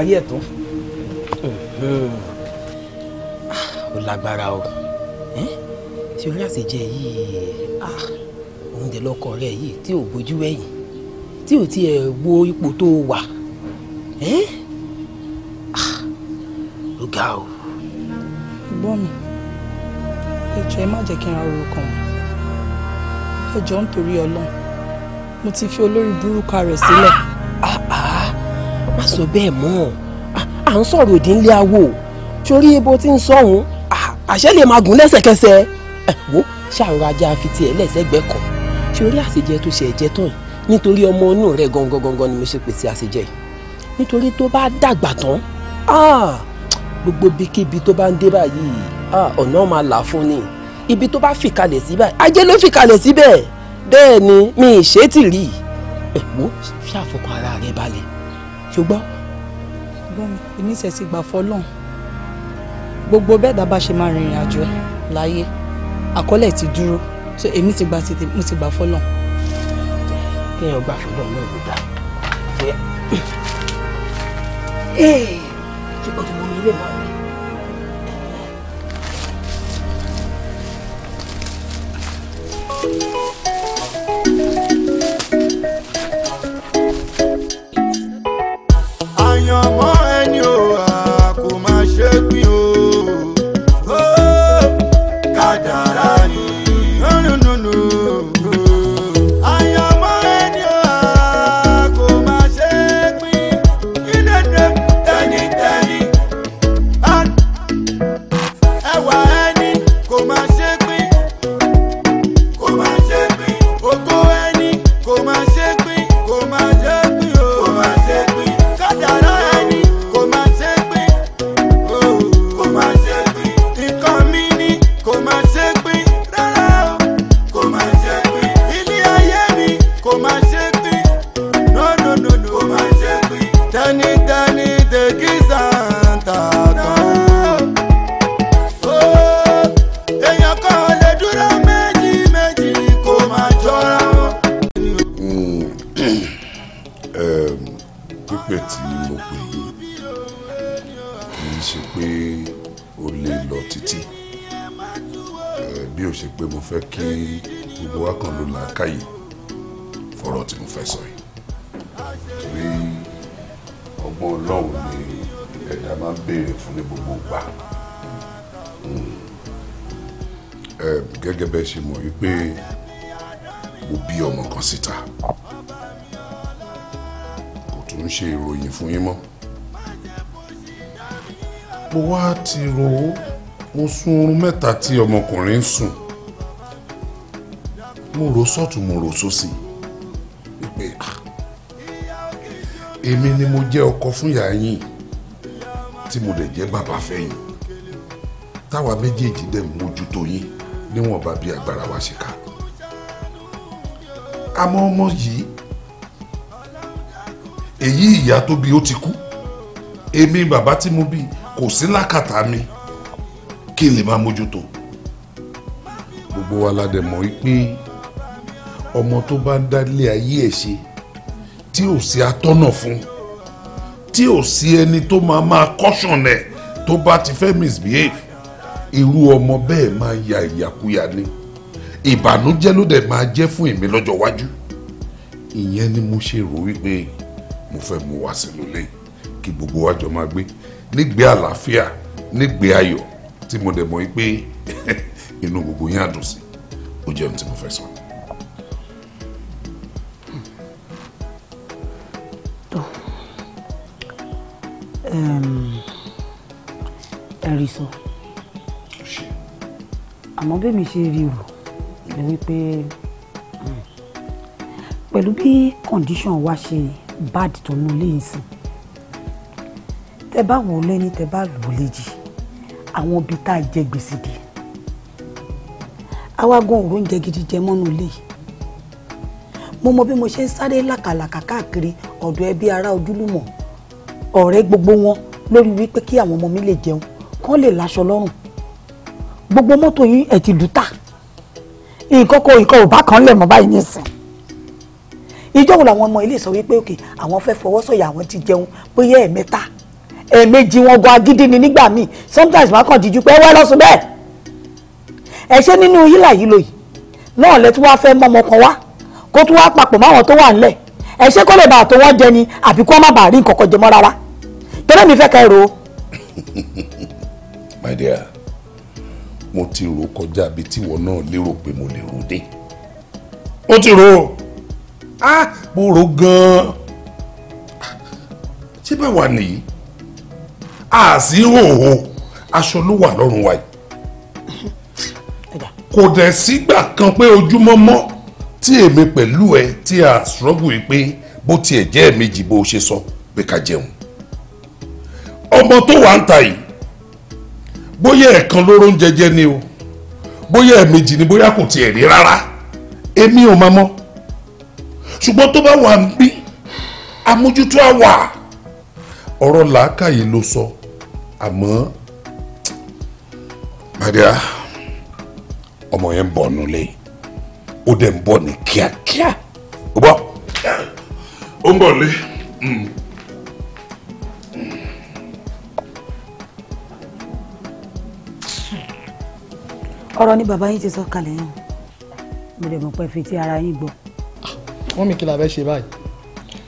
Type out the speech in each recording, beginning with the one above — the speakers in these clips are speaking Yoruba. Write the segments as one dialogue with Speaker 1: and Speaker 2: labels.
Speaker 1: ayé ẹ̀ tó.
Speaker 2: ó lágbára o
Speaker 3: ṣé orí àṣejẹ yìí oúnjẹ lọkọ rẹ yìí tí ò bójú ẹ̀yìn tí ò tiẹ̀ wo ipò tó wà ó ga o. gbọ́ mi ẹ jọ̀ọ́ ẹ má jẹ́ kí n ra orúkọ mi ẹ jọ̀ọ́ nítorí Ọlọ́run mo ti fi olórí burúkú rẹ̀ sílẹ̀. Ah! má sọ bẹ́ẹ̀ mọ́ à ń sọ̀rọ̀ òdì ńlẹ̀ awo torí bó ti ń sọ̀hún àṣẹ lè máa gùn lẹ́sẹ̀kẹsẹ̀ ẹ̀ wò ṣàrò ajá fi tiẹ̀ lẹ́sẹ̀gbẹ́ kan torí àṣejẹ tó ṣe ẹ̀jẹ̀ tán nítorí ọmọ inú rẹ̀ gangan ni mo ṣe pèsè àṣejẹ yìí nítorí tó bá dàgbà tán gbogbo ibikíbi tó bá ń dé báyìí ọ̀nà máa là fún ni ibi tó bá fìkalẹ̀ sí ajé ló fìkalẹ̀ síbẹ̀ bẹ́ẹ̀ ni mi ì ṣe é tì rí ẹ̀ wò ṣàfọkàn ara rẹ̀ balẹ̀ ṣùgbọ́n ṣùgbọ́n èmi ṣe ti gbà fọlọ́n gbogbo bẹ́ẹ̀ dábà ṣe máa rìnrìn àjò ẹ̀ láyé àkọlẹ̀ ti dúró so èmi ti gbà tètè mo ti gbà fọlọ́n. kéèyàn gbà fọlọ́n náà ló dá ṣe é ṣe kò tó mọ mi lè máa rí.
Speaker 4: bó wá ti rò ó mo sùn oorun mẹ́ta tí ọmọkùnrin ń sùn mo rò sọ́tún mo rò sósì pé èmi ni mo jẹ́ ọkọ fún ìyá yín tí mo dẹ̀ jẹ́ bàbá fẹ́yìn táwa méjèèjì dẹ̀ mójútó yín níwọ̀nba bí agbára wa ṣe ká àmọ́ ọmọ yìí èyí ìyá tó bí ó ti kú èmi bàbá tí mo bí kò sí lákàtà mi kí n lè máa mójútó gbogbo wa la dẹ̀ mọ̀ pé ọmọ tó bá ń dálé ayé ẹ̀ ṣe tí ò sí atọ́nà fún tí ò sí ẹni tó máa máa kọ́ṣọ̀n ẹ̀ tó bá ti fẹ́ misbehave irú ọmọ bẹ́ẹ̀ máa ya ìyàkuyà ni ìbànújẹ́ ló dẹ̀ máa jẹ́ fún èmi lọ́jọ́ iwájú ìyẹn ni mo ṣe rò wípé mo fẹ́ mú wá sínú ilé kí gbogbo wa máa gbé nígbé àlàáfíà nígbé ayọ̀ tí mo dẹ̀ mọ̀ yí pé inú gbogbo yín á dùn sí ó jẹ́ ohun tí mo fẹ́ sọ.
Speaker 3: ẹ̀rí sọ àmọ́ bẹ́mi ṣe rí o ni wípé hmm, pẹ̀lú bí kọ́ndíṣọ̀n wa ṣe bad tó nù léyìn sí tẹ bá wò lẹ́ni tẹ bá lò léjì àwọn ibi tá a jẹ gbèsè dé awágún òró ń jẹ gidi jẹ mọ́nú ilé mo mọ bí mo ṣe ń sáré làkàlàkà káàkiri ọ̀dọ̀ ẹbí ará ojúlùmọ̀ ọ̀rẹ́ gbogbo wọn lórí wípé kí àwọn ọmọ mi lè jẹun kán lè láṣọ lọ́rùn gbogbo mọ́tò yín ẹ̀ ti dùtà nǹkan kò nǹkan ò bá kan lẹ̀ mọ́ báyìí nísìn ìjọ làwọn ọmọ ilé sọ wípé òkè àwọn fẹ́ fọwọ́ sọ̀yà àwọn ti jẹun bóyá ẹ̀ẹ̀mẹ́ta ẹ̀ẹ̀mejì wọn gan agídí ni nígbà míì sometimes máa kàn díjú pé ẹ wá lọ́sùn bẹ́ẹ̀ ẹ ṣe nínú yílà yìí lòyìí náà lẹ tí wàá fẹ́ mọ́mọ kan wá kó tún wá papọ̀ máwọn tó wà ńlẹ̀ ẹ ṣe kó lè bàa tó wọ́n jẹ ni àbí kó má bàa rí nǹkan kan jẹ mọ́ rárá tẹ́lẹ̀ mi fẹ́ kẹ́ ẹ
Speaker 5: rò ó.
Speaker 4: my dear mo ti rò kọjá bíi tíwọ náà lérò pé mo lè rò dé
Speaker 5: ó ti rò ó ah
Speaker 4: mo rò gan-an ṣé báwa nìyí àṣìhòhò aṣọ ló wà lọ́rùn wa yìí kò dẹ̀ sígbà kan pé ojúmọ́ mọ́ tí èmi pẹ̀lú ẹ tí a ṣọ́gù yìí pé bó tiẹ̀ jẹ́ méjì bó ṣe sọ pé ká jẹun ọmọ tó wà ń ta yìí bóyá ẹ̀ẹ̀kan lóró ń jẹjẹ ni o bóyá ẹ̀ẹ̀mejì ni bóyá kò tiẹ̀ rí rárá èmi ò máa mọ̀ ṣùgbọ́n tó bá wà ń bí amójútó àwà ọ̀rọ̀ làákàyè ló sọ. So àmọ́ madia ọmọ yẹn ń bọ̀ nulẹ̀ ó dẹ̀ ń bọ̀ ní kíákíá ó bọ̀ ó ń bọ̀ lé. Mm.
Speaker 3: ọ̀rọ̀ ni bàbá yín ti sọ kalẹ̀ yẹn mo lè mọ̀ pé fi ti ara yín gbọ́.
Speaker 6: wọ́n mi kí la fẹ́ ṣe báyìí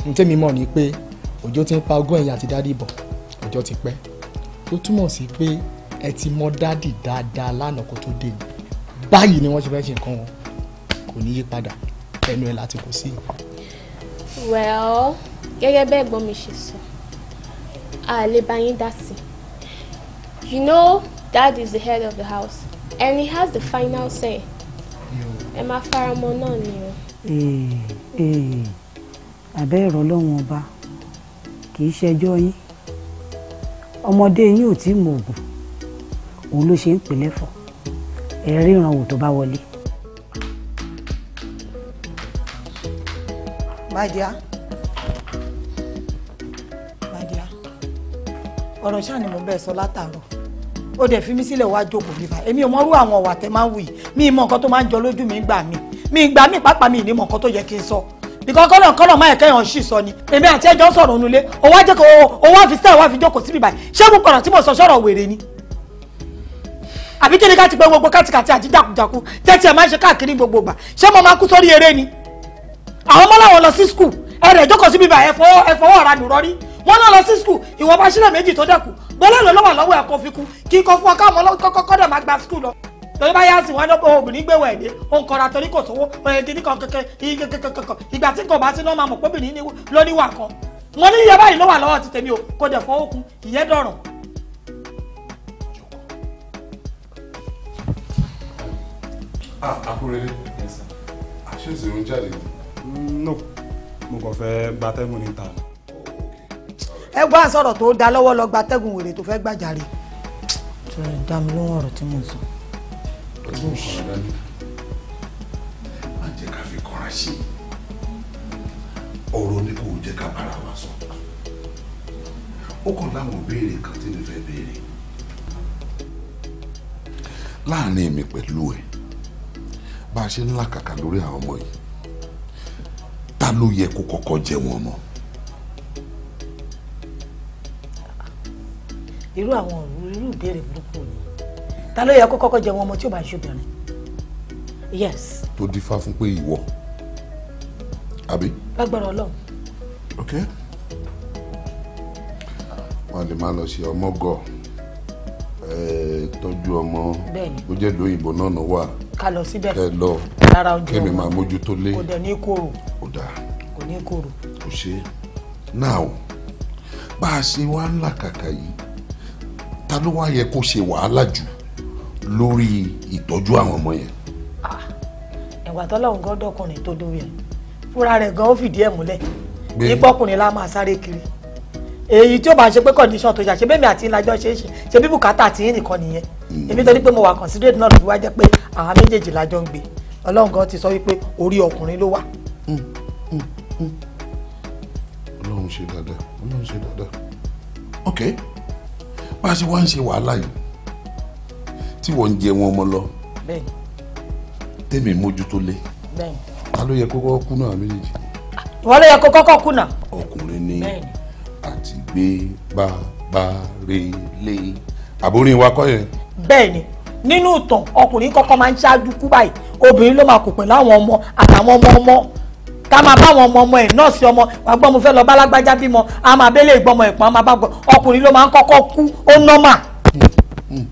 Speaker 6: ní tèmi mọ̀ ni pé òjò ti ń pa ogún ẹ̀yà àti dádì bọ̀ òjò ti pẹ́ tó túmọ̀ sí pé ẹ ti mọ dádì dáadáa lánàá kó tó dé ni báyìí ni wọ́n ṣe fẹ́ ṣe nǹkan wọn kò ní yí padà ẹnu ẹ̀ láti kó sí.
Speaker 7: well gẹ́gẹ́ bẹ́ẹ̀ gbọ́n mi ṣe sọ a lè bá yín dá sí you know dad is the head of the house and he has the final say ẹ máa fara mọ́ náà ni o.
Speaker 3: àbẹ́ eh, eh, ìrọ̀lọ́wọ́n ọba kì í ṣẹjọ́ yín ọmọdé yín ò tí ì mọ òògùn òun ló ṣe ń pè lẹ́fọ̀ ẹ ríran tó bá wọlé. my dear my dear ọ̀rọ̀ ṣáà ni mo bẹ́ẹ̀ sọ látàárọ̀ ó dẹ̀ fi mí sílẹ̀ wá jókòó bíbá èmi ò mọrú àwọn ọ̀wà tẹ́ máa ń wù yìí mi ì mọ nǹkan tó máa ń jọ lójú mi gbà mí mi gbà mí pàápàá mi ì ní mọ nǹkan tó yẹ kí n sọ. So because kọ́nà kọ́nà máa kẹ́yàn ṣì sọ ni èmi àti ẹjọ́ sọ̀rọ̀ onulé owó ajẹ́ kó owó àfi sẹ́ẹ̀ wá fi jókòó síbi báyìí ṣé mo kọ̀rọ̀ tí mo sọ sọ̀rọ̀ wèrè ni. àbí kí ni ká ti pé gbogbo kátikàti àti jákujàku tẹ́tí ẹ̀ máa ń ṣe káàkiri gbogbo gbà ṣé mo máa kú sórí eré ni. àwọn ọmọ làwọn lọ sí skul ẹ̀rẹ̀ jókòó síbi báyìí ẹ̀fọwọ́ ara mi rọrí wọn náà lọ sí skul ìwọ̀nba sílẹ̀ méjì tó dẹ̀kù bọ́lá ìlú lọ́wọ́ àlọ́wọ́ ẹ̀kọ́ torí báyà sì wọn lọ́pọ̀ obìnrin gbé wẹ̀dẹ́ ó ń kọra torí kò sówó ẹ̀ẹ́dínní kan kẹ̀kẹ́ ìgbà tí kò bá sí lọ́mọ àmọ̀ pọ́bìnrin lóníwà kan mo ní iye báyìí ló wà lọ́wọ́ ti tèmi o kò dẹ̀ fọ́ òkun ìyẹn dọ̀ràn.
Speaker 1: àkúrẹ́lẹ́ àṣẹ́sì ń jáde. Mm, no mo kàn fẹ́ gbatẹ́gùn ní ta.
Speaker 3: ẹ gbọ́ àsọ̀rọ̀ tó dá lọ́wọ́ lọ gbatẹ́gùn wèrè tó fẹ́ gbàjarè. tó rẹ̀ dá mi lóhùn ọ̀rọ̀ tí mo sọ ẹ̀gbọ́n kan
Speaker 4: dání má jẹ́ ká fi kọ́ra sí ọ̀rọ̀ ni kò jẹ́ ká bára wa sọ ó kàn láwọn béèrè kan tí mi fẹ́ béèrè láàrin èmi pẹ̀lú ẹ̀ bá a ṣe ń làkàkà lórí àwọn ọmọ yìí ta ló yẹ kó kọ́kọ́ jẹ wọn mọ́.
Speaker 3: irú àwọn irú ìbéèrè burúkú ni ta ló yẹ kó kọ́kọ́ jẹun ọmọ tí ò bá ṣobìnrin
Speaker 8: yes.
Speaker 4: tó dífá fún pé ìwọ àbí. lágbára Ọlọ́run. ok wọn lè máa lọ ṣe ọmọ gọ tọ́jú ọmọ ó jẹ́ lóyìnbó náà náà wà
Speaker 2: ká lọ síbẹ̀ ẹ
Speaker 4: lọ kémi máa mójútó lé kò dẹ̀
Speaker 2: ní kòrò kò dáa kò ní kòrò.
Speaker 4: kò ṣe now bá a ṣe wá ń làkàkà yìí ta ló wá yẹ kó ṣe wàhálà jù lórí ìtọ́jú àwọn ọmọ yẹn.
Speaker 3: ẹ̀wà tọ́lọ́run gan dọ́kùnrin tó lórí ẹ̀ fúnra rẹ̀ gan ó fìdí ẹ̀ múlẹ̀ ìpọ́kùnrin la máa sáré kiri èyí tí ó bá ṣe pé condition tó ṣe àṣẹ bẹ́ẹ̀mi àti ìlàjọ ṣe é ṣe ṣe bí bùkátà tí yín nìkan nìyẹn mm. èmi torí pé mo wà considerate náà lójú wá jẹ́ pé àwọn méjèèjì lájọ ń gbé ọlọ́run gan ti sọ wípé orí ọkùnrin ló wà. Mm, mm,
Speaker 4: ọlọ́run ṣe dáadáa ọlọ́run ṣe dáadáa ok bá a ṣe wá ń ṣe wàhálà yìí tí wọ́n ń jẹ wọn ọmọ lọ tèmi mójútó lé ta ló yẹ kó kọ́kọ́ kú náà méjèèjì.
Speaker 3: wọ́n ló yẹ kó kọ́kọ́ kú náà.
Speaker 4: ọkùnrin ni àti gbé bàbá rẹ̀ lé àbórin wa kọ́ yẹn.
Speaker 3: bẹ́ẹ̀ni nínú ìtàn ọkùnrin kọ́kọ́ máa ń ṣáájú kú báyìí obìnrin ló máa kù pẹ̀lú àwọn ọmọ àtàwọn ọmọ ọmọ ká máa bá àwọn ọmọ ọmọ ẹ̀ nọ́ọ̀sì ọmọ wàá mo fẹ́ lọ bálágbájá bímọ a máa bẹ́lẹ̀ ìgbọ́mọ ẹ̀pọ́n a máa bá gbọ́ ọkùnrin ló máa ń kọ́kọ́ kú ó nọ́mà. Hmm,
Speaker 4: hmm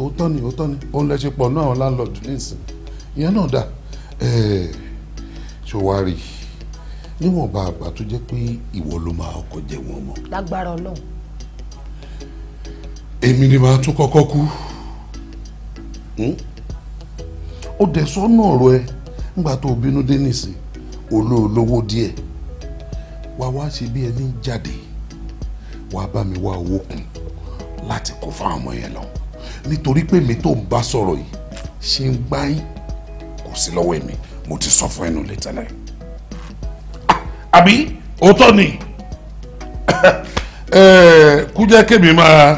Speaker 4: òótọ́ ni òótọ́ ni òun lẹ ṣe pọ̀ náà àwọn landlord nísìn ìyẹn náà dà ṣòwárì níwọ̀nba àgbà tó jẹ́ pé ìwọ ló máa ọkọ̀ jẹ wọn mọ́.
Speaker 3: lágbára ọlọ́run.
Speaker 4: èmi ni màá tún kọ́kọ́ kú hmm? ó dẹ̀ sọ́nà ọ̀rọ̀ ẹ nígbà tó bínú dé nìsín olóolówó díẹ̀ wá wá ṣe bí ẹni jáde wàá bá mi wá owó kún láti kó fáwọn ọmọ yẹn lọ nítorí pé èmi tó ń bá sọ̀rọ̀ yìí ṣe ń gbá yín kò sí lọ́wọ́ èmi mo ti sọ fún ẹnu lè tẹ́lẹ̀ àbí òótọ́ ni eh, kú jẹ́ kémi máa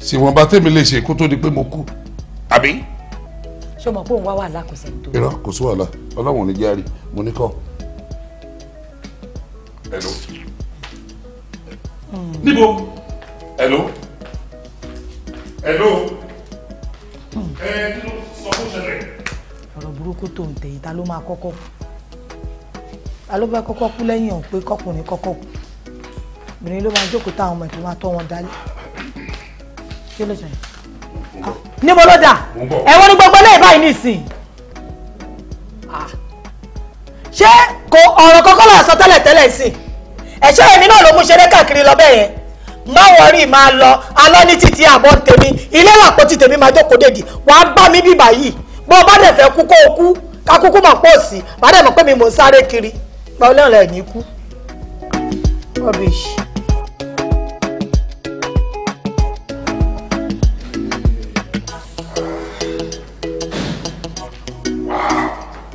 Speaker 4: ṣèwọ̀nba tèmi lè ṣe kó tó di pé mo kú àbí.
Speaker 3: ṣé o mọ̀ pé òun wá wàhálà kò sẹ́ni tó. irọ́
Speaker 4: kò sí wàhálà ọlọ́run ò ní mo ní kọ́.
Speaker 3: hello. Hmm. níbo
Speaker 4: hello hello ẹ kí ló sọ fún
Speaker 3: ṣẹlẹ̀. ọ̀rọ̀ burúkú tó ń tẹ̀ yìí ta ló máa kọ́kọ́ kú ta ló bá kọ́kọ́ kú lẹ́yìn ọ̀hún pé kọ́kùnrin kọ́kọ́ kú obìnrin ló máa jókòó táwọn ọmọ ìpínlẹ̀ máa tọ́ wọn dálé kí ló ṣẹlẹ̀. níbo ló dà ẹ̀wọ̀n ní gbogbo lẹ́yìn báyìí nìsín ṣé ọ̀rọ̀ kọ́kọ́ lọ́ọ́ sọ tẹ́lẹ̀ tẹ́lẹ̀ sí ẹ̀ṣọ́ ẹ̀mí náà ló mú ṣeré káàkiri lọ bẹ́ẹ̀ yẹn má wọrí máa lọ alọ́ ní títí àbọ̀ tèmi ilé làpótí tèmi máa jókòó dèdì wàá bá mi bíbà yìí bó bá dẹ̀ fẹ́ kú kó o kú ká kúkú mọ̀ pọ̀ sí bá dẹ̀ mọ̀ pé mi mò ń sáré kiri gba olóhùn rẹ̀ ní kú.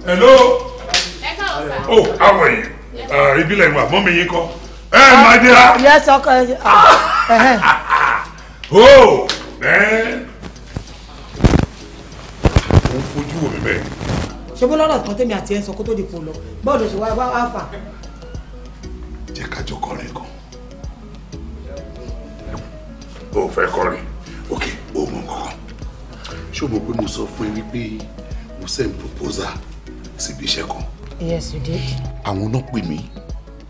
Speaker 4: hello. ẹ káàárọ̀ sá. oh how are you? Ah, ibi lẹ́yìn wa mọ́mí yín kọ́
Speaker 3: ẹ ah, my dear. Ah, yes, okay. sọkọ ẹ.
Speaker 4: o ẹ ń fojú wo mi bẹ́ẹ̀.
Speaker 3: ṣé bó lọ́rọ̀ kan tẹ́mi àti ẹ̀ ń sọ kó tó di pò lọ bọ́ọ̀lù ṣe wá wá fà.
Speaker 4: jẹ́ ká jọ kọrin kan o fẹ́ kọrin ok o mọ nǹkan ṣé o mọ̀ pé mo sọ fún ẹ wípé mo send proposal síbi iṣẹ́ yes you did. àwọn náà pè mí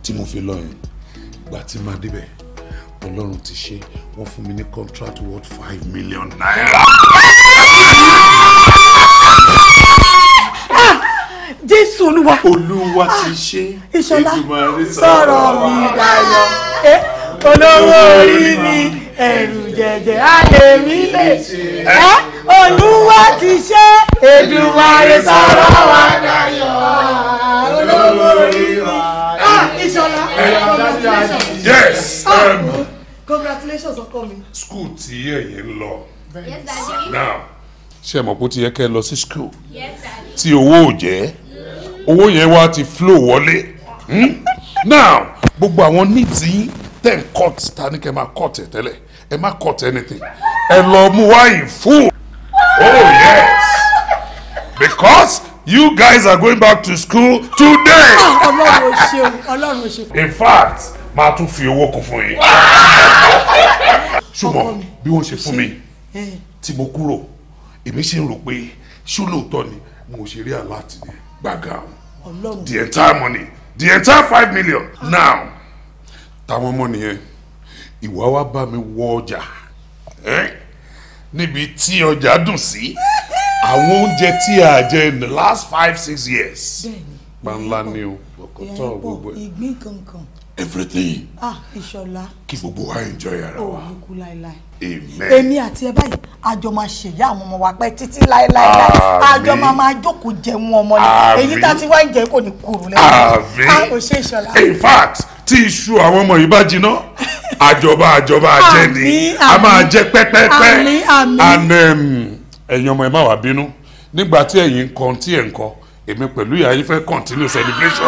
Speaker 4: tí mo fi ìgbà tí màá débẹ̀ ọlọ́run ti ṣe wọ́n fún mi ní contract worth five million naira.
Speaker 3: Ah, jésù olúwa olúwa ti ah, ṣe ìṣọlá sọ̀rọ̀ mi dayọ̀ eh, olówó orí mi ẹ̀rù jẹ̀jẹ̀ àlè mi lè ṣe eh, olúwa ti ṣe
Speaker 9: èdùmarè sọ̀rọ̀ wa dayọ̀ olówó orí mi
Speaker 3: ah, ìṣọlá. Congratulations. Yes. Oh. Um, Congratulations on coming. School
Speaker 4: tí ẹ̀yẹ ń lọ. Yes, daddy. Now, ṣé ẹ mọ̀ pé ó ti yẹ school? Yes, daddy. Ti owó ò jẹ́, owó yẹn wá ti flow wọlé. Hmm? Now, gbogbo àwọn needs yín tẹ̀ ń cut ta ni kẹ́ ẹ máa cut ẹ̀ tẹ́lẹ̀. Ẹ má cut anything. Ẹ lọ mú wá in full. Oh yes. Because you guys are going back to school
Speaker 3: today. Ah, Ọlọ́run ò ṣeun, Ọlọ́run ò ṣeun. In fact
Speaker 4: máa tún fi owó kún fún yín. ṣùgbọ́n bí wọ́n ṣe fún mi tí mo kúrò èmi ṣe ń rò pé ṣó lóòótọ́ ni mo ṣe rí aláàtì ní gbàgà
Speaker 6: ọ̀hún the entire
Speaker 4: money the entire five million now táwọn ọmọ nìyẹn ìwà wa bá mi wọ ọjà níbi tí ọjà dùn sí àwọn oúnjẹ tí a jẹ in the last five six years. bẹ́ẹ̀ni panla ni o ọkọtọ
Speaker 3: ìgbín kankan
Speaker 4: everything. ah ìṣọ̀lá. kí gbogbo wa enjoy ara wa. òun kú láéláé. amen. èmi
Speaker 3: àti ẹ báyìí àjọ máa ṣèyá àwọn ọmọ wa pẹ́ títí láéláé. àjọ máa máa jókòó jẹun ọmọ ni. èyí tá a ti wá ń jẹ kò ní kúrú lẹ́yìn. àmín. a ah, ò ṣe ìṣọ̀lá. in
Speaker 4: fact tí iṣu àwọn ọmọ yìí bá jiná àjọba àjọba jẹ ni a máa jẹ pẹ́pẹ́pẹ́. àmín àmín. and um, ẹ̀yin ọmọ ẹ má wá bínú nígbà tí ẹ̀yin ń kọ tí ẹ̀ ń kọ èmi pẹ̀lú ìyá yín fẹ́ continue celebration.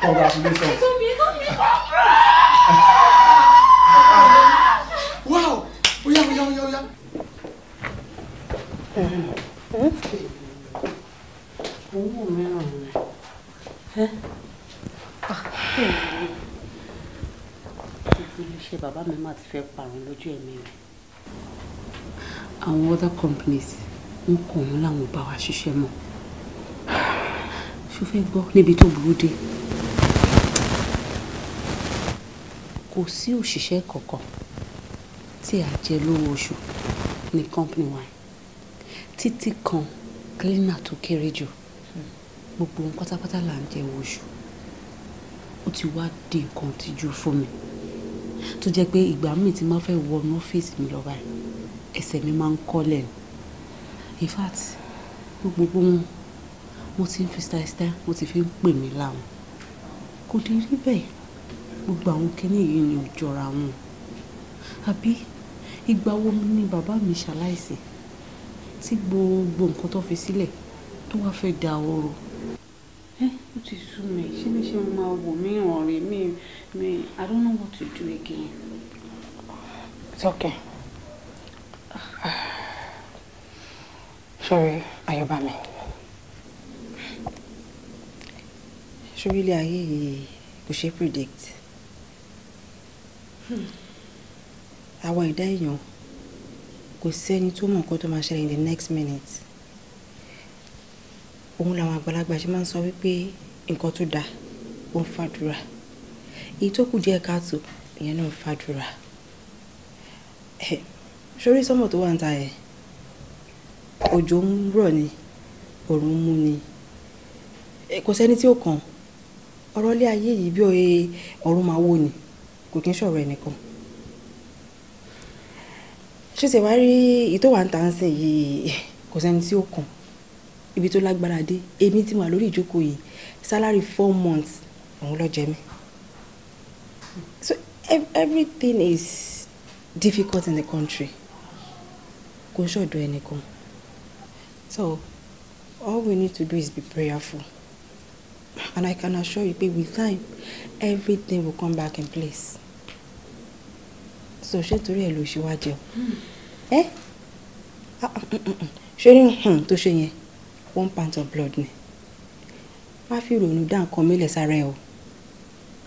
Speaker 3: Congratulations.
Speaker 6: wow! Oya, oh, oya, oya, oya.
Speaker 8: Owó
Speaker 9: mìíràn ni. Ṣé
Speaker 3: bàbá mi máa ti fẹ́ parun lójú ẹ̀mí rẹ̀? Àwọn other companies ń kọ̀ wọ́n láwọn bá wa ṣiṣẹ́ mọ́. Ṣo fẹ́ gbọ́ níbi tó burú dé? kò sí òṣìṣẹ́ kankan tí a jẹ lówó oṣù ní company wa títí kan cleaner tó kéré jù gbogbo ohun pátápátá là ń jẹ oṣù ó ti wá di nǹkan tìjú fún mi tó jẹ́ pé ìgbà míì tí máa fẹ́ wọnú ọ́fíìsì mi lọ báyìí ẹsẹ̀ mi máa ń kọ́lẹ̀ o in fact gbogbo wọn mo ti ń fi style style mo ti fi ń pè mí láwọn kò dé rí bẹ́ẹ̀ gbogbo àwọn kinní yìí ni ò jọra wọn àbí ìgbà wo ni bàbá mi ṣaláìsí tí gbogbo nǹkan tó fi sílẹ̀ tó wá fẹ́ da ọrọ̀. ẹ ó ti sú mi ṣé bí ṣe máa wò mí ràn mi mi I don't know what to do again. It's okay. Sorry, Ayọ̀bámi. Ṣé orílẹ̀ ayé yìí kò ṣe é predict? àwọn ẹ̀dá èèyàn kò sẹ́ni tó mọ̀ nǹkan tó máa ṣẹlẹ̀ in the next minute òun làwọn àgbàlagbà ṣe máa ń sọ wípé nǹkan tó dáa ó ń fàdúrà èyí tó kù díẹ̀ káàtó ìyẹn náà ń fàdúrà sórí sọ́mọ̀ tó wà ń ta ẹ̀ òjò ń rọ̀ ni òòrùn mú ni kò sẹ́ni tí ó kàn ọ̀rọ̀ ilé ayé yìí bí ọ̀run máa wò ni kò kí n ṣọ̀rọ̀ ẹnìkan ṣé ṣe wá rí ìtọ́wà ń ta ń sìn yìí kò sẹ́ni tí ó kàn ibi tó lágbára dé èmi ti wà lórí ìjókòó yìí salary four months òun ló jẹ mí so everything is difficult in the country kò ń ṣọ̀dọ̀ ẹnìkan
Speaker 10: so all we need to do is be prayerful. And I can assure you, baby, with time, everything will come back in place. So ṣé torí ẹ̀ ló ṣe wá jẹun? Ẹ́ eh? to ah, ah, mm, mm, mm. rí hmm, tó one pint of blood ni. Má fi ìrònú dá nǹkan mílẹ̀ sára ẹ o.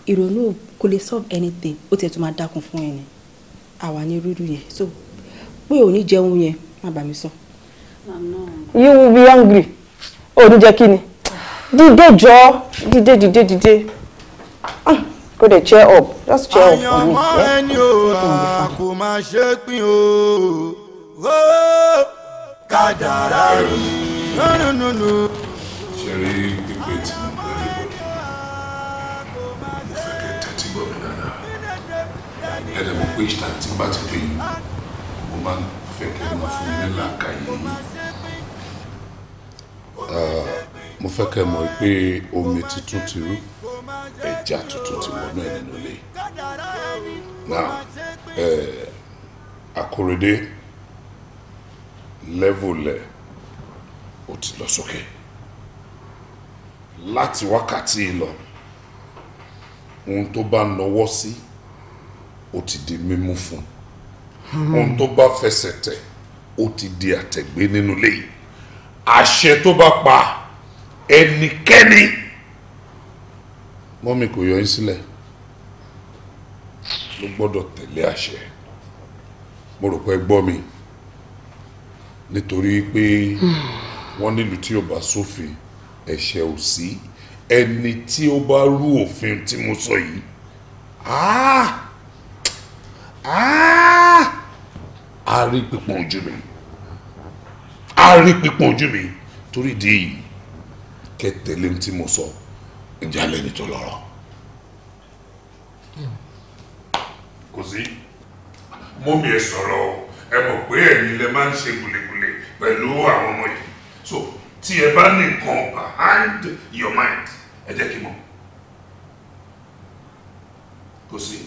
Speaker 10: Ìrònú kò lè solve anything ó tiẹ̀ tún máa dákun fún ẹ
Speaker 3: ni. so we only ní jẹun yẹn má
Speaker 10: You will be angry. Oh, ní jẹ́ dìde jọ dìde dìde dìde go dey cheer up just cheer up for me. àyànmọ́ ẹni o
Speaker 5: a kò máa ṣe pín o kádàrá rí nùnùnù.
Speaker 4: ṣe rí pípé tí mo bá rí bọ́ mo fẹ́ kẹ́ tẹ́tí gbọ́ mi dáadáa ẹ̀rẹ̀ mo pé ìṣàn tí bá ti pè yín mo máa ń fẹ́ kẹ́ máa fún mi mo fẹ́ kẹ́ mọ̀ pé omi tuntun ti rú ẹja tuntun ti wọnú ẹ̀ nínú ilé now eh, Akọ́rẹdé level ẹ̀ ó ti lọ sókè láti wákàtí ìlọ ohun tó bá nọwọ́ sí ó ti di mímú fún hmm. ohun tó bá fẹsẹ̀ tẹ̀ ó ti di àtẹ̀gbé nínú ilé àṣẹ tó bá pa ẹnikẹ́ni mọ́mí kò yọ yín sílẹ̀ ló gbọ́dọ̀ tẹ̀lé àṣẹ mo rò pé gbọ́ mi nítorí pé wọ́n nílùú tí ò bá sófin ẹ̀ṣẹ̀ ò sí ẹni tí ó bá rú òfin tí mo sọ yìí áá rí pípọ́n ojú mi á rí pípọ́n ojú mi torí ìdí èyí kẹ́ tẹ̀lé tí mo sọ ǹjẹ́ alẹ́ ni tó lọ́rọ̀ kò sí mọ́mí ẹ sọ̀rọ̀ ẹ mọ̀ pé ẹ̀yin lẹ máa ń ṣe gulegule pẹ̀lú
Speaker 9: àwọn ọmọ yìí so tí ẹ bá ní nǹkan behind your mind ẹ jẹ́ kí
Speaker 4: n mọ̀ kò sí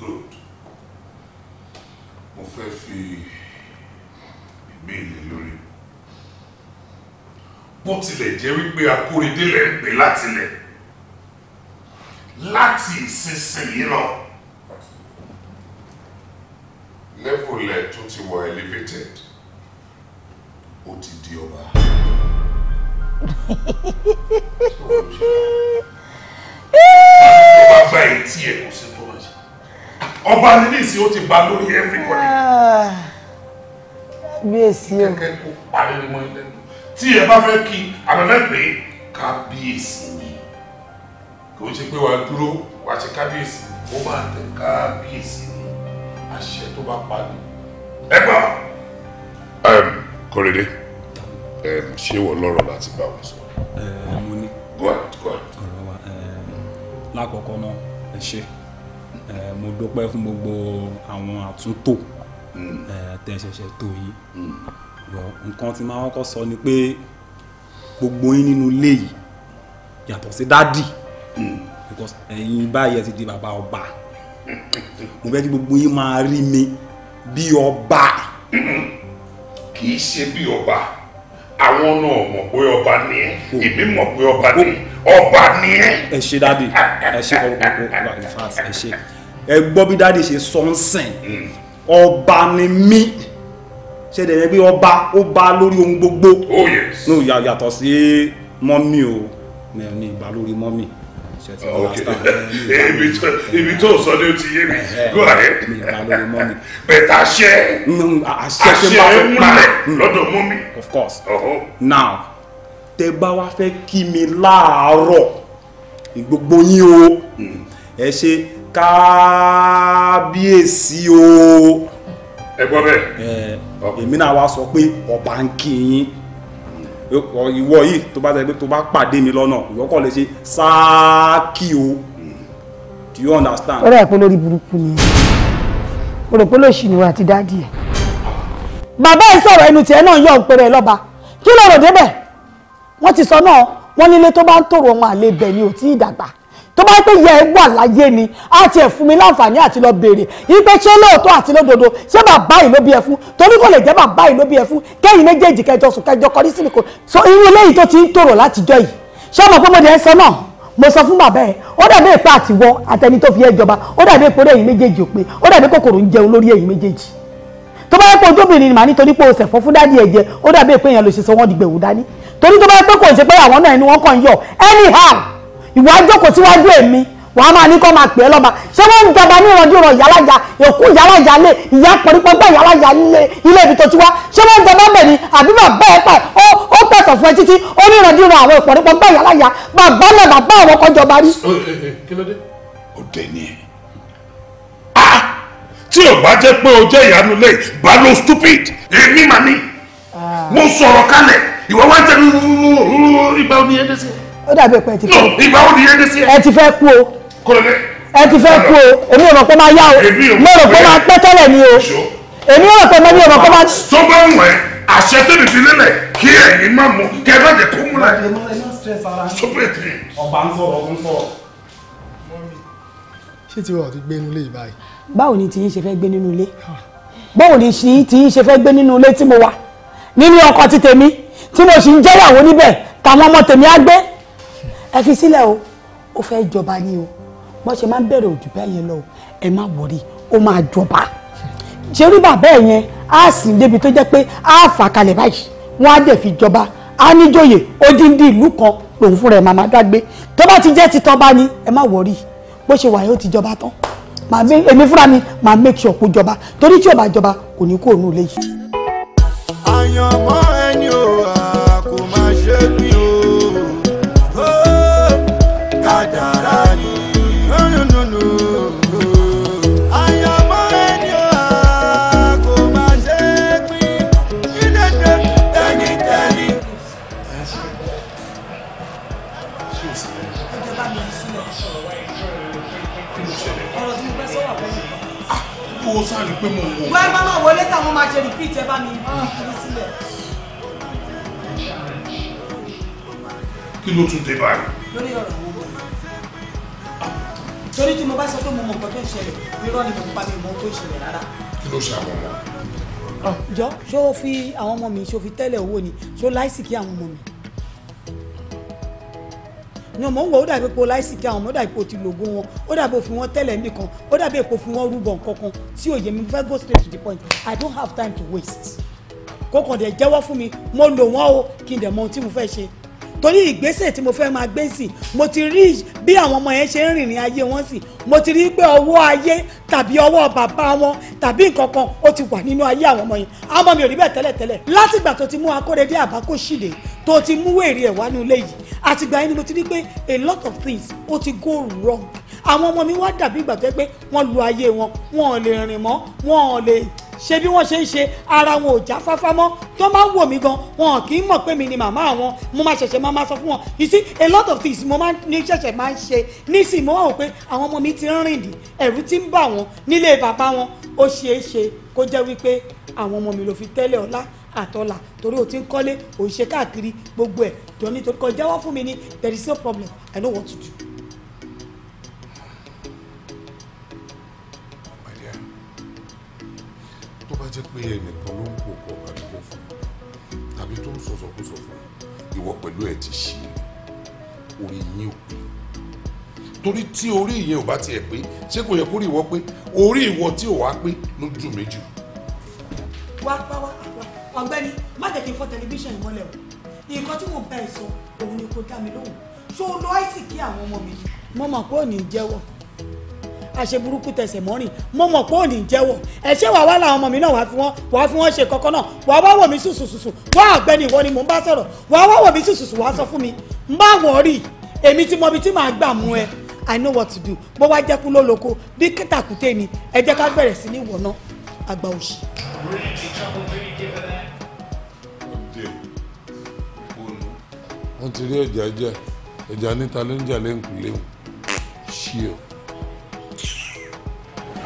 Speaker 4: good mo fẹ́ fi ìbéèrè lórí bó tilẹ̀ jẹ́ wípé akóredé lẹ̀ ń pè láti lẹ̀ láti ìsinsìnyí lọ lẹ́fọ̀lẹ̀ tó ti wọ elevated ó ti di ọba. ọba gba etí ẹ kò sí tó máa ṣe ọba nílìsì ó ti ba lórí everybody.
Speaker 6: Ah. bí èsì ẹ kẹkẹ
Speaker 4: kó parí ni mo ń lẹnu tí ẹ bá fẹ́ kí àbẹ̀fẹ́ pé kábíyèsí ni kò ṣe pé wàá dúró wàá ṣe kábíyèsí ó máa tẹ kábíyèsí ni àṣẹ tó bá parí ẹ gbọ́. kọ́rédé ṣé wọ́n lọ́rọ̀ láti bá wọn sọ. mo ní. go ahead
Speaker 1: go ahead. ọ̀rọ̀ wa lákọ̀ọ́kọ́ náà ẹ ṣe mo dúpẹ́ fún gbogbo àwọn àtúntò mm. tẹ́ ṣẹ̀ṣẹ̀ tó yìí. Mm nǹkan tí máa kọ́kọ́ sọ ni pé gbogbo yín nínú ilé yìí yàtọ̀ sí dádì because ẹ̀yin báyìí ẹ ti di bàbá ọba mo fẹ́ kí gbogbo yín máa rí mi bí ọba. kì í
Speaker 4: ṣe bí ọba àwọn náà mọ̀ pé ọba ni ẹ́ oh. èmi mọ̀ pé ọba ni oh.
Speaker 1: ọba ni ẹ́. ẹ ṣe dádì ẹ ṣe ọba oh, ẹ ṣe ẹ gbọ́ bí dádì ṣe sọ́nsìn hmm. ọba ni mí. Mm ṣẹlẹ̀ yẹn pé ọba ó bá lórí ohun gbogbo oh, no yàtọ̀ sí mọ́mì o mi ò ní ìbá lórí mọ́mì ibi tó
Speaker 4: sọ ni o ti yé mi go ahead
Speaker 1: bẹ̀tà ṣẹ́ àṣẹ múlẹ̀ hmm. lọ́dọ̀ mọ́mì. of course uh-huh. now tẹ bá wá fẹ́ kí mi láàárọ̀ gbogbo yín o hmm. ẹ ṣe kábíyèsí o. ẹ gbọ́ bẹ́ẹ̀ èmi náà wá sọ pé ọba ń kí yín ìwọ yìí tó bá tẹ́lẹ̀ pé tó bá pàdé mi lọ́nà ìwọ kọ́ lè ṣe sáàkì o do you understand. ó rẹ̀ pé
Speaker 6: lórí burúkú ni
Speaker 3: o rò pé lóṣì ni wà á ti dá díẹ̀. bàbá ẹ̀ sọ̀rọ̀ ẹnu tiẹ̀ náà yọ̀ ń pèrè lọ́ba kí ló rò débẹ̀ wọ́n ti sọ náà wọ́n nílé tó bá ń tòrò ọmọ àlebẹ̀ ni ò tí ì dàgbà tó bá pé yẹ ẹ wà láyé ni á tiẹ̀ fún mi láǹfààní àti lọ béèrè ipe ṣé lóòótọ́ àti lódodo ṣé bàbá yìí ló bí ẹ fún torí kò lè jẹ́ bàbá yìí ló bí ẹ fún kẹ́yìn méjèèjì kẹjọ sùn kẹjọ kọrí sí nìkan so irú eléyìí tó ti ń tòrò látijọ́ yìí ṣé ọmọ pé mo dẹ̀ ń sọ náà mo sọ fún bàbá ẹ ó dàbí ìpá àtiwọ àtẹni tó fi ẹ jọba ó dàbí ìpòrò ẹ̀yìn méjèèjì òpin ó dàbí kòkòrò ń jẹun lórí ẹ̀yìn méjèèjì tó bá yẹ pé ojóbìnrin ni màá nítorí pé o ṣẹ̀fọ́ fún dádì ẹ̀jẹ̀ ó dàbí ìpéyàn ló ṣe sọ wọ́n di gbẹ̀wò dání torí tó bá yẹ pé kò ṣe pé àwọn náà ẹni wọ́n kàn ń yọ anyhow ìwọ ajókòó síwájú èmi wàá máa ní kó máa pè é lọ́ba ṣé wọ́n ń jọba ní ìrọ̀dúnrọ̀ ìyálàjà èkú ìyálàjà lé ìyá pọ̀nípọ̀gbọ́ ìyálàjà ilé ibi tó ti wá ṣé wọ́n ń jọba bẹ̀ ni àbí bàbá ẹ̀ pa ẹ̀ ó pẹ̀sọ̀ fún ẹ títí ó ní ìrọ̀dúnrọ̀ àwọn ìpọ̀nípọ̀gbọ́ ìyálàjà bàbá náà bàbá àwọn kan jọba rí.
Speaker 4: ọdẹ ni ẹ tí ò bá jẹ́ pé o jẹ́ ìyanu lé balo stupid èmi màmí
Speaker 5: mo sọ̀rọ̀ kalẹ̀
Speaker 4: ìwọ wá jẹ́ ìgbà omi ó dàbí pé ẹ ti fẹ́. ìgbà wo ni yé dé sí ẹ. ẹ ti fẹ́ kú o. kọlọlẹ. ẹ ti fẹ́ kú o èmi ò mọ̀ pé máa yá o mo rò pé máa pẹ́
Speaker 5: tẹ́lẹ̀ ni o èmi ò rò pé mi ò mọ̀ pé máa. tó bá ń wẹ̀ àṣẹ
Speaker 1: tó lè fi lélẹ̀ kí ẹ̀yin má mú kí ẹ má jẹ kó mú láti. ọba ń sọ̀rọ̀ ń sọ̀rọ̀.
Speaker 6: ṣé tiwa ò ti
Speaker 3: báwo ni tiyín ṣe fẹ́ gbé nínú ilé báwo ni tiyín ṣe fẹ́ gbé nínú ilé tí mo wà nínú ọkọ ti tí mo sì ń jẹ́yàwó níbẹ̀ tàwọn ọmọ tèmi á gbé ẹ fi sílẹ̀ o ó fẹ́ jọba ni o bó ṣe máa ń bẹ̀rẹ̀ òjò bẹ́ẹ̀ yẹn lọ ẹ má wọrí ó máa jọba ṣerú bàbá ẹ̀ yẹn á sì débi tó jẹ́ pé á fà kalẹ̀ báyìí wọ́n á dẹ̀ fi jọba á níjòyè odindi ìlú kan lòun fúnra ẹ̀ máa máa dágbé tó bá ti jẹ́ ti tọ́ba ni ẹ má wọrí bó ṣe wà yóò ti jọba tán èmi fúnra mi máa make sure kó jọba torí tí ò bá jọba kò ní kó òun lè yí. bí tẹ bá mi kiri sílẹ̀.
Speaker 4: kí ló tún dé báyìí.
Speaker 3: lórí ọ̀rọ̀ owó bọ̀ torí tí mo bá sọ pé mo mọ nǹkan tó ń ṣẹlẹ̀ irọ́ ni mo ń pa mi mọ tó ń ṣẹlẹ̀ rárá.
Speaker 5: kí ló ṣe àwọn ọmọ.
Speaker 3: Ah, jọ ṣó fi àwọn ọmọ mi ṣó fi tẹ́lẹ̀ owó ni ṣó láìsí kí àwọn ọmọ mi ni ọmọ wọ ó dàbí epo láìsí àwọn ọmọ dàbí epo ti lògùn wọn ó dàbí epo wọn tẹ́lẹ̀ níbi ó dàbí epo fún wọn rúbọ nkankan tí òye mi fẹ́ go straight to the point i don't have time to waste kókàn dẹ̀ jẹ́wọ́ fún mi mo lò wọ́n o kí n dẹ̀ mọ ohun tí mo fẹ́ ṣe torí ìgbésẹ̀ tí mo fẹ́ máa gbé sí mo ti rí bí àwọn ọmọ yẹn ṣe ń rìnrìn ayé wọn sí mo ti rí pé ọwọ́ ayé tàbí ọwọ́ bàbá wọn tàbí nǹkan kan ó ti wà nínú ayé àwọn ọmọ yẹn àwọn ọmọ mi ò rí bẹ́ẹ̀ tẹ́lẹ̀tẹ́lẹ̀ látìgbà tó ti mú akóredé àbákòṣìlè tó ti mú wèrè ẹ̀ wá ní yìí àtìgbà yẹn ni mo ti rí pé a lot of things ó ti go wrong àwọn ọmọ mi wá dàbí ìgbà tó yẹ pé wọ́n lu ayé wọn wọn ò lè rìn mọ́ wọn ò lè ṣe bí wọ́n ṣe ń ṣe ara wọn ò já fáfá mọ́ tó máa ń wò mí gan wọn kì í mọ̀ pé mi ni màmá àwọn mo máa ṣẹ̀ṣẹ̀ máa sọ fún wọn you see a lot of things mo máa ní ṣẹ̀ṣẹ̀ máa ń ṣe nísìnyí mo wọ́n pé àwọn ọmọ mi ti ń rìn dì ẹ̀rù ti ń bà wọ́n nílé bàbá wọn ó ṣeé ṣe kó jẹ́ wípé àwọn ọmọ mi ló fi tẹ́lẹ̀ ọlá àtọ́là torí o ti ń kọ́lé òun ṣe káàkiri gbogbo ẹ̀ jọ nítorí kọjá wá fún mi ní there is no problem I know what to do.
Speaker 4: bá jẹ́ pé ẹnìkan ló ń pò pọ̀ àdúgbò fún tàbí tó ń sọ̀sọ̀kúsọ fún ìwọ pẹ̀lú ẹ̀ ti ṣe orí yín ò pé torí tí orí yẹn ò bá tiẹ̀ pé ṣé kò yẹ kó rí ìwọ pé orí ìwọ tí ò wá pé ló dùn mí
Speaker 3: wá wá wá ọ̀gbẹ́ni má jẹ́ kí n fọ́ tẹlifíṣàn ìmọ́lẹ̀ o nǹkan tí mo bá ẹ sọ òun ni kò dá mi lóhùn ṣó lọ àìsí kí àwọn ọmọ mi. mo mọ̀ pé ò ní jẹ́wọ́ àṣẹ burúkú tẹsẹ̀ mo mọ̀ pé ò ní jẹ́wọ́ wàá wá làwọn ọmọ mi náà wàá fi wọ́n wàá fi wọ́n ṣe kọ́kọ́ náà wàá wá wò mí sùsùsùsù wá ọ̀gbẹ́ni ìwọ ni mò ń bá sọ̀rọ̀ wàá wá wò mí sùsùsù wàá sọ fún mi ń bá wọ̀ rí èmi tí mo bi tí màá gbà mú ẹ i know what to do bó wá jẹ́kú ló lóko bí kìtàkùté ni ẹ jẹ́ ká bẹ̀rẹ̀ sí ní ìwọ̀ náà àgbà òṣì.
Speaker 4: wọ́n ti rí ẹ̀jẹ̀ ajá ẹ̀jẹ̀ níta ló ń jà lẹ́ǹkù léwu ṣí o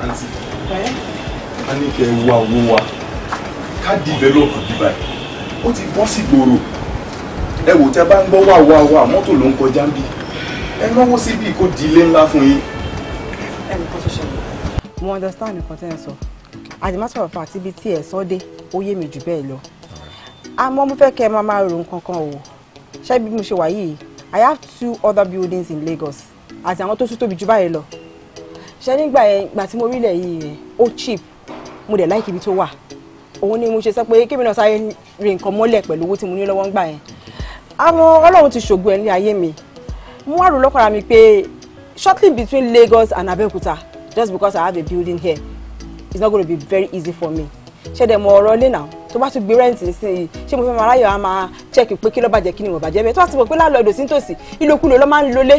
Speaker 1: àǹtí a ní kẹ́ ẹ wá owó wa ká develop Dubai ó ti bọ́ sí gbòòrò ẹ wò tẹ́ bá ń gbọ́ wà wà wà mọ́tò ló ń kọjá ń bí ẹ náwó síbi kó di ilé ńlá fún yín. ẹnì kan
Speaker 10: ṣoṣo mo understand
Speaker 3: nǹkan tẹ́ ẹ sọ as a matter of fact ibi tí ẹ sọ dé ó yé mi jù bẹ́ẹ̀ lọ àmọ́ mo fẹ́ kẹ́ ẹ máa máa ro nǹkan kan o ṣé bí mo ṣe wà yìí I have two other buildings in Lagos àti àwọn tó tún tóbi jù báyìí lọ ṣe nígbà yẹn ìgbà tí mo rí ilẹ̀ yìí ó cheap mo dẹ̀ láìkí ibi tó wà òun ni mo ṣe sọ pé kébì náà sáré rí nǹkan mọ́lẹ̀ pẹ̀lú owó tí mo ní lọ́wọ́ ń gbà yẹn àmọ́ ọlọ́run ti ṣògo ẹ̀ ní ayé mi mo wá rò lọ́kọ̀ọ́ra mi pé shortly between Lagos and Abeokuta just because I have a building here it's not going to be very easy for me ṣe dẹ̀ mọ ọ̀rọ̀ ilé náà tó bá tún gbé rẹ́ǹtì nísìnyí ṣé mo fẹ́ máa ráyọ̀ á máa ṣẹ́ẹ̀kì pé kí ló bàjẹ́ kí ni mo bàjẹ́ bẹ́ẹ̀ tó bá ti mọ̀ pé láńlọ́ọ̀dù sí nítòsí ìlòkulò ló máa ń lólé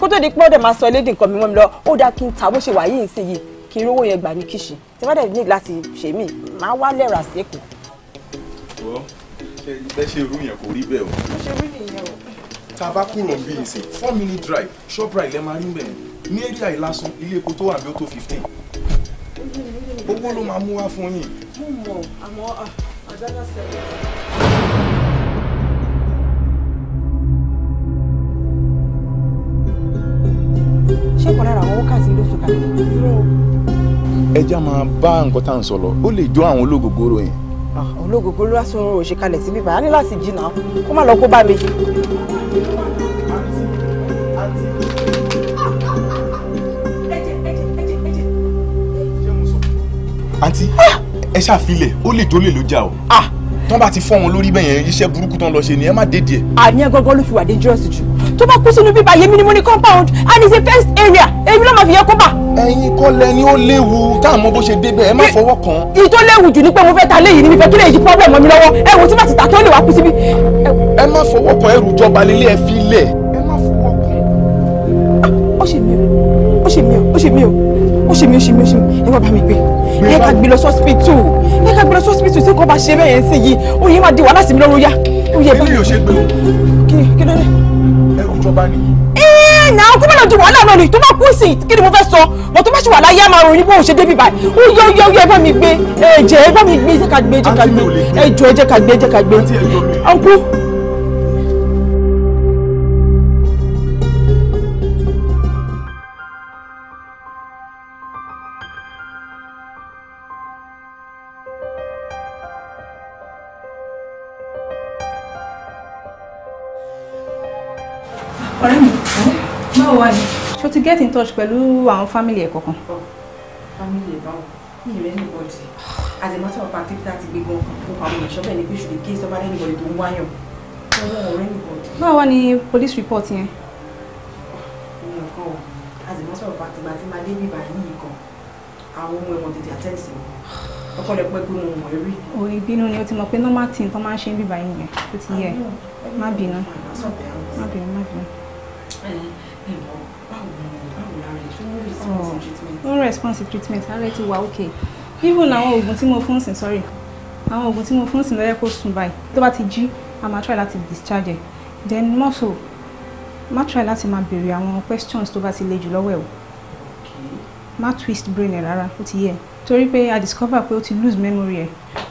Speaker 3: kó tó di pé ó dẹ̀ máa sọ elédè nǹkan mi mọ́ mi lọ ó dáa kí n ta bó ṣe wà yìí nísìnyí kí n rówó yẹn gbà ní kìsì tí wọ́n dẹ̀ ní láti ṣe mí máa wá lẹ́ra sí èkó.
Speaker 1: ẹ ṣe irú yẹn kò rí bẹ́ẹ̀ o. ó ṣe rí nìyẹn o. tá a bá kúrò bí n sè four minute drive shoprite lẹ́ẹ̀ máa rí bẹ́ẹ̀ ní èrè àìlásán ilé epo tó wà bí ó tó fifteen owó ló máa mú wá fún yín.
Speaker 9: mo mọ àmọ́ ah, àdáyà
Speaker 1: ṣé kọ́ lára àwọn wákàtí ló sọ̀kà ẹja máa bá nǹkan tá à ń sọ lọ ó lè jó àwọn olóògógóró yẹn.
Speaker 3: Ah, olóògógóró lásán ò ṣe kalẹ̀ síbí bàá ní láti jìnnà kó má lọ kó bá mi.
Speaker 1: àǹtí ẹ ṣàfilẹ̀ ó lè jólè ló jà o. Ah! tán bá ti fọ́ wọn lórí bẹ́ẹ̀ yẹn iṣẹ́ burúkú tán lọ ṣe ni ẹ má dédìí ẹ̀. àní ẹ gọ́gọ́ ló fi wà dangerous jù tó bá kú sínú
Speaker 3: bíbá yèmí ni mo ní compound and it's a first area èmi ló máa fi yẹ kó bà. ẹ̀yin kọ́ lẹni ó léwu
Speaker 6: tá à mọ̀ bó ṣe débẹ̀ ẹ má fọwọ́ kàn. èyí tó léwu jù ni pé mo fẹ́ ta léyìí ni mi fẹ́ kí lè yí problem mọ́ mi lọ́wọ́ ẹ wò tí bá ti tà tó lè wá kú síbi. ẹ má fọwọ́ kàn ẹrù jọba lélẹ̀ ẹ fi lẹ̀. ẹ má
Speaker 3: fọwọ́ kàn. ó ṣe mí o ó ṣe mí o ó ṣe mí o ó ṣe mí o ṣe mí ó ṣe mí ẹ wá o mi gbé ẹ ká gbé o sọ́spítù ẹ ká gbé lọ o tí kò bá ṣe bẹ́ẹ̀ yẹn sí yìí ó yẹ máa di wàhálà sí mi lọ́rùn yá. kí ni yóò ṣe gbé o.
Speaker 1: kí ló dé àwùjọ bá nìyí.
Speaker 3: ẹ eh, na ọkọ mọ́nà ju wàhálà náà ni tó bá kú sí kí ni mo fẹ́ sọ mo tó bá ṣe wà láyé àmà ròyìn bó ṣe débi báyìí ó yọ yọ yọ ẹgbẹ́ mi gbé ẹ̀jẹ̀ ẹgbẹ́ mi gbé jẹ́ ká gbé jẹ́ ká gbé ẹjọ́ ẹjẹ́ ká gbé
Speaker 5: jẹ́ ká gbé ọkọ.
Speaker 10: get in touch pẹ̀lú àwọn family ẹ̀ kọ̀ọ̀kan. Oh, family ẹ̀ báwo mi ní bọ́ọ̀dì as a matter of fact títa ti gbé gan kó àwọn èèyàn ṣọ́bẹ̀ ní pé ṣùgbọ́n kí sọ́ba rẹ́ni bọ́ọ̀dì tó ń wáyàn ọwọ́ ọ̀rẹ́ ní bọ́ọ̀dì. báwo wá ni police report yẹn.
Speaker 3: mi ò kọ́ as a matter of fact ìgbà tí máa dé bí ìbàdí yìí kan àwọn ohun ẹ̀wọ̀n tètè àtẹ́ǹsì mi ọkọ rẹ pẹ́ pé mo mọ̀ rí.
Speaker 10: ò ìbínú ni o ti mọ̀ pé normal thing tó máa ń ṣe ń bíbá yín yẹn ó ti yẹ má bínú má bínú má bínú ó oh. response treatment ara ẹ ti wà ok even àwọn oògùn tí mo fún sìn sorry I'm oògùn tí mo fún sìn lọ́yẹ́ kó To báyìí tó bá ti jí a máa try discharge ẹ then mọ́tò má try láti máa béèrè àwọn questions to bá ti le jù lọ́wọ́ ẹ̀ o má twist brain ẹ̀ rárá ó ti yẹ torí pé i discover pé ó lose memory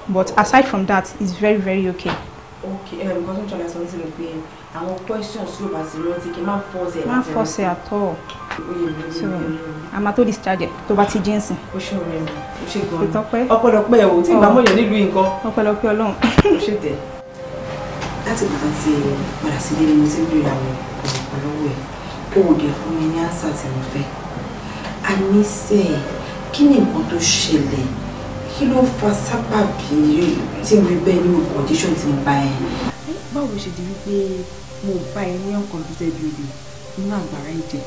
Speaker 10: but aside from that it's very very okay. Okay, I'm going to try something ní sọ I'm sílẹ̀ pé àwọn questions yóò bá ti rántí kí n má fọ́ọ̀sì ẹ̀ má at all so a máa tó discharge tó bá ti jíǹsì. o ṣe ọ̀rẹ́ mi o ṣe gan-an ìtọ́pẹ́ ọ̀pọ̀lọpọ̀ ẹ̀wò tí ìgbàmọ̀ yẹn nílùú nǹkan. ọ̀pọ̀lọpọ̀ Ọlọ́run. o ṣe tẹ̀. láti bàtà ti padà sílé ni mo ti ń bèrè àwọn ọ̀pọ̀lọpọ̀
Speaker 3: ẹ̀ o ò dẹ̀ fún mi ní àṣà tí mo fẹ́. a ní sẹ́ kí ni nǹkan tó ṣẹlẹ̀ kí ló fa sábàbí tí mo bẹ́ ní condition ti ń bá ẹ. báwo ṣe di wípé mo bá ẹ ní ọkàn tó tẹ́ bí obì nínú àgbàrá ìjẹ́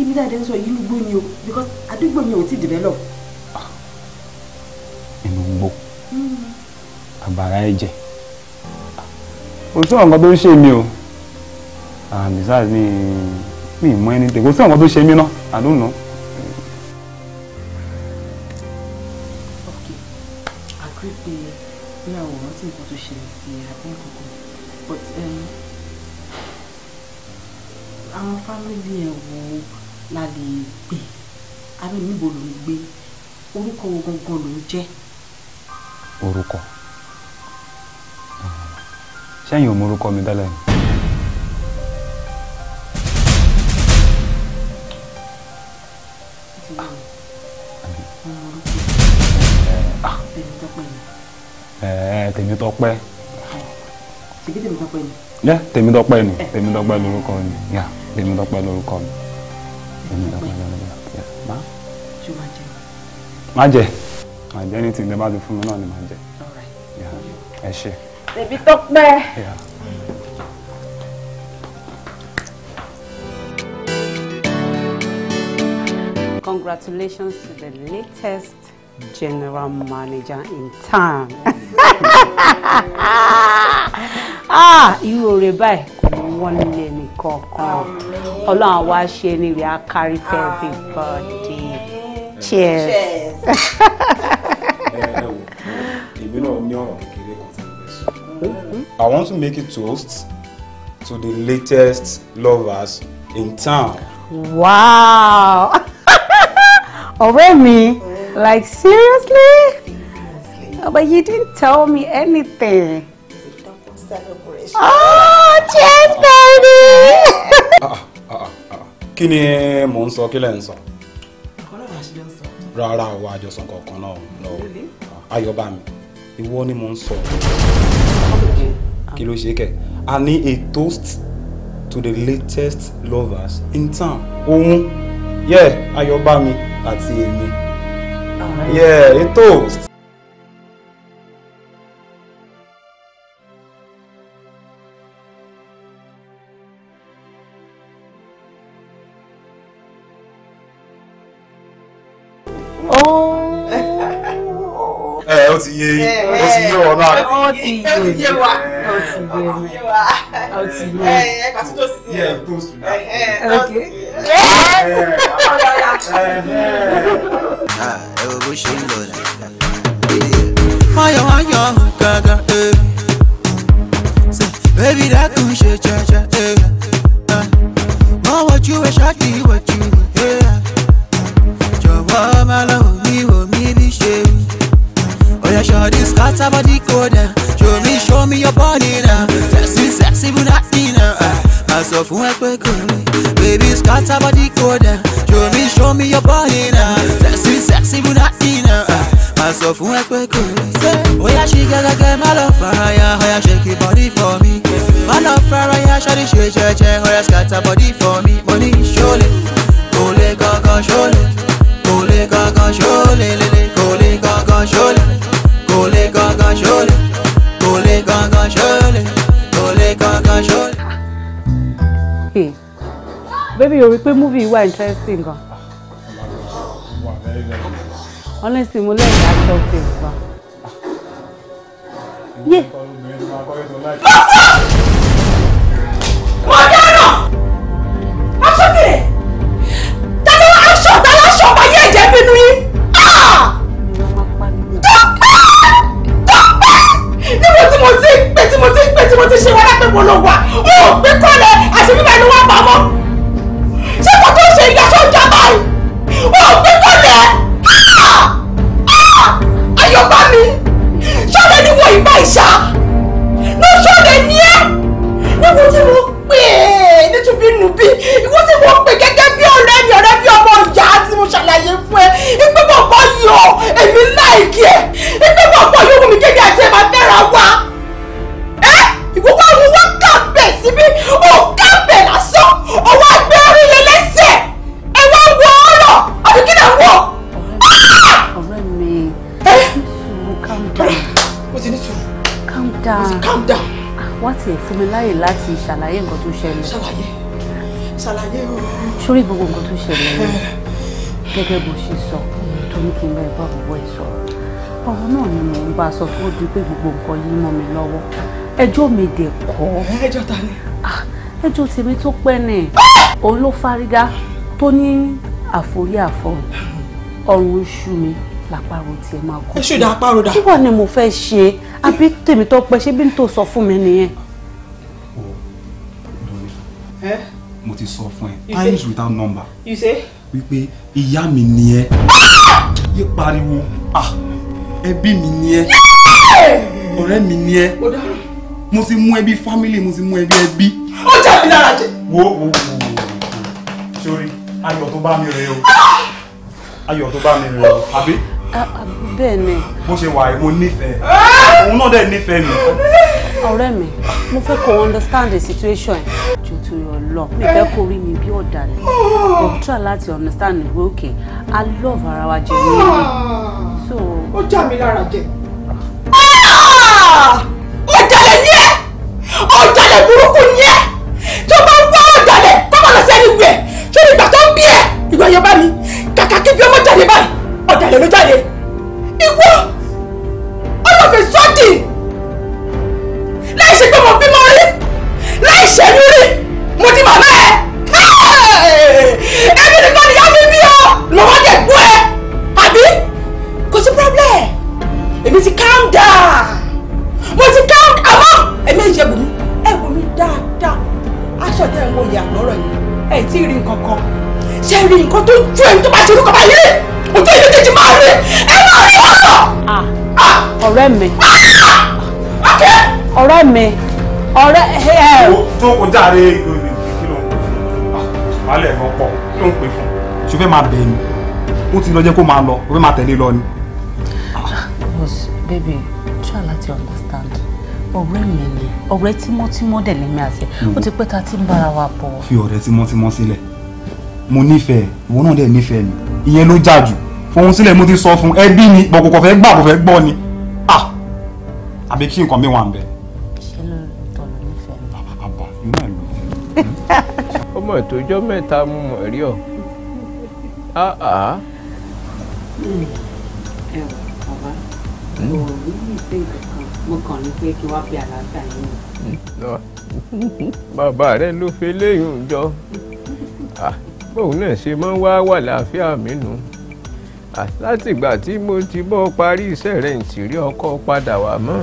Speaker 3: ibi dáadáa ń sọ yìí ló gbó ni o because àdúgbò yẹn ò ti develop. Ah,
Speaker 1: inú gbó àbàrà ẹ̀jẹ̀ ah, kò sí ọ̀nkan tó ń ṣe mí o and ah, besides mi mi mọ ẹni tẹ kò sí ọ̀nkan tó ṣe mí náà I don't know.
Speaker 3: okay agree pé bí àwòrán tí nǹkan tó ṣẹlẹ̀ sí àbí nǹkan but um, àwọn fámìlì ẹ̀ wọ́n la lè gbé abẹ́ níbo ló ń gbé orúkọ wo gangan ló ń jẹ́.
Speaker 1: orúkọ sẹ́yìn ò mọ orúkọ mi tẹ́lẹ̀ ni. Ah. tèmi tọpẹ́. Eh, tèmi tọpẹ́ ni. tèmi tọpẹ́ ni eh. tèmi tọpẹ́ lórúkọ mi tèmi tọpẹ́ lórúkọ mi má jẹ má jẹ anything tẹ bá ti fún mi náà ni má jẹ ẹ ṣe.
Speaker 3: bèbí tó pẹ́. Congratulations to the latest
Speaker 10: general manager in town.
Speaker 3: Ah, irú oore báyìí kò ní wọ́n nílé nìkan kan ọlọ́run àwa ṣe ni we are carry for everybody cheers.
Speaker 1: èmi náà ní ọ̀rọ̀ kékeré kan tí mo fẹ́ sọ. I want to make a toast to the latest lovers in
Speaker 10: town.
Speaker 3: wow ọ̀rẹ́ mi. Mm. Like
Speaker 10: seriously? Oh, but you didn't tell me anything. It's
Speaker 1: celebration. Oh, cheers, baby! Ah, ah, ah, ah. Kí ni mò ń sọ kí lẹ̀ ń sọ? Àkọ́lọ́ làṣẹ ń sọ. Rárá o, àjọsọ kọ̀ọ̀kan náà lọ. Ah, Ayọ̀bámi, ìwọ ni mò ń sọ. Kí ló ṣe kẹ̀? A ní a toast to the latest lovers in town. Òun, yeah, Ayọ̀bámi àti èmi. Yeah, a toast. ti yé ó ti yé wọn náà. ó ti yé wa ó ti yé wa ó ti yé wa. ẹ ẹ kàtúntò sí i. yẹ tó sùn náà. ok. ẹ
Speaker 8: wo bó ṣe ń lọ rẹ. wáyọ̀wáyọ̀ gàgà ẹ̀ bẹ́bí dákun ṣe jẹjẹ ẹ̀ mọ wọ́n ju ẹ̀ ṣáàtì wẹ̀. lọ fún ẹgbẹ́ kan me baby scatter body go down show me show me your body now sexy sexy bu na ina. máa sọ fún ẹgbẹ́ kan ni. bóyá ṣe gẹ́gẹ́gẹ́ má lọ faraya ọ̀yà ṣe kí body for me. shake lọ faraya ṣọ́ọ́dí ṣe jẹ́jẹ́ scatter body for me.
Speaker 3: mi ò rí pé movie wà interesting gan ah, honestly mo lẹ́yìn action film gan. tó ṣẹlẹ̀. ṣàlàyé ṣàlàyé o. sórí gbogbo nǹkan tó ṣẹlẹ̀ ni gẹ́gẹ́ bó ṣe sọ tó ní kí n bẹ̀rẹ̀ bá bọ̀bọ̀ ẹ̀ sọ. ọ̀rọ̀ náà ni mò ń bá a sọ tó di pé gbogbo nǹkan yìí mọ́ mi lọ́wọ́ ẹjọ́ mi dẹ̀ kọ́. ẹjọ́ ta ni. Ah, ẹjọ́ tèmi tó pẹ́ ni òun ló fárígá tó ní àforí àfọ̀rùn ọrùn oṣù mi làpárò tiẹ̀ máa kọ́. ẹ ṣùdà àpárò dà. kí wàá ni mo fẹ́ ṣe àbí tèmi tó pẹ́ ṣé bí n tó sọ fún mi nìyẹn.
Speaker 1: times without number. you say. wípé ìyá mi ni ẹ. Ah! yé pariwo ah! ẹbí mi ni ẹ ọ̀rẹ́ mi ni ẹ mo ti mú ẹbí family mo ti mú ẹbí ẹbí. ó jà mí lára jẹ. wo wo wo sori ayọ̀ tó bá mi rẹ o ah! ayọ̀ tó bá mi rẹ o àbí. bẹ́ẹ̀ ni. bó ṣe wà mo nífẹ̀ẹ́ òun náà dẹ̀ nífẹ̀ẹ́ mi.
Speaker 3: ọ̀rẹ́ mi mo fẹ́ kó understand the situation lọ mi fẹ́ kó rí mi bí ọ̀dàlẹ̀ mo try láti understand ìwé òkè a love ara wa jẹ ní ìlú so. ó já mi lára jẹ ah! ọ̀dàlẹ̀ ni ẹ́ ọ̀dàlẹ̀ burúkú ni ẹ́ tó bá ń wá ọ̀dàlẹ̀ báwa lọ sẹ́ni gbẹ̀ tó ní ìgbà tó ń bí ẹ̀ ìgbà yẹn bá mi kàkà kí bí ọmọ jáde báyìí ọ̀dàlẹ̀ ló jáde
Speaker 5: ìwọ ọlọ́fẹ́ sọ́ọ̀dì láì ṣe pé mo mo ti màmá ẹ ẹbí nìkan ni yábí bí o lọ́wọ́ jẹ gbọ́ ẹ àbí kò sí problem èmi ti calm down mo ti calm àmọ́
Speaker 3: ẹ̀mí ẹ̀jẹ̀ bùnmi ẹ̀ wò mí dáadáa aṣọ tẹ̀ ń ìyá lọ́rọ̀ yìí ẹ̀ tí rí nǹkan kan ṣe rí nǹkan tó ju ẹni tó bá ṣe orúkọ báyìí
Speaker 9: ojú ìlú kejì máa rí ẹ máa rí ah, ah! ọ̀rọ̀.
Speaker 3: Ah! ọ̀rẹ́ mi ọ̀rẹ́
Speaker 1: mi ọ̀rẹ́ ẹ̀. tó kọjá rẹ̀ gbòmí wàhálẹ̀ ẹ̀fọ́ pọ̀ kí ló ń pè fún. ṣé o fẹ́ máa bẹ̀ẹ́ ni ó ti lọ jẹ́ kó máa lọ o fẹ́ máa tẹ̀lé lọ ni.
Speaker 3: but baby try láti understand ọ̀rẹ́ mi ni ọ̀rẹ́ tímọ́tímọ́ dẹ̀ lèmi àti ó ti pẹ́ ta ti ń bára wa bọ̀.
Speaker 1: fi ọ̀rẹ́ tímọ́tímọ́ sílẹ̀ mo nífẹ̀ẹ́ ìwọ náà dẹ̀ nífẹ̀ẹ́ mi ìyẹn ló jà jù fohun sílẹ̀ mo ti sọ fún ẹbí ni bọ̀ kò fẹ́ gbà kò fẹ́ gbọ́ ni ah àbí kí nǹkan mi wà ń bẹ.
Speaker 11: ṣé ló tọ̀nà nífẹ̀ẹ́ mi. Ah, àbá yóò náà lò ọmọ ìtòjọ́ mẹ́ta mú mọ̀ rí ọ. bàbá
Speaker 3: mo rí ìṣe ìkankan mo kàn ní pé kí wọ́n fi àlàáfíà
Speaker 11: yín. bàbá rẹ ló fi léyìn jọ bóun náà ṣe máa ń wá wà láàfíà mi nù látìgbà tí mo ti bọ́ parí iṣẹ́ rẹ̀ ń sì rí ọkọ padà wá mọ́.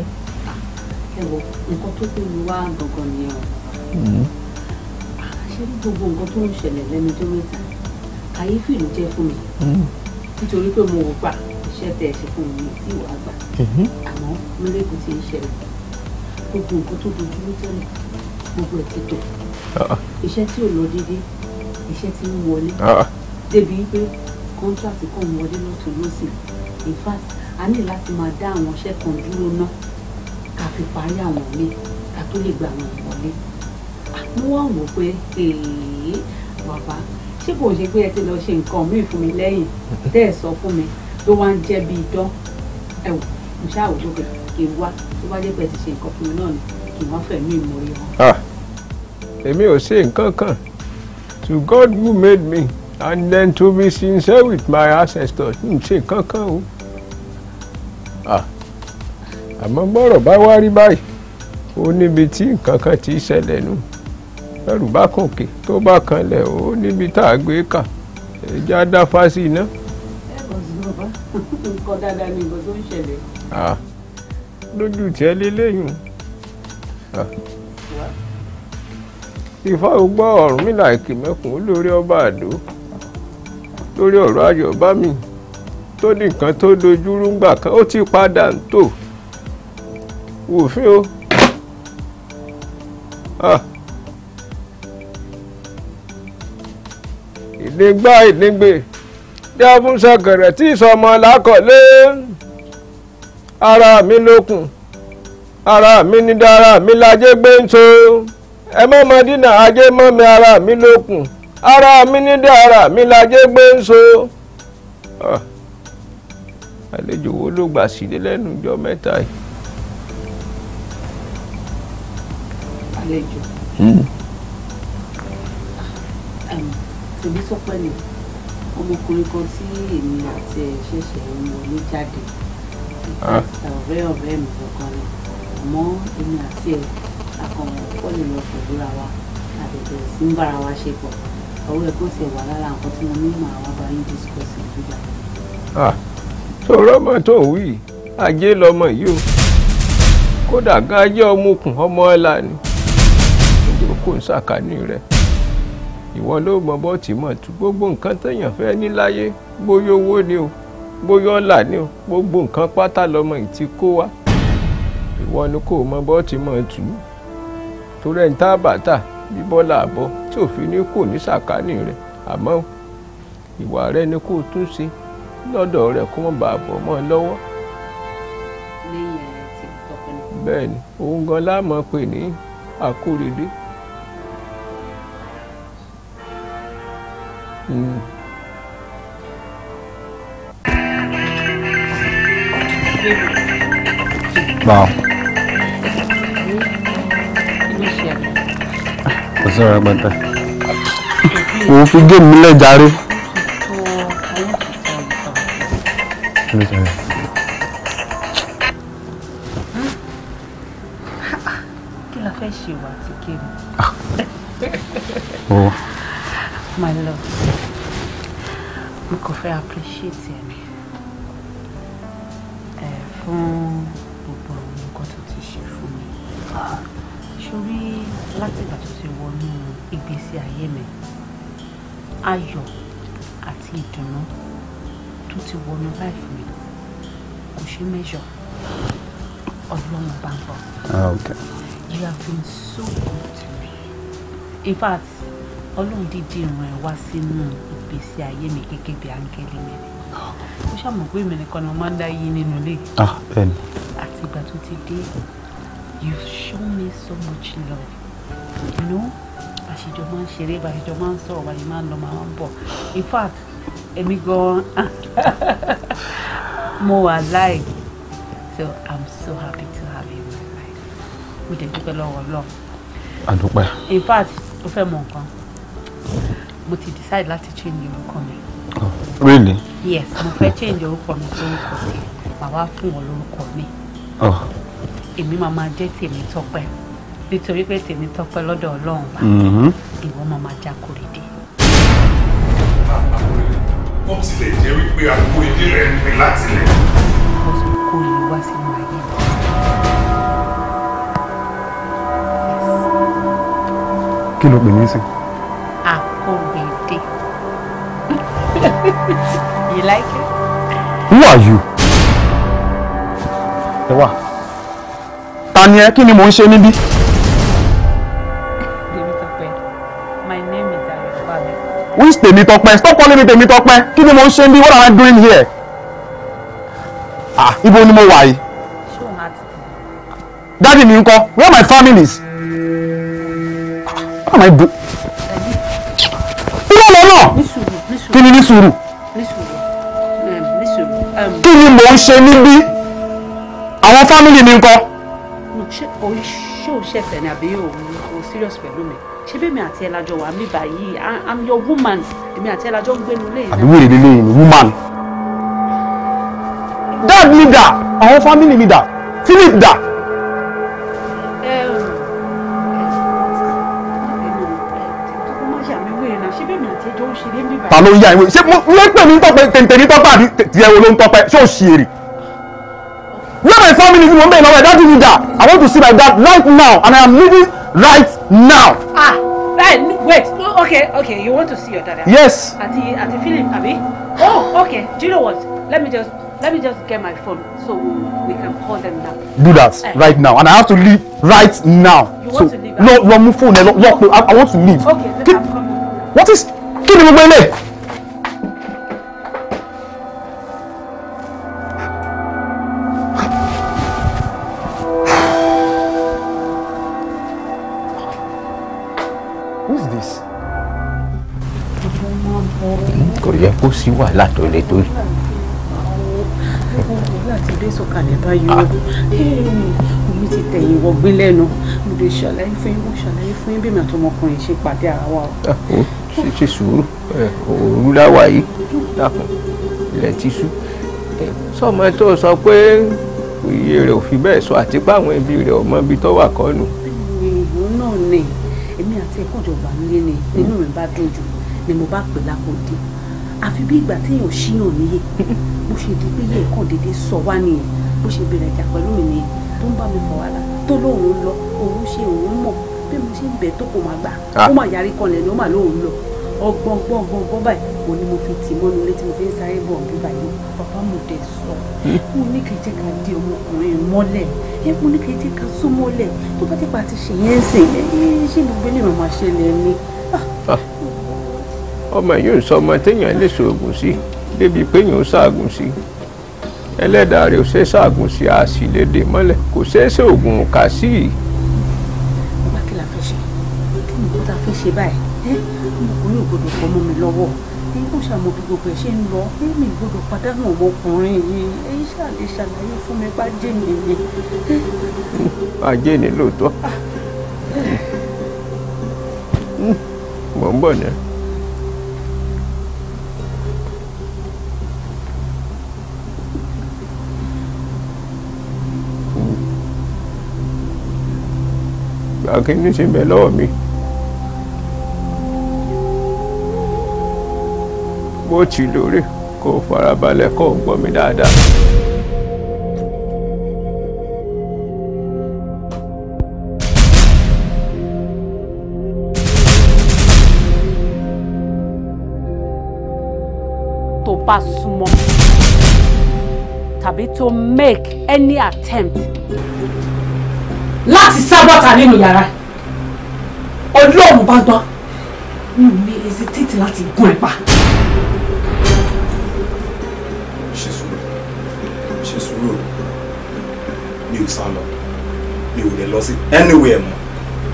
Speaker 11: ẹ wo nǹkan
Speaker 3: tó tó lu wá gangan nìyẹn o. Hmm ṣẹ́rí gbogbo nǹkan tó ń ṣẹlẹ̀ lẹ́nu tó mẹ́ta kàyéfì ló jẹ́ fún mi mm. nítorí pé mo gbà iṣẹ́ tẹ̀ ṣe fún mi tí ìwà gbà mm-hmm. àmọ́ mílẹ̀kù ti ń ṣẹlẹ̀ gbogbo nǹkan tó dojú ní tẹ́lẹ̀ gbogbo ẹ̀ ti tò ah. iṣẹ́ tí ò lọ dédé iṣẹ́ tí ń wọlé ah. débi pé kọ́ńtàtì kan wọlé lọ́tún lọ́sì in fact a ní láti máa dá àwọn iṣẹ́ kan dúró ná ká fi parí àwọn ilé ká tó lè gba àwọn ìwọlé mo wá wò pé èèyàn bàbá ṣé kò ṣe pé ẹ ti lọ ṣe nǹkan míì fún mi lẹ́yìn tẹ́ ẹ sọ fún mi ló wá ń jẹ́ bíi dán ẹ wò mo ṣáà wò lókè wá tó bá jẹ́ pé ẹ ti ṣe nǹkan fún mi náà ni kí n wá fẹ̀mí ìmọ̀ yẹn.
Speaker 11: Ah, èmi ò ṣe nǹkan kan to God who made me and then to be sincere with my ancestors n ṣe nǹkan kan o ah, àmọ́ bọ́rọ̀ bá wá rí báyìí ó níbi tí nǹkan kan ti ṣẹlẹ̀ nù. ẹrù bá kòkè tó bá kanlẹ̀ ó níbi tá a gbé kà ẹjẹ́ sí dá fásì dáadáa
Speaker 9: nǹkan
Speaker 3: tó ń ṣẹlẹ̀.
Speaker 11: lójú ifá ogbọ́ ọ̀rùn mi làìkì mẹ́kùn lórí ọba àdó lórí ọ̀rọ̀ mi tó ó ti padà ń tò wòfin o. ìdíngbà ìdíngbè tí a fún ṣọ̀gẹ̀rẹ̀ tí ìsọmọ lákọ̀lé ara mi lókun ara mi ní dára mi lájẹ́ gbé ń so ẹ mọ́ dínà ajé mọ́ ara mi lókun ara mi ní dára mi lájẹ́ gbé àlejò wo ló gbà sílé lẹ́nu ìjọ mẹ́ta yìí.
Speaker 9: àlejò. Hmm
Speaker 3: tòbí tó pẹ́ ni ọmọkùnrin kan tí èmi àti ẹ̀ ṣẹ̀ṣẹ̀ ń wọlé jáde ah. ọ̀rẹ́ ọ̀rẹ́ mi kankan ni àmọ́ èmi àti ẹ̀ akọ̀wọ̀n pọ̀ lè lọ pẹ̀lú ra wa àbẹ̀bẹ̀ sí ń bára wa ṣe pọ̀ ọwọ́ ẹ̀ kò sì wà lára nǹkan tí mo ní màá wá bá yín discuss ìgbéga.
Speaker 11: Ah, tòrọ́mọ tó ń wí ajé lọmọ yìí o kódà gájẹ́ ọmọkùn ọmọ ẹ̀la ni ìdókòó ń ṣàkání rẹ̀ ìwọ ló mọ bó ti mọ̀ tú gbogbo nǹkan téèyàn fẹ́ ní láyé bóyá owó ni o bóyá ọ̀la ni o gbogbo nǹkan pátá lọmọ yìí ti kó wa ìwọ ni kò mọ bó ti mọ̀ tú torí ẹni tá a bá tà bíbọ́ là bọ́ tí òfin ní kò ní sàkání rẹ̀ àmọ́ ìwà rẹ ni kò tún ṣe lọ́dọ̀ rẹ̀ kó mọ̀ bàa bọ̀ mọ́ lọ́wọ́ bẹ́ẹ̀ ni òun gan láàmú pè ní àkórèdé. Wow. Kò
Speaker 2: sí ọ̀rọ̀ pẹ̀tẹ́. Òun fi géèmù lẹ̀ járe. Kí ló
Speaker 9: ṣẹlẹ̀?
Speaker 3: kò fẹ́ appreciate ẹ̀ ni fún gbogbo àwọn nǹkan tó ti ṣe fún mi ṣorí láti ìgbà tó ti wọnú ìgbésí ayé mi ayọ̀ àti ìdùnnú tó ti wọnú life mi kò ṣe measure ọlọ́run bá ń bọ̀. Ah, you have been so good to me in fact ọlọ́run dídí ìran ẹ̀ wá sínú ìgbésí ayé mi gẹ́gẹ́ bí áńgẹ́lì mi ó ṣàmọ̀ pé èmi nìkan ni mo máa ń dá yí nínú ilé ah, àti ìgbà tó ti dé you've shown me so much love you know àṣejọ máa ń ṣeré àṣejọ máa ń sọ̀rọ̀ bàṣẹ máa ń lọ máa ń bọ̀ in fact èmi gan-an mo wà láì so i'm so happy to have you in my life mo dẹ̀ dúpẹ́ lọ́wọ́ Ọlọ́run. àdúpẹ́. in fact o fẹ́ mọ nǹkan mo ti decide láti change orúkọ mi. Oh, really. yes mo fẹ́ change orúkọ mi sórúkọ sí màá fún wọn lórúkọ mi. Oh. èmi máa máa jẹ́ tèmi tọ́pẹ́ nítorí pé tèmi tọ́pẹ́ lọ́dọ̀ ọlọ́run bá mm-hmm. ìwọ máa máa já Kòrédé. bó tilẹ̀ jẹ́ wípé Akóredé rẹ̀ ń pin láti lẹ̀. ó sọ
Speaker 1: kó lè wá sínú ayé mi. kí ló pè ní sìn.
Speaker 3: you like it?
Speaker 1: Who are you? Ẹ̀wà, ta ni ẹ kí ni mò ń ṣe my name is Ayọ̀fámi. Who is Tèmítọ́pẹ́? Stop calling me Tèmítọ́pẹ́. Kí ni mò ń What am I doing here? Ah, ibo ni mo wà yìí? Ṣé o máa ti where my family is? Ah, what am I doing? kí ni ní sùúrù hmm,
Speaker 7: um, kí ni mò
Speaker 5: ń ṣe níbí àwọn fámìlì mi ńkọ́.
Speaker 7: ṣé
Speaker 3: o ṣẹ̀fẹ̀ ni àbí o serious pẹ̀lú mi ṣé bẹ́ẹ̀mi àti ẹ̀lájọ wà i'm your woman èmi àti ẹ̀lájọ ń gbénu lẹ́yìn.
Speaker 1: àbí wèrè lélẹ́ yìí ni woman. dad mi dà àwọn fámìlì mi dà Philip dà. ta ló ń yá ìwé ṣé mo lè pè mí tọpẹ tètè ní tọpẹ àbí tiẹ wo ló ń tọpẹ ṣé o ṣì èrè.
Speaker 6: where my family is wọ́n bẹ̀rẹ̀ lọ́wọ́ ẹ̀dá dùn ìjà I want to see my dad right now and I am leaving right now.
Speaker 3: ah ben wait oh, okay okay you want to see your dad. yes. àti àti Philip Abi. oh okay do you know what let me just let me just get my phone so we can call them now.
Speaker 1: do that uh, right now and I have to leave right now. you want so, to leave. lọ lọ mú fóònù ẹ lọ lọ pé I want to leave. okay then Keep, I'm coming. what is kí ni gbogbo ilé.
Speaker 11: kò yẹ kó sí wàhálà tó le tó yìí.
Speaker 3: láti dé sọ̀kalẹ̀ báyìí o omi ti tẹ̀yìn wọgbìn lẹ́nu mo lè ṣàlàyé fún yín mo ṣàlàyé fún yín bí mi àtọmọkùnrin ṣe pàdé ara wa o.
Speaker 11: Ah, oh ṣe ti sùúrù òru láwà yìí dákun ilẹ̀ ti ṣú sọmọ tó sọ pé iye rẹ̀ ò fi bẹ́ẹ̀ sọ àti pé àwọn ibi rẹ̀ ọmọ ibi tó wà kọ́ nù.
Speaker 3: ìlú náà ni èmi àti ẹ̀kọ́ ìjọba mi ní inú mi bá dùn jù ni mo bá pè lákòdì àfi bí ìgbà téèyàn ṣíyàn níyè bó ṣe di pé yẹ kàn déédéé sọ wá nìyẹn bó ṣe bẹ̀rẹ̀ ìjà pẹ̀lú mi nìyẹn tó ń bá mi fọ̀ wá tó lóun lọ òun ṣe òun mọ̀ bí mo ṣe ń bẹ̀ tó kò máa gbà ah. ó mà yarí kanlẹ̀ ni ó mà lóun lọ ọgbọ́n gbọ́n gbọ́n gbọ́n báyìí òun ni mo fi tì mọ́nu létí mo fi ń sáré bọ̀ bí báyìí bàbá mo dẹ̀ sọ mo ní kí n jẹ́ ká di ọmọkùnrin mọ́lẹ̀ ẹ mo ní kí n jẹ́ ká sún mọ́lẹ̀ tó bá tẹ́pà ti ṣe yẹn ń sìn ẹ ṣé gbogbo ènìyàn máa ṣẹlẹ̀ ni. Ah.
Speaker 11: Ah. ọmọ yóò sọ ọmọ téèyàn lè ṣoògùn sí débi pé yóò ṣaagùn sí ẹlẹ́dàá rẹ̀ ò ṣe é ṣaagùn sí àṣìlédè mọ́lẹ̀ kò ṣeé ṣe oògùn kà sí i.
Speaker 3: kí n ṣe báyìí ẹ ọmọkùnrin ò gbọdọ̀ fọ ọmọ mi lọ́wọ́ ẹ kó ṣàmọ bí gbogbo ẹ ṣe ń lọ ẹ mi gbọdọ̀ ọmọkùnrin yìí ẹ ṣàlè ṣàlàyé fún mi bá jẹ ni.
Speaker 11: bá jẹ ní lóòótọ́ ah. mò ń bọ̀ náà. akíní ti bẹ̀ lọ́wọ́ mi. Mm. bó ti lórí kó farabalẹ̀ kó gbọ́ mi dáadáa.
Speaker 3: tó bá súnmọ́ tàbí tó make any attempt láti sábọ́ta nínú yàrá ọlọ́run bá gbọ́ mi ò ní hesitate láti gún ẹ pa.
Speaker 1: sá lọ mi ò lè lọ sí anywhere mọ́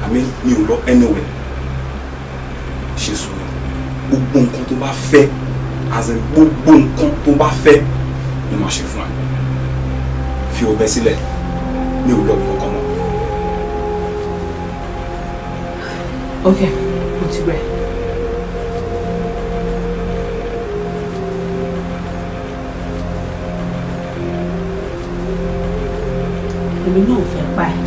Speaker 1: àmì mi ò lọ anywhere ṣe sùúrù gbogbo nǹkan tó bá fẹ́ àti gbogbo nǹkan tó bá fẹ́ ni màá ṣe fún ẹ fi ọbẹ̀ sílẹ̀ mi ò lọ kankan mọ́.
Speaker 3: ok mo ti gbẹ. èmi náà fẹ́ pa ẹ̀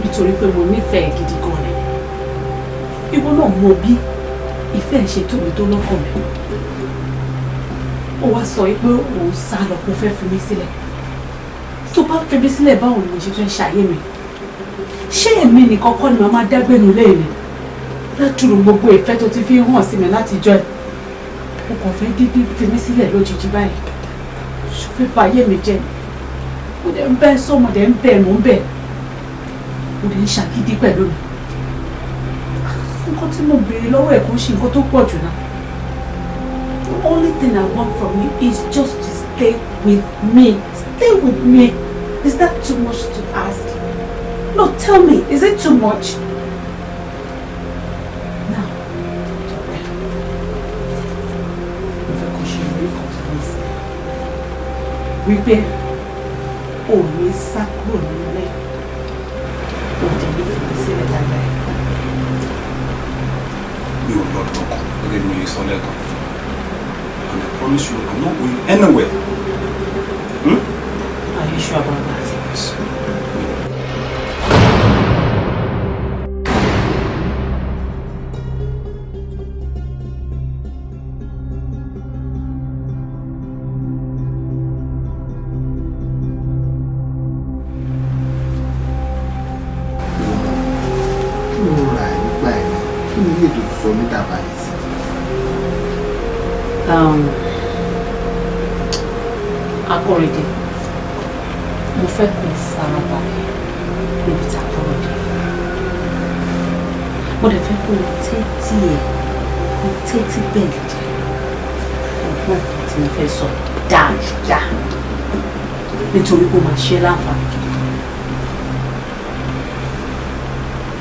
Speaker 3: nítorí pé mo nífẹ̀ẹ́ gidi gan ni ìwọ náà mọ bí ìfẹ́ ẹ̀ ṣe tóbi tó lọ́kàn mi ó wá sọ pé òun sá lọ kó fẹ́ fi mí sílẹ̀ tó bá fi mí sílẹ̀ báwo ni mo ṣe fẹ́ ṣàyè mi ṣé èmi nìkan kọ́ ni màá máa dágbénu léèrè látùrù gbogbo ìfẹ́ tó ti fi hàn sí mi látijọ́ ẹ̀ mo kàn fẹ́ dídí fi mí sílẹ̀ lójijì báyìí ṣùgbọ́n báyé mi jẹ́ mi mo dẹ̀ ń bẹ́ sọ mo dẹ̀ ń bẹ̀ mò ń bẹ̀ mo dẹ̀ ń ṣàgídí pẹ̀lú mi nǹkan tí mo béèrè lọ́wọ́ ẹ̀ kò ń ṣe nǹkan tó pọ̀ jù náà the only thing I want from you is just to stay with me stay with me is that too much to ask no tell me is it too much. Now, wípé ò ní sá kúrò nílé òde ní fìdí sílẹ̀ lágbàá ẹ̀. mi ò lọ́dún kan gẹ́gẹ́ bí mo yẹ sọ
Speaker 1: lẹ́ẹ̀kan and I promise you I'm not going anywhere. Hmm? Are you sure about that? Yes.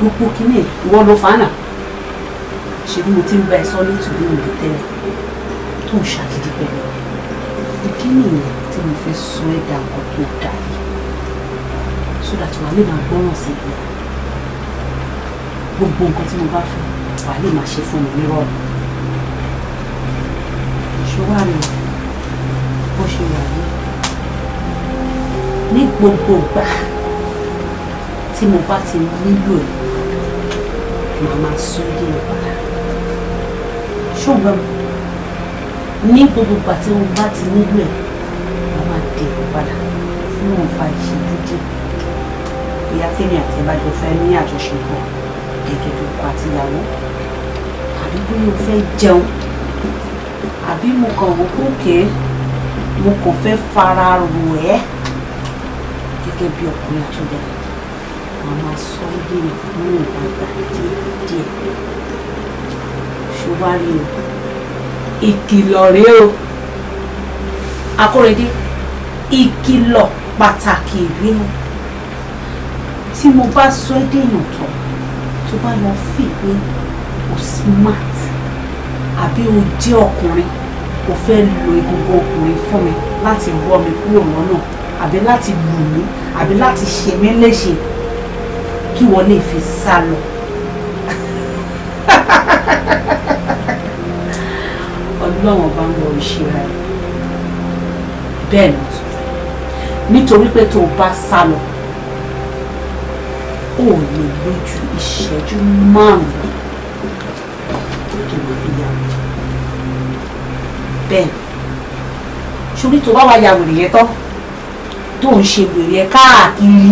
Speaker 3: gbogbo kínní ìwọ ló fàánà ṣe bí mo ti ń bá ẹ sọ nítorí òde tẹ́lẹ̀ tó ń ṣàgídí pẹ̀lú ìdí nìyẹn tí mo fẹ́ sọ ẹ́ dà nǹkan tó dà yìí so that wàá lè máa gbọ́ràn sí i gbogbo nǹkan tí mo bá fẹ́ wàá lè máa ṣe fún mi nírọ̀lẹ́ ṣọwọ́ rẹ̀ bó ṣe wà ní gbogbo ìgbà tí mo bá ti nílò ẹ̀ màá
Speaker 9: máa sún dé ẹ̀ padà
Speaker 3: ṣùgbọ́n ní gbogbo ìgbà tí mo bá ti nílò ẹ̀ màá máa dé ẹ̀ padà fún wọn fa ìṣẹ́jú díẹ̀ ìyá tèmi àti ẹ̀ bá jọ fẹ́ ní àjọṣepọ̀ gẹ́gẹ́ bí ọkọ àti ìyàwó àbí bóyá o fẹ́ jẹun àbí mo kàn wò kókè mo kàn fẹ́ fara rò ẹ́ gẹ́gẹ́ bí ọkùnrin àtúndẹ̀ màmá sọ́ọ́dì ní ìbàdà díẹ̀díẹ̀ ṣùwárí o ìkìlọ̀ rèé o akórèdé ìkìlọ̀ pàtàkì rèé o tí mo bá sọ ẹ́ dèèyàn tán tó bá lọ fi pé o smart àbí o jẹ́ ọkùnrin o fẹ́ lo egungun ọkùnrin fún mi láti rọ mi kúrò lọ́nà àbí láti lù mí àbí láti ṣe mí léṣe kí wọ́n lè fi sá lọ. ọlọ́wọ́n bá ń lọ ìṣera ẹ̀ bẹ́ẹ̀ ni nítorí pé tó o bá sá lọ ó lè lójú ìṣẹ́jú márùn-ún
Speaker 9: tó lè fi yà wò
Speaker 3: bẹ́ẹ̀ ṣùgbọ́n tó bá wà yà wèrè yẹn tán tó ń ṣe wèrè ẹ káàkiri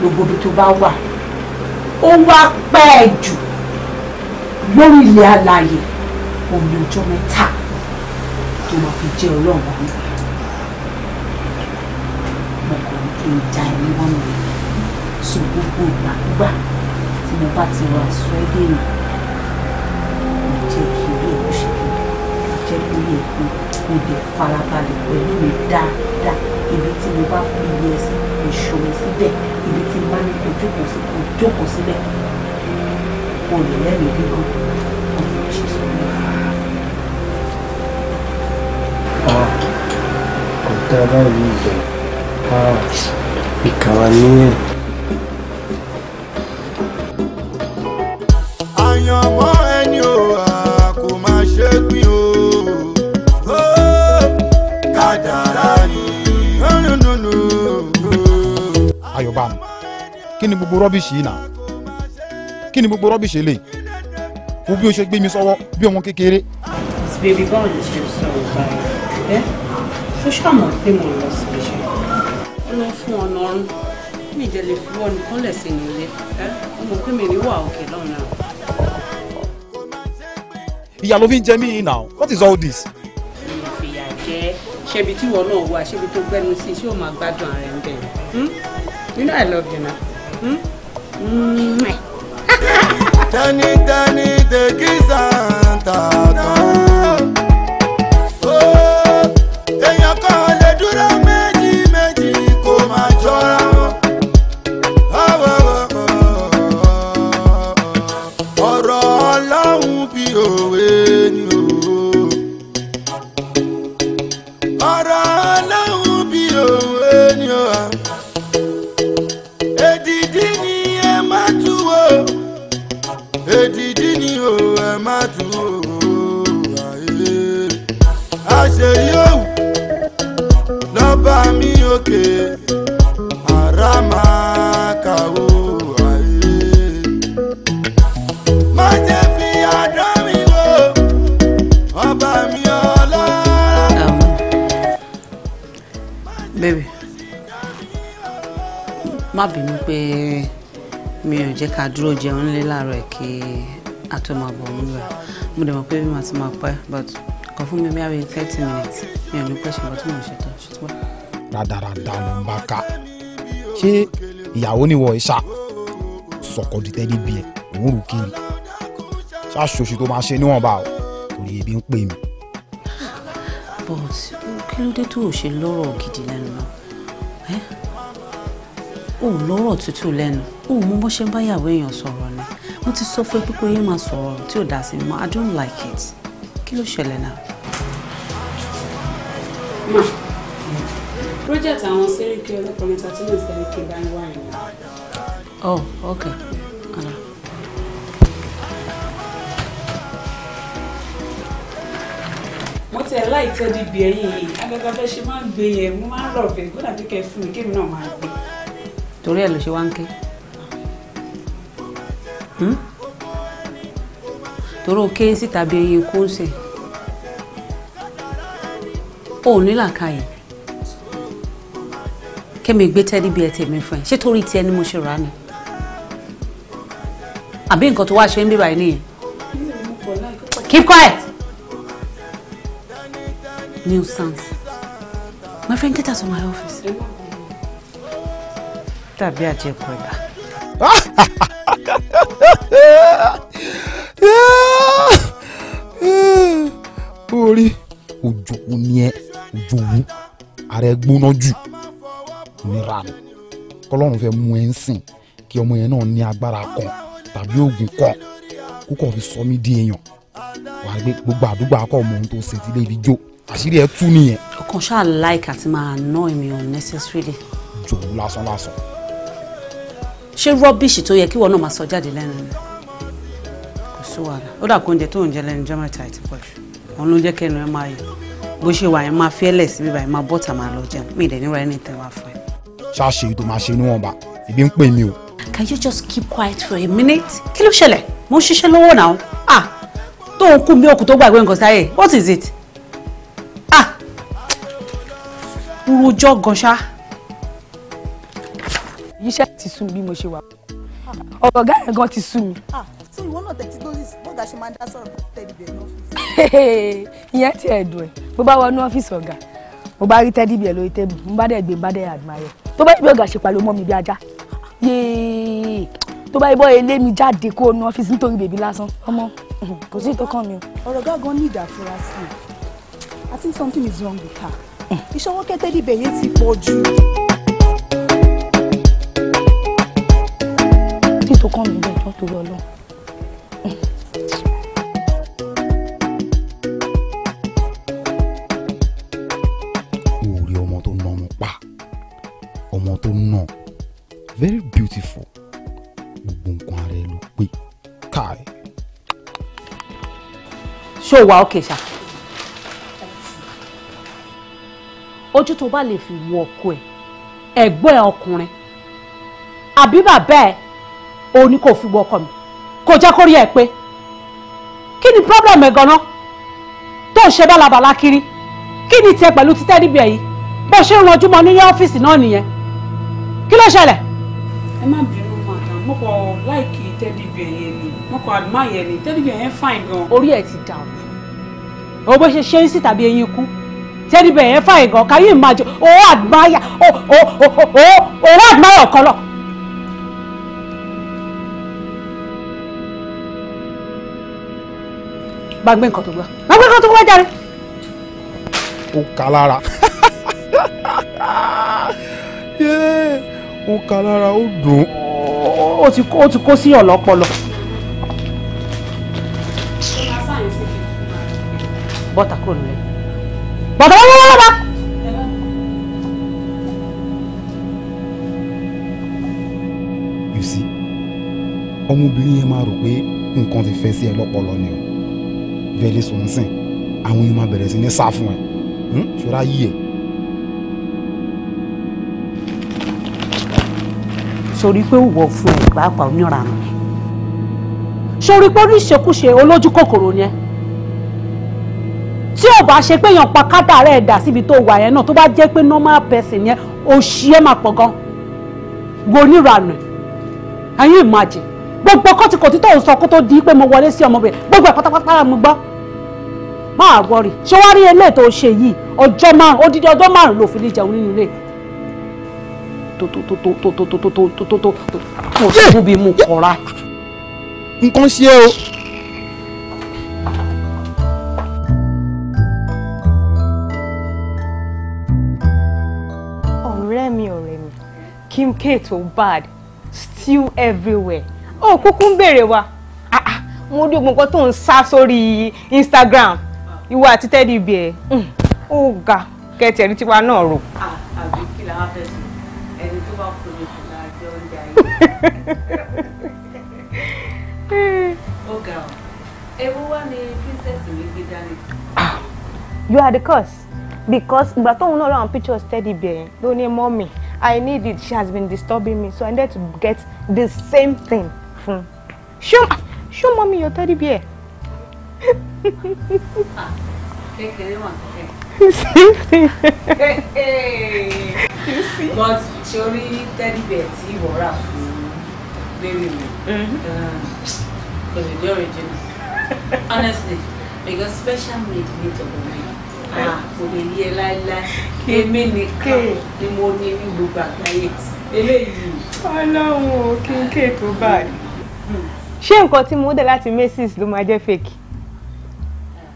Speaker 3: gbogbo ibi tó bá wà ó wá pẹ́ jù lórí ilẹ̀ alààyè òní ọjọ́ mẹ́ta tó máa fi jẹ́ ọlọ́run wa nígbà mo kàn ń kí n ja ẹni wọn mi sùn gbogbo ìgbàkúgbà tí mo bá ti wà sọ ẹ́ dènà mo jẹ́ kí orí ẹ̀kú ṣe kí mo jẹ́ kí orí mo dé farabalẹ̀ pẹ̀lú mi dáadáa ibi tí mo bá fi yẹ sí ìṣù mi síbẹ̀ ibi tí bá ní kó jókòó síbẹ̀ kó lè lẹ́mìí gígùn kó lè ṣe sọ mí fún
Speaker 2: ah, un. ọ̀tá báyìí
Speaker 5: ìbẹ̀rù ìkàwá ní
Speaker 1: gbogbo rọ́bìṣì yìí náà kí ni gbogbo rọ́bìṣì lè wo bí o ṣe gbé mi sọ́wọ́ bí ọmọ kékeré. baby báwo lè ṣe sọ̀rọ̀ báyìí ẹ́ ṣó ṣàmọ̀ pé mo
Speaker 3: lọ sí iṣẹ́ ó lọ fún ọ̀nà ọ̀run mi ìjẹ́ lè fi wọ́n nìkan lẹ̀ sí nílé ẹ́ ó pé mi ní wà òkè lọ́nà.
Speaker 1: ìyá ló fi ń jẹ mí yìí what is all this.
Speaker 3: ìfìyà jẹ́ ṣebí tí wọn náà wà ṣebí tó gbẹnu sí ṣé o máa gbádùn ara ẹ̀ ń bẹ̀rẹ̀ you know I love you now. Mm.
Speaker 5: Mm. Mm. Tani tani te kisan tata.
Speaker 3: dúró jẹun nílé láàárọ̀ ẹ̀ kí a tó máa bọ̀ nígbà mo dẹ̀ mọ̀ pé bí màá ti máa pẹ́ but kàn fún mi bí i thirty minutes mi ò ní pẹ́ ṣùgbọ́n tí mò ń ṣètò ṣùgbọ́n.
Speaker 1: rádaràda ló ń bá ká ṣé ìyàwó ni wọ ìṣá sọkọ di tẹ́lí ẹ òun kiri ṣáṣoṣù tó máa ṣe níwọ̀nba o torí ebi ń pè mí.
Speaker 3: but kí ló dé tó o ṣe lọ́rọ̀ gidi lẹ́nu náà ò lọ́rọ̀ tútù lẹ́nu ò mú bó ṣe ń bá ìyàwó èèyàn sọ̀rọ̀ ni mo ti sọ fún ẹ pé kó máa sọ̀rọ̀ tí ò dá sí mọ́ I don't like it kí ló ṣẹlẹ̀ náà. ma project àwọn sẹ́ríkì ọlọ́pàá mẹ́ta tí mo sẹ́ríkì bá ń wá yẹn. oh okay. mo tẹ láì tẹ́ di bí ẹyin yìí agbẹ́gbẹ́ fẹ́ ṣe máa ń gbé yẹn mo máa ń rọ̀ bẹ́ẹ̀ kó dàbí kẹ́ fún mi kémi náà máa gbé torí ẹ̀ ló ṣe wá ń ké torí o ké síta bí eye kó ń Kai. o ò nílàkàyè kémi gbé tẹ́lí bí ẹ tèmi fún ẹ ṣé torí tiẹ ni mo ṣe rà á ni àbí nǹkan tó wá ṣe ń bí báyìí keep quiet nuisance my friend get us
Speaker 5: of my office dàbí àjẹkù ẹ̀bà.
Speaker 1: orí òjòwò ni ẹ òjòwò ààrẹ gbóná jù nira ni kọlọ́run fẹ́ mú ẹ ń sìn kí ọmọ yẹn náà ní agbára kan tàbí oògùn kan kó kọ́ fi sọ mí di èèyàn wà á gbé gbogbo àdúgbò akọ ọmọ ohun tó ṣe ti lè fi jó àṣírí ẹ tú nìyẹn.
Speaker 3: ọkàn ṣáà láìka ti máa ná èmi unnecessarily. jòwó lásán lásán ṣé rọ́bìṣì tó yẹ kí wọn náà máa sọ jáde lẹ́nu ni kò sí wàhálà ó dà oúnjẹ tó ń jẹ lẹ́nu jọ́mẹ́ta àti pọ̀jù òun ló jẹ́ kẹ́nu ẹ máa yọ bó ṣe wà yẹn máa fi ẹlẹ̀ sí bíbá máa bọ́tà máa lọ jẹun mí ìdẹ̀ níwáyé ní tẹ̀wá fún ẹ.
Speaker 1: ṣáṣe ètò máa ṣe níwọ̀nba ìbí ń pè mí o.
Speaker 3: Can you just keep quiet for a minute? kí ló ṣẹlẹ̀ mo ń ṣiṣẹ́ lọ́wọ́ náà ah tó ń kú mi òkú tó gbàgbé nǹkan sáyé what is it? ah rúrojọ́ gan ṣáá iṣẹ́ ti sú mi bí mo ṣe wà ọ̀rọ̀ ọ̀gá yẹn gan ti sú mi. tí ah, ìwọ náà tẹ̀sí lórí bọ́ọ̀gá ṣe máa ń dá sọ̀rọ̀ tẹ́lẹ̀ bẹ̀rẹ̀ ní ìyẹn ti ẹ̀dùn ẹ̀ bó bá wọnú ọ́fíìsì ọ̀gá mo bá rí tẹ́dí bíẹ̀ lórí tébù mo bá dẹ̀ gbé bá dẹ̀ admire tó bá yẹ bí ọ̀gá ṣe pariwo mọ́ mi bí ajá yéé tó bá yẹ bọ́ ilé mi jáde kó nu ọ́fíìsì nítorí bèbí lásán ọmọ kò sí ìtọ́kàn mi
Speaker 10: ọ̀rọ̀ gángan ní ìdàfúrà i think something is wrong with her. Hmm. ìṣọwọ́ kẹ́tẹ́dí bẹ̀yẹ ti pọ̀ jù. tó kàn mí bẹ́ẹ̀ tó torí ọlọ́run.
Speaker 1: orí very beautiful gbogbo nǹkan ara ẹ ló pé káì. ṣó
Speaker 3: wa ókè ṣá ojú tó bá lè fi wo ọkọ ẹ ẹ̀gbọ́n ẹ ọkùnrin àbí bàbá ẹ O ni kò fi wọ ọkọ mi kò jẹ́ kó rí ẹ pé kí ni problem ẹ̀ gan-an tó ń ṣe bálabàla kiri kí ni tiẹ̀ pẹ̀lú títẹ́ níbi ẹ̀yìn bó ṣe ń ranjú mọ́ ní ọ́fíìsì náà nìyẹn kí ló ṣẹlẹ̀. ẹ má bínú madam mo kọ láìkí tẹ́lí bí ẹ̀yẹ ni mo kọ àdúmá yẹn ni tẹ́lí bí ẹ̀yẹ fine gan. orí ẹ ti dà o ò bó ṣe ṣe ń sì tàbí eyín kú tẹ́lí bí ẹ̀yẹ fine gan kàyí ìmájọ òun àdúmá yà òun àdúmá yà bá gbé nǹkan
Speaker 1: tó gbà bá gbé nǹkan tó gbà jáde. ó kà lára ó kà lára ó dùn. ó ti kó sí ọ̀lọ́pọlọ.
Speaker 5: bọ́tà kúrò nílẹ̀ bọ́tà wọ́n wọ́n bá.
Speaker 1: you see ọmọbìnrin yẹn máa rò pé nǹkan ti fẹ́ sí ẹ lọ́pọlọ ni o bẹ́ẹ̀lì sùn sìn àwọn yìí máa bẹ̀rẹ̀ sí ní sá fún ẹ
Speaker 6: hmm? ṣọ́ra yí ẹ.
Speaker 1: sori
Speaker 3: pé òwò fún ẹ pàápàá oníran mi sori pé oníṣekúṣe olójú kòkòrò yẹn tí ò bá ṣe pé èèyàn pa kádà rẹ̀ dà síbi tó wà yẹn náà tó bá jẹ́ pé normal person yẹn òṣì ẹ̀ máa pọ̀ gan wo oníranù ẹ̀yìn ìmájì gbogbo kọ́tìkọ̀tì tó ń sọ kó tó di pé mo wọlé sí ọmọbìnrin gbogbo ẹ̀ pátápátá mo gbọ́ máa wọrí ṣé wàá rí eléyìí tó ṣe yìí ọjọ́ márùn odidi ọjọ́ márùn ló fi lè jẹun nínú ilé tó tóbi mu
Speaker 6: kọra. nǹkan ṣe é o.
Speaker 3: ọ̀rẹ́ mi ọ̀rẹ́ mi Kim K tó bad still everywhere ó kúkú ń béèrè wa mo dé gbogbo tó ń sá sórí Instagram ìwọ àti tẹ́dí bí ẹ hmm. ó ga kẹtì ẹni tiwa náà rò. àbí kí la wá princess mi gbé dání. Ah, you are the cause because ìgbà tóun náà ràn pictures tẹ́dí bí ẹ ló ní mọ́mì i need it she has been disturbing me so i need to get the same thing from. show show mommy your teddy bear kékeré wọn
Speaker 9: kẹkẹ.
Speaker 3: but sori teddy bear tí ìwọ rà
Speaker 9: fún mary mi
Speaker 3: kò lè original honestly because special made me to go make eh? ah, kò lè yẹ láéláé èmi nìkan eh. ni mo ní ní gbogbo àgbáyé eléyìí. ọlọ́run ò kí n kéèkó báyìí. Hmm. ṣé nǹkan tí mo dé láti macy's ló máa jẹ́ fake.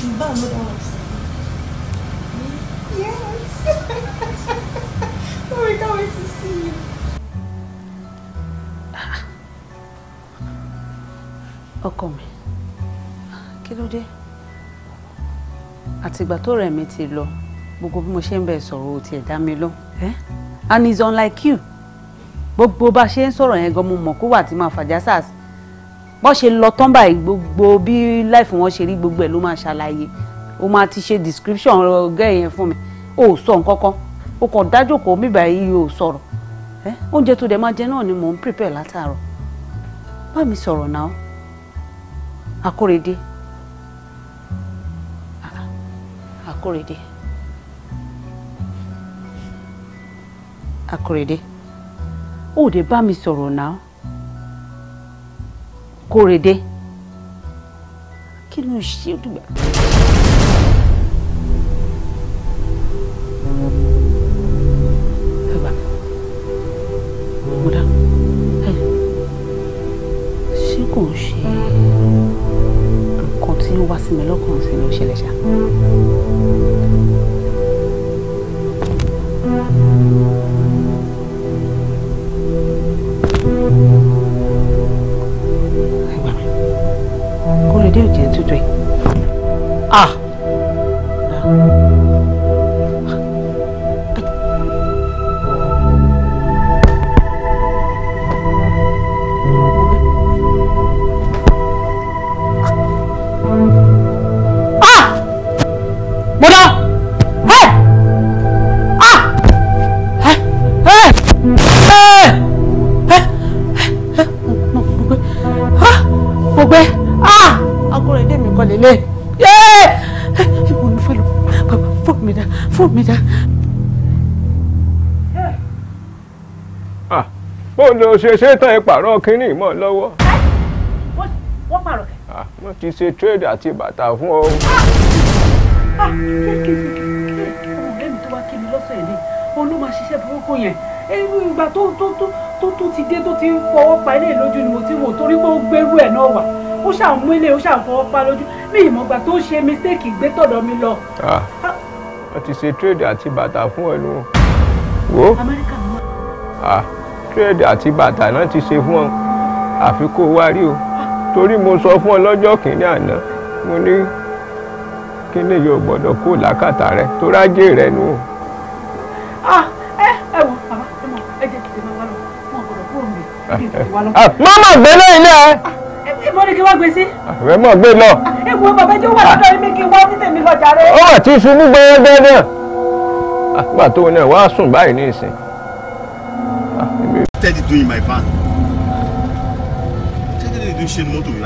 Speaker 5: She's bad, no dollars. Yes! oh, I can't wait to see you.
Speaker 3: ọkọ mi kí ló dé àtìgbà tó rẹ̀ mi ti lọ gbogbo bí mo ṣe ń bẹ̀ sọ̀rọ̀ ò tiẹ̀ dá mi lọ eh? and it's unlike you gbogbo bá a ṣe ń gan mo mọ̀ kó wà tí máa fàjà sars bọ́n ṣe lọ tán báyìí gbogbo bí láìfù wọn ṣe rí gbogbo ẹ̀ ló máa ṣàlàyé o máa ti ṣe description ọ̀gẹ́ yẹn fún mi o ò sọ nǹkan kan o kàn dájòkó mi báyìí o sọ̀rọ̀ ẹ oúnjẹ tó dẹ̀ máa jẹ náà ni mò ń prepare látàárọ̀ bá mi sọ̀rọ̀ náà Akórèdé Akórèdé Akórèdé ó dẹ̀ bá mi sọ̀rọ̀ náà. Kórèdé kí ló ń ṣe dùgbà. Mọ̀dá ẹ ṣé kò ń ṣe nǹkan tí ó wá
Speaker 10: sí
Speaker 9: thank you
Speaker 3: 过来，六点就对。
Speaker 9: 啊。
Speaker 11: ló ṣe ṣe tán ìpààrọ̀ kínní mọ́ lọ́wọ́. wọ́n pààrọ̀ kẹ́. wọ́n ti ṣe trade àti bàtà fún ọ. ọ̀rẹ́
Speaker 3: mi tó wá kí mi lọ́sọ̀ yìí ni òun ló máa ṣiṣẹ́ burúkú yẹn irú ìgbà tó tó tó tó tó ti dé tó ti ń fọwọ́ pa ilé lójú ni mo ti wò torí pé ó gbérú ẹ̀ náà wà ó ṣáà mú ilé ó ṣáà fọwọ́ pa lójú ní ìmọ̀gbà tó ṣe mistake gbé tọ̀dọ̀ mi lọ.
Speaker 11: wọ́n ti ṣe trade àti bàtà fún ẹ nù. wo. Amẹ́ríkà ni wọ́n dírẹ́dì àti bàtà náà ti ṣe fún ọ àfi kó wá rí o torí mo sọ fún ọ lọ́jọ́ kìíní àná mo ní kí ni yóò gbọ́dọ̀ kó làákàtà rẹ tó rájé rẹ nù.
Speaker 3: Ah, mọ́mọ́ ah, gbé lọ ilé ah, ẹ. mo ní kí wọ́n gbé sí.
Speaker 11: rẹ mọ̀ gbé lọ.
Speaker 3: ewu bàbá jẹ́ wà lọ́dọ̀ mi kí wọ́n ní tèmi lọ jàre. ó
Speaker 11: mà ti ṣubú gbẹ́rẹ́gbẹ́ náà. àgbà tó náà wàá sùn báyìí ní ìsìn tẹ́tí tó in my van
Speaker 2: tẹ́tí tó yin ṣe ni mọ́tò mi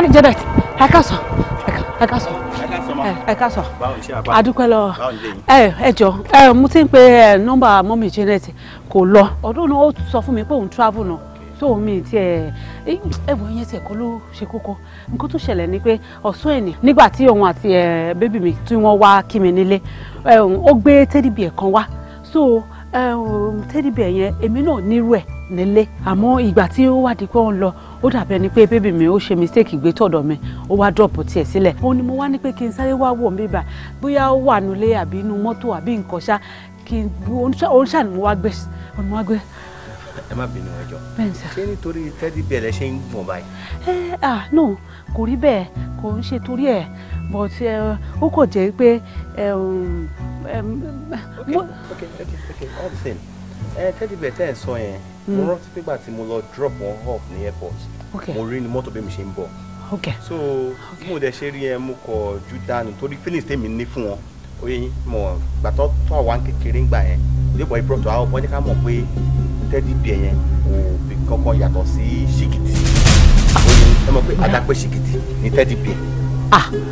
Speaker 3: dáàdì Janet ẹ káàsán ẹ káàsán ẹ káàsán
Speaker 9: adúpẹ́ lọ ẹ
Speaker 3: jọ ẹ mo ti ń pe nọ́mbà mọ́mì Janet kò lọ ọdún náà ó sọ fún mi pé òun travel náà tó mi tiẹ̀ ẹ̀wọ̀ yẹn tiẹ̀ kọ́ ló ṣe kókó nǹkan tó ṣẹlẹ̀ ni pé ọ̀sán ẹ̀nì nígbà tí òun àti bébì mi tí wọ́n wá kí mi nílé ó gbé teddy bear kan wá so teddy bear yẹn èmi náà nírú ẹ̀ nílé àmọ́ ìgbà tí ó wà di pé lọ ó dàbí ẹni pé bébì mi ó ṣe mistake gbé tọ̀dọ̀ mi ó wá dọ̀pù tiẹ̀ sílẹ̀ òun ni mo wá ní pé kí n sáré wá wò mí bá bóyá ó wà nulẹ̀ àbí inú mọ́tò àbí nǹkan ṣá kí n òun ṣà ni mo wá gbé òun ni mo wá gbé.
Speaker 2: ẹ má bínú ẹjọ́ ṣé nítorí tẹ́dí bẹ́ẹ̀ lẹ ṣe ń gbọ̀n báyìí.
Speaker 3: ẹ ah no kò rí bẹ́ẹ̀ kò ń ṣe torí ẹ̀ but ó kò jẹ́ pé. okay
Speaker 2: okay okay all the same tẹ́dí bẹ́ẹ̀ tẹ́ ẹ̀ sọ yẹn mo hmm. rántí pé ìgbà tí mo lọ drop wọn off ní airport mo rí ní mọ́tò bí mi ṣe ń bọ̀ so bí mo dẹ̀ ṣe rí ẹ mo kọ̀ ju dànù torí feelings tèmi ní fún wọn oye mo gbà tó tó àwa kékeré ń gbà yẹn òde bọ̀ ìpúrọ̀tò àwọn ọmọ ẹ̀ka mọ̀ pé tẹ́dí bìẹ̀ yẹn kò fi kankan yàtọ̀ sí ṣìkìtì oye ẹ mọ̀ pé àdàpẹ́ ṣìkìtì ní tẹ́dí bìẹ̀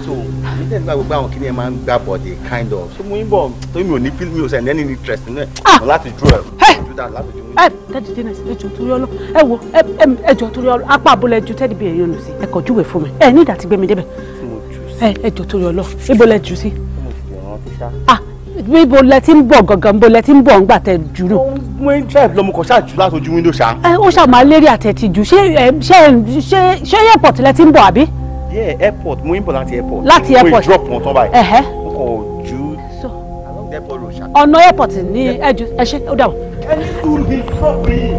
Speaker 2: so mi tẹ̀ nígbà gbogbo àwọn kìnìún máa ń gbà bọ̀ the kind of so mo ń bọ̀ tó mi ò ní mi ò sẹ̀ ní any interest ah. láti dúró ẹ̀ dànù lábẹ́jú mi.
Speaker 3: ẹ tẹ́tí dínà sí ẹjọ́ torí ọlọ́ ẹ wo ẹjọ́ torí ọlọ́ apá abúlé ju tẹ́tí bíi èèyàn nù sí ẹ kò júwèé fún mi ẹ ní ìdàtí gbé mi débẹ̀ ẹ ẹjọ́ torí ọlọ́ ibo lẹ jù sí. ah ibo lẹ ti ń bọ̀ gangan ibo lẹ ti ń bọ̀ ńgbà tẹ jù nù. mo ń tẹ́ lọ́mọ kan ṣáà jù látọjú wíńdò ṣá. ẹ ó ṣàmà lérí àtẹ̀tì jù ṣé ṣé airport lẹ ti ń
Speaker 2: airport mo ń bọ̀ láti airport. láti airport mo ń drop wọn tán báyìí. mo kàn
Speaker 3: ọ̀nà airport ní ẹ̀jú ẹ̀ṣẹ́ ó dà wọ́n. ẹni sùúrù bíi sọ́ọ̀bù yìí.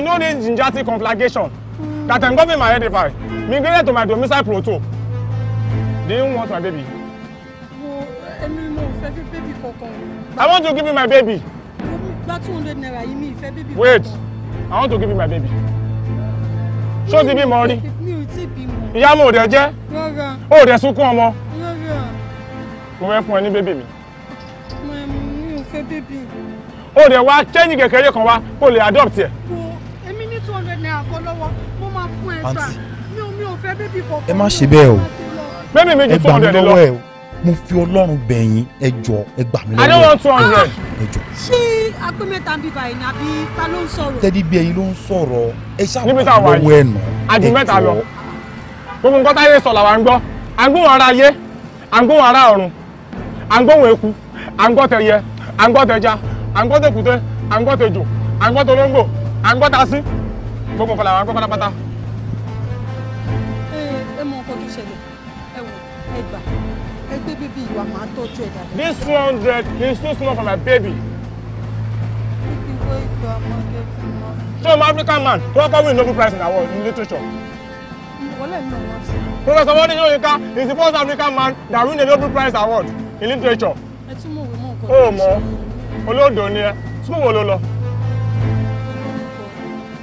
Speaker 1: You know this ginger tea conflagration that i'm government my edify migrated to my domicile proto Do you want my baby. I want to give you my baby. Wait, I want to give you my baby. Ṣó ti bímọ rí? Ìyá mo ò dẹ̀ jẹ́. O ò dẹ̀ sunkún ọmọ. Mo fẹ́ fún ẹ ní bébì mi.
Speaker 5: Mi ò fẹ́ bébì.
Speaker 1: O ò dẹ̀ wá kẹ́yìn kékeré kan wá kó lè adopt ẹ̀.
Speaker 3: ẹ má ṣe bẹ́ẹ̀ o ẹ gbà mí lọ́wọ́ ẹ
Speaker 1: mo fi ọlọ́run bẹ̀ ẹ jọ ẹ gbà mí lọ́wọ́ ẹ. I don't want two hundred. ẹ jọ.
Speaker 3: ṣé agbé mẹ́ta ń bí báyìí ni àbí ta ló ń sọ̀rọ̀. tẹ́lí
Speaker 1: bí ẹ̀yin ló ń sọ̀rọ̀ ẹ ṣàwọn lọ́wọ́ ẹ̀ nà ẹ jọ. mẹ́ta lọ gbogbo nǹkan táyé sọ làwa ń gbọ́ à ń gbóhùn ara ayé à ń gbóhùn ara ọ̀run à ń gbóhùn eku à ń gbọ́ tẹyẹ à tẹja à tẹkùtẹ à ń gbọ́ tolóńgbò à tasí gbogbo nǹkan làwa ń pátápátá
Speaker 3: nǹkan tó ṣẹlẹ̀ ẹ wò ẹ gbà ìwà máa tọ́jú ẹ
Speaker 1: this one hundred is too small for my baby. bíbí
Speaker 9: wo ìgbà ọmọdé fún wọn.
Speaker 1: ṣé African man who kọ́ win Nobel prize in our literature.
Speaker 9: ìwọlé mi ò rántí. Professor
Speaker 1: Wole Soyinka is the first African man that win a Nobel prize award in literature.
Speaker 9: ẹ tún mọ̀ wí mọ̀ nǹkan
Speaker 1: oh, tó ṣe. ó mọ̀ olóòdò ni ẹ sùkúù wo ló lọ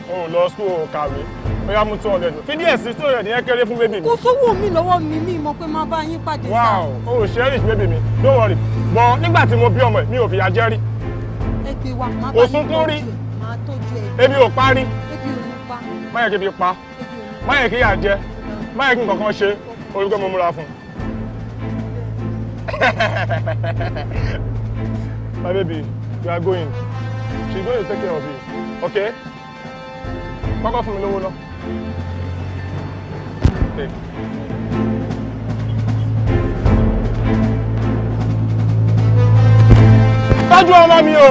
Speaker 1: o lọ school o kàwé bóyá mú two hundred fi díẹ̀ sí two hundred yẹn kéré fún bébì mi. kò sówó mi lọ́wọ́ mi mi mọ̀ pé máa bá yín pàdé sáà. wow o ṣẹ́rìṣ bébì mi don't worry bọ̀ nígbà tí mo bí ọmọ ẹ̀ mi ò fìyà jẹ́ rí.
Speaker 3: ẹ gbé wa máa bá yín tọ́jú ẹ̀
Speaker 1: máa tọ́jú ẹ̀. ebi ò parí.
Speaker 9: ebi ò ní pa.
Speaker 1: má yẹ kí ebi pa má yẹ kí yà jẹ má yẹ kí nǹkan kan ṣe olùkọ́ mo múra fún un. My baby, you are going. She's going to take care of you. Okay? kọ́kọ́ fún mi lówó lọ. tọ́jú ọmọ mi o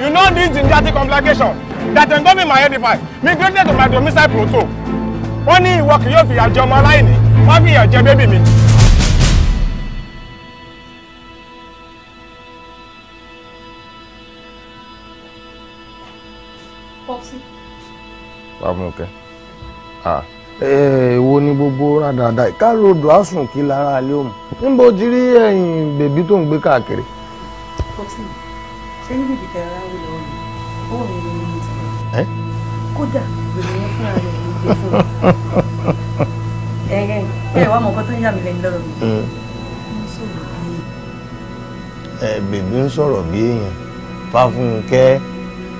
Speaker 1: you know this gingivitis complication that endomi my edify migrated to my domicile proto wọ́n ní ìwọ kì yóò fìyà jẹ ọmọ aláìní wọ́n fìyà jẹ bébì mi.
Speaker 2: Pamukẹ́ èwo ni gbogbo rán dáadáa ìkáròdò àsùn kí lára alẹ́ òun níbo ti rí ẹ̀yìn bèbí tó ń gbé káàkiri.
Speaker 9: fourteen ṣé ní bèbí tẹ ara wọlé ọ̀rọ̀
Speaker 3: ọwọ́ mi ni mo ti rẹ̀ kódà bèbí yẹn fúnra rẹ̀ ló gbé fún mi.
Speaker 9: ẹ̀rẹ̀ ẹ̀ wá mọ̀ nǹkan
Speaker 3: tó ń yà mí bèbí
Speaker 2: ń sọ̀rọ̀ bí èèyàn Fáfúnkẹ́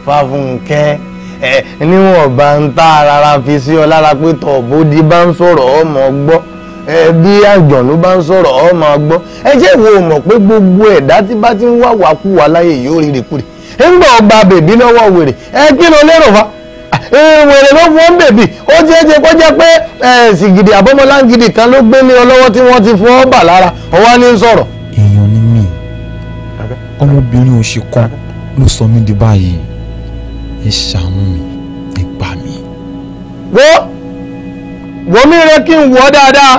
Speaker 2: Fáfúnkẹ́. níwọ̀n bá ń tá ara fi sí ọ lára pé di bá ń sọ̀rọ̀ ọmọ gbọ́ bí àjọ̀nú bá ń sọ̀rọ̀ ọmọ gbọ́ ẹ jẹ́ ìwọ mọ̀ gbogbo ẹ̀dá ti ń wá wa láyè yóò rí rìkúrì ńgbà ọba bèbí lọ́wọ́ wèrè ẹ kí ló lérò fa wèrè ló fún bèbí ó jẹ́ jẹ́ kó jẹ́ pé kan ló gbé ní ọlọ́wọ́ tí wọ́n ti fún ọ bà lára ọwọ́ sọ̀rọ̀.
Speaker 1: èèyàn ni mí sọ mí di báyìí
Speaker 11: ẹ ṣàánú mi ẹ gbà
Speaker 6: wo wo mi rẹ kí n wọ dáadáa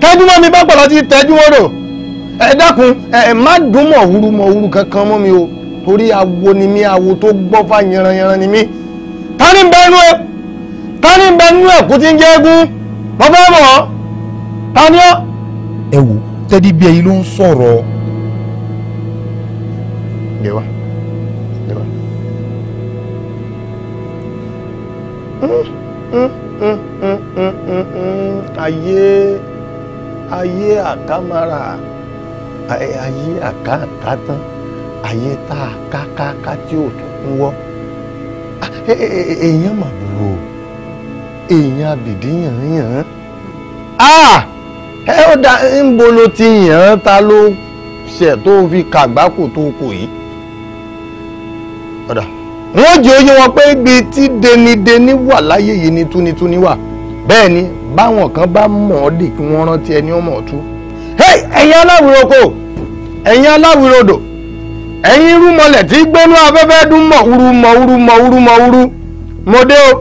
Speaker 6: tẹ́jú mọ́ mi bá pọ̀ láti tẹ́jú wọ́n rò
Speaker 2: ẹ dákun ẹ má dùn mọ̀ òwúrú mọ̀ òwúrú kankan mọ́ mi o torí awo ni mi awo
Speaker 6: tó gbọ́ fà yanranyanran ni mi tani bẹ́ẹ̀ nú ẹ tani bẹ́ẹ̀ nú ẹ kú ti ń jẹ́ egún mo fẹ́ mọ̀ ọ́ tani ọ́. ẹ wo tẹ́dí bí ẹyin
Speaker 1: ló ń sọ̀rọ̀. ǹjẹ́ wa.
Speaker 2: ayé ayé àkàmàrà ayé àkàǹkàtán ayé tá a kákáká tí ò tún kún wọ́ ah, eh, eh, eh, èèyàn mà burú o èèyàn àbìdí yàn-yàn ah, ẹ ó da ń bolo ti yàn ta ló ṣẹ̀ tó fi kàgbákò tó kò yìí. ọ̀dà. wọ́n jẹ́ oyún wọn pé ibi tí denideni wà láyé yìí ni túnitúni wà bẹ́ẹ̀ báwọn kan bá mọ̀ ọ́ dì kí wọ́n rántí ẹni ọmọ ọ̀tún. ẹ̀yin aláwìrò ẹ̀yin aláwìrò ẹ̀yin irúmọlẹ̀ tí gbóná afẹ́fẹ́ dún
Speaker 6: mọ̀ mọ̀ mọ̀ mọ̀ mo dé o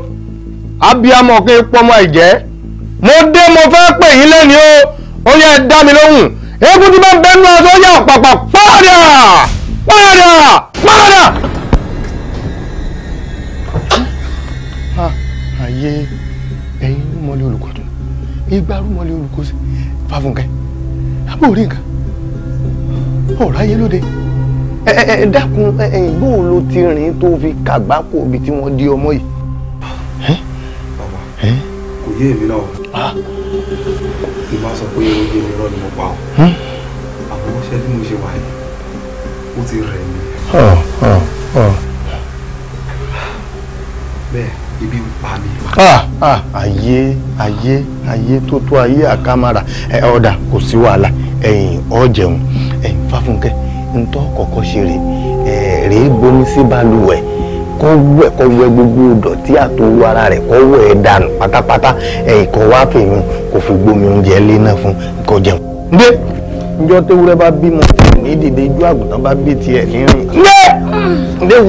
Speaker 6: abiyamọ kí pọmọ mo dé mo o ó yẹ dá mi lóhùn
Speaker 5: bá yà
Speaker 2: yé ẹ̀yin mọ́lẹ̀ olùkọ́dún igbárù mọ́lẹ̀ olùkọ́sí fàfúnkẹ́ àbórí nǹkan ọ̀rọ̀ ayé lóde ẹ ẹ dákun ẹ̀yìn bó ló ti rìn tó fi kàgbákò ibi tí wọ́n di ọmọ yìí. bàbá kò
Speaker 1: yé èmi náà bí ah. wọ́n sọ pé ó yé mi rọ́ ni mo pa ọ́ àmọ́ ṣé bí mo ṣe wà yìí ó ti rẹ̀ mí. bẹ́ẹ̀ ibi aye pa aye ah, ah, aye
Speaker 2: aye ayé tó tó ẹ kò sí wàhálà ẹ̀yìn ọ̀jẹun ẹ̀yìn fáfúnkẹ́ ntọ́ kọ̀kọ́ ṣe rè é rèé bomi sí balùwẹ̀ kọ́ wẹ̀ kọ́ gbogbo dọ̀tí àtòwò ara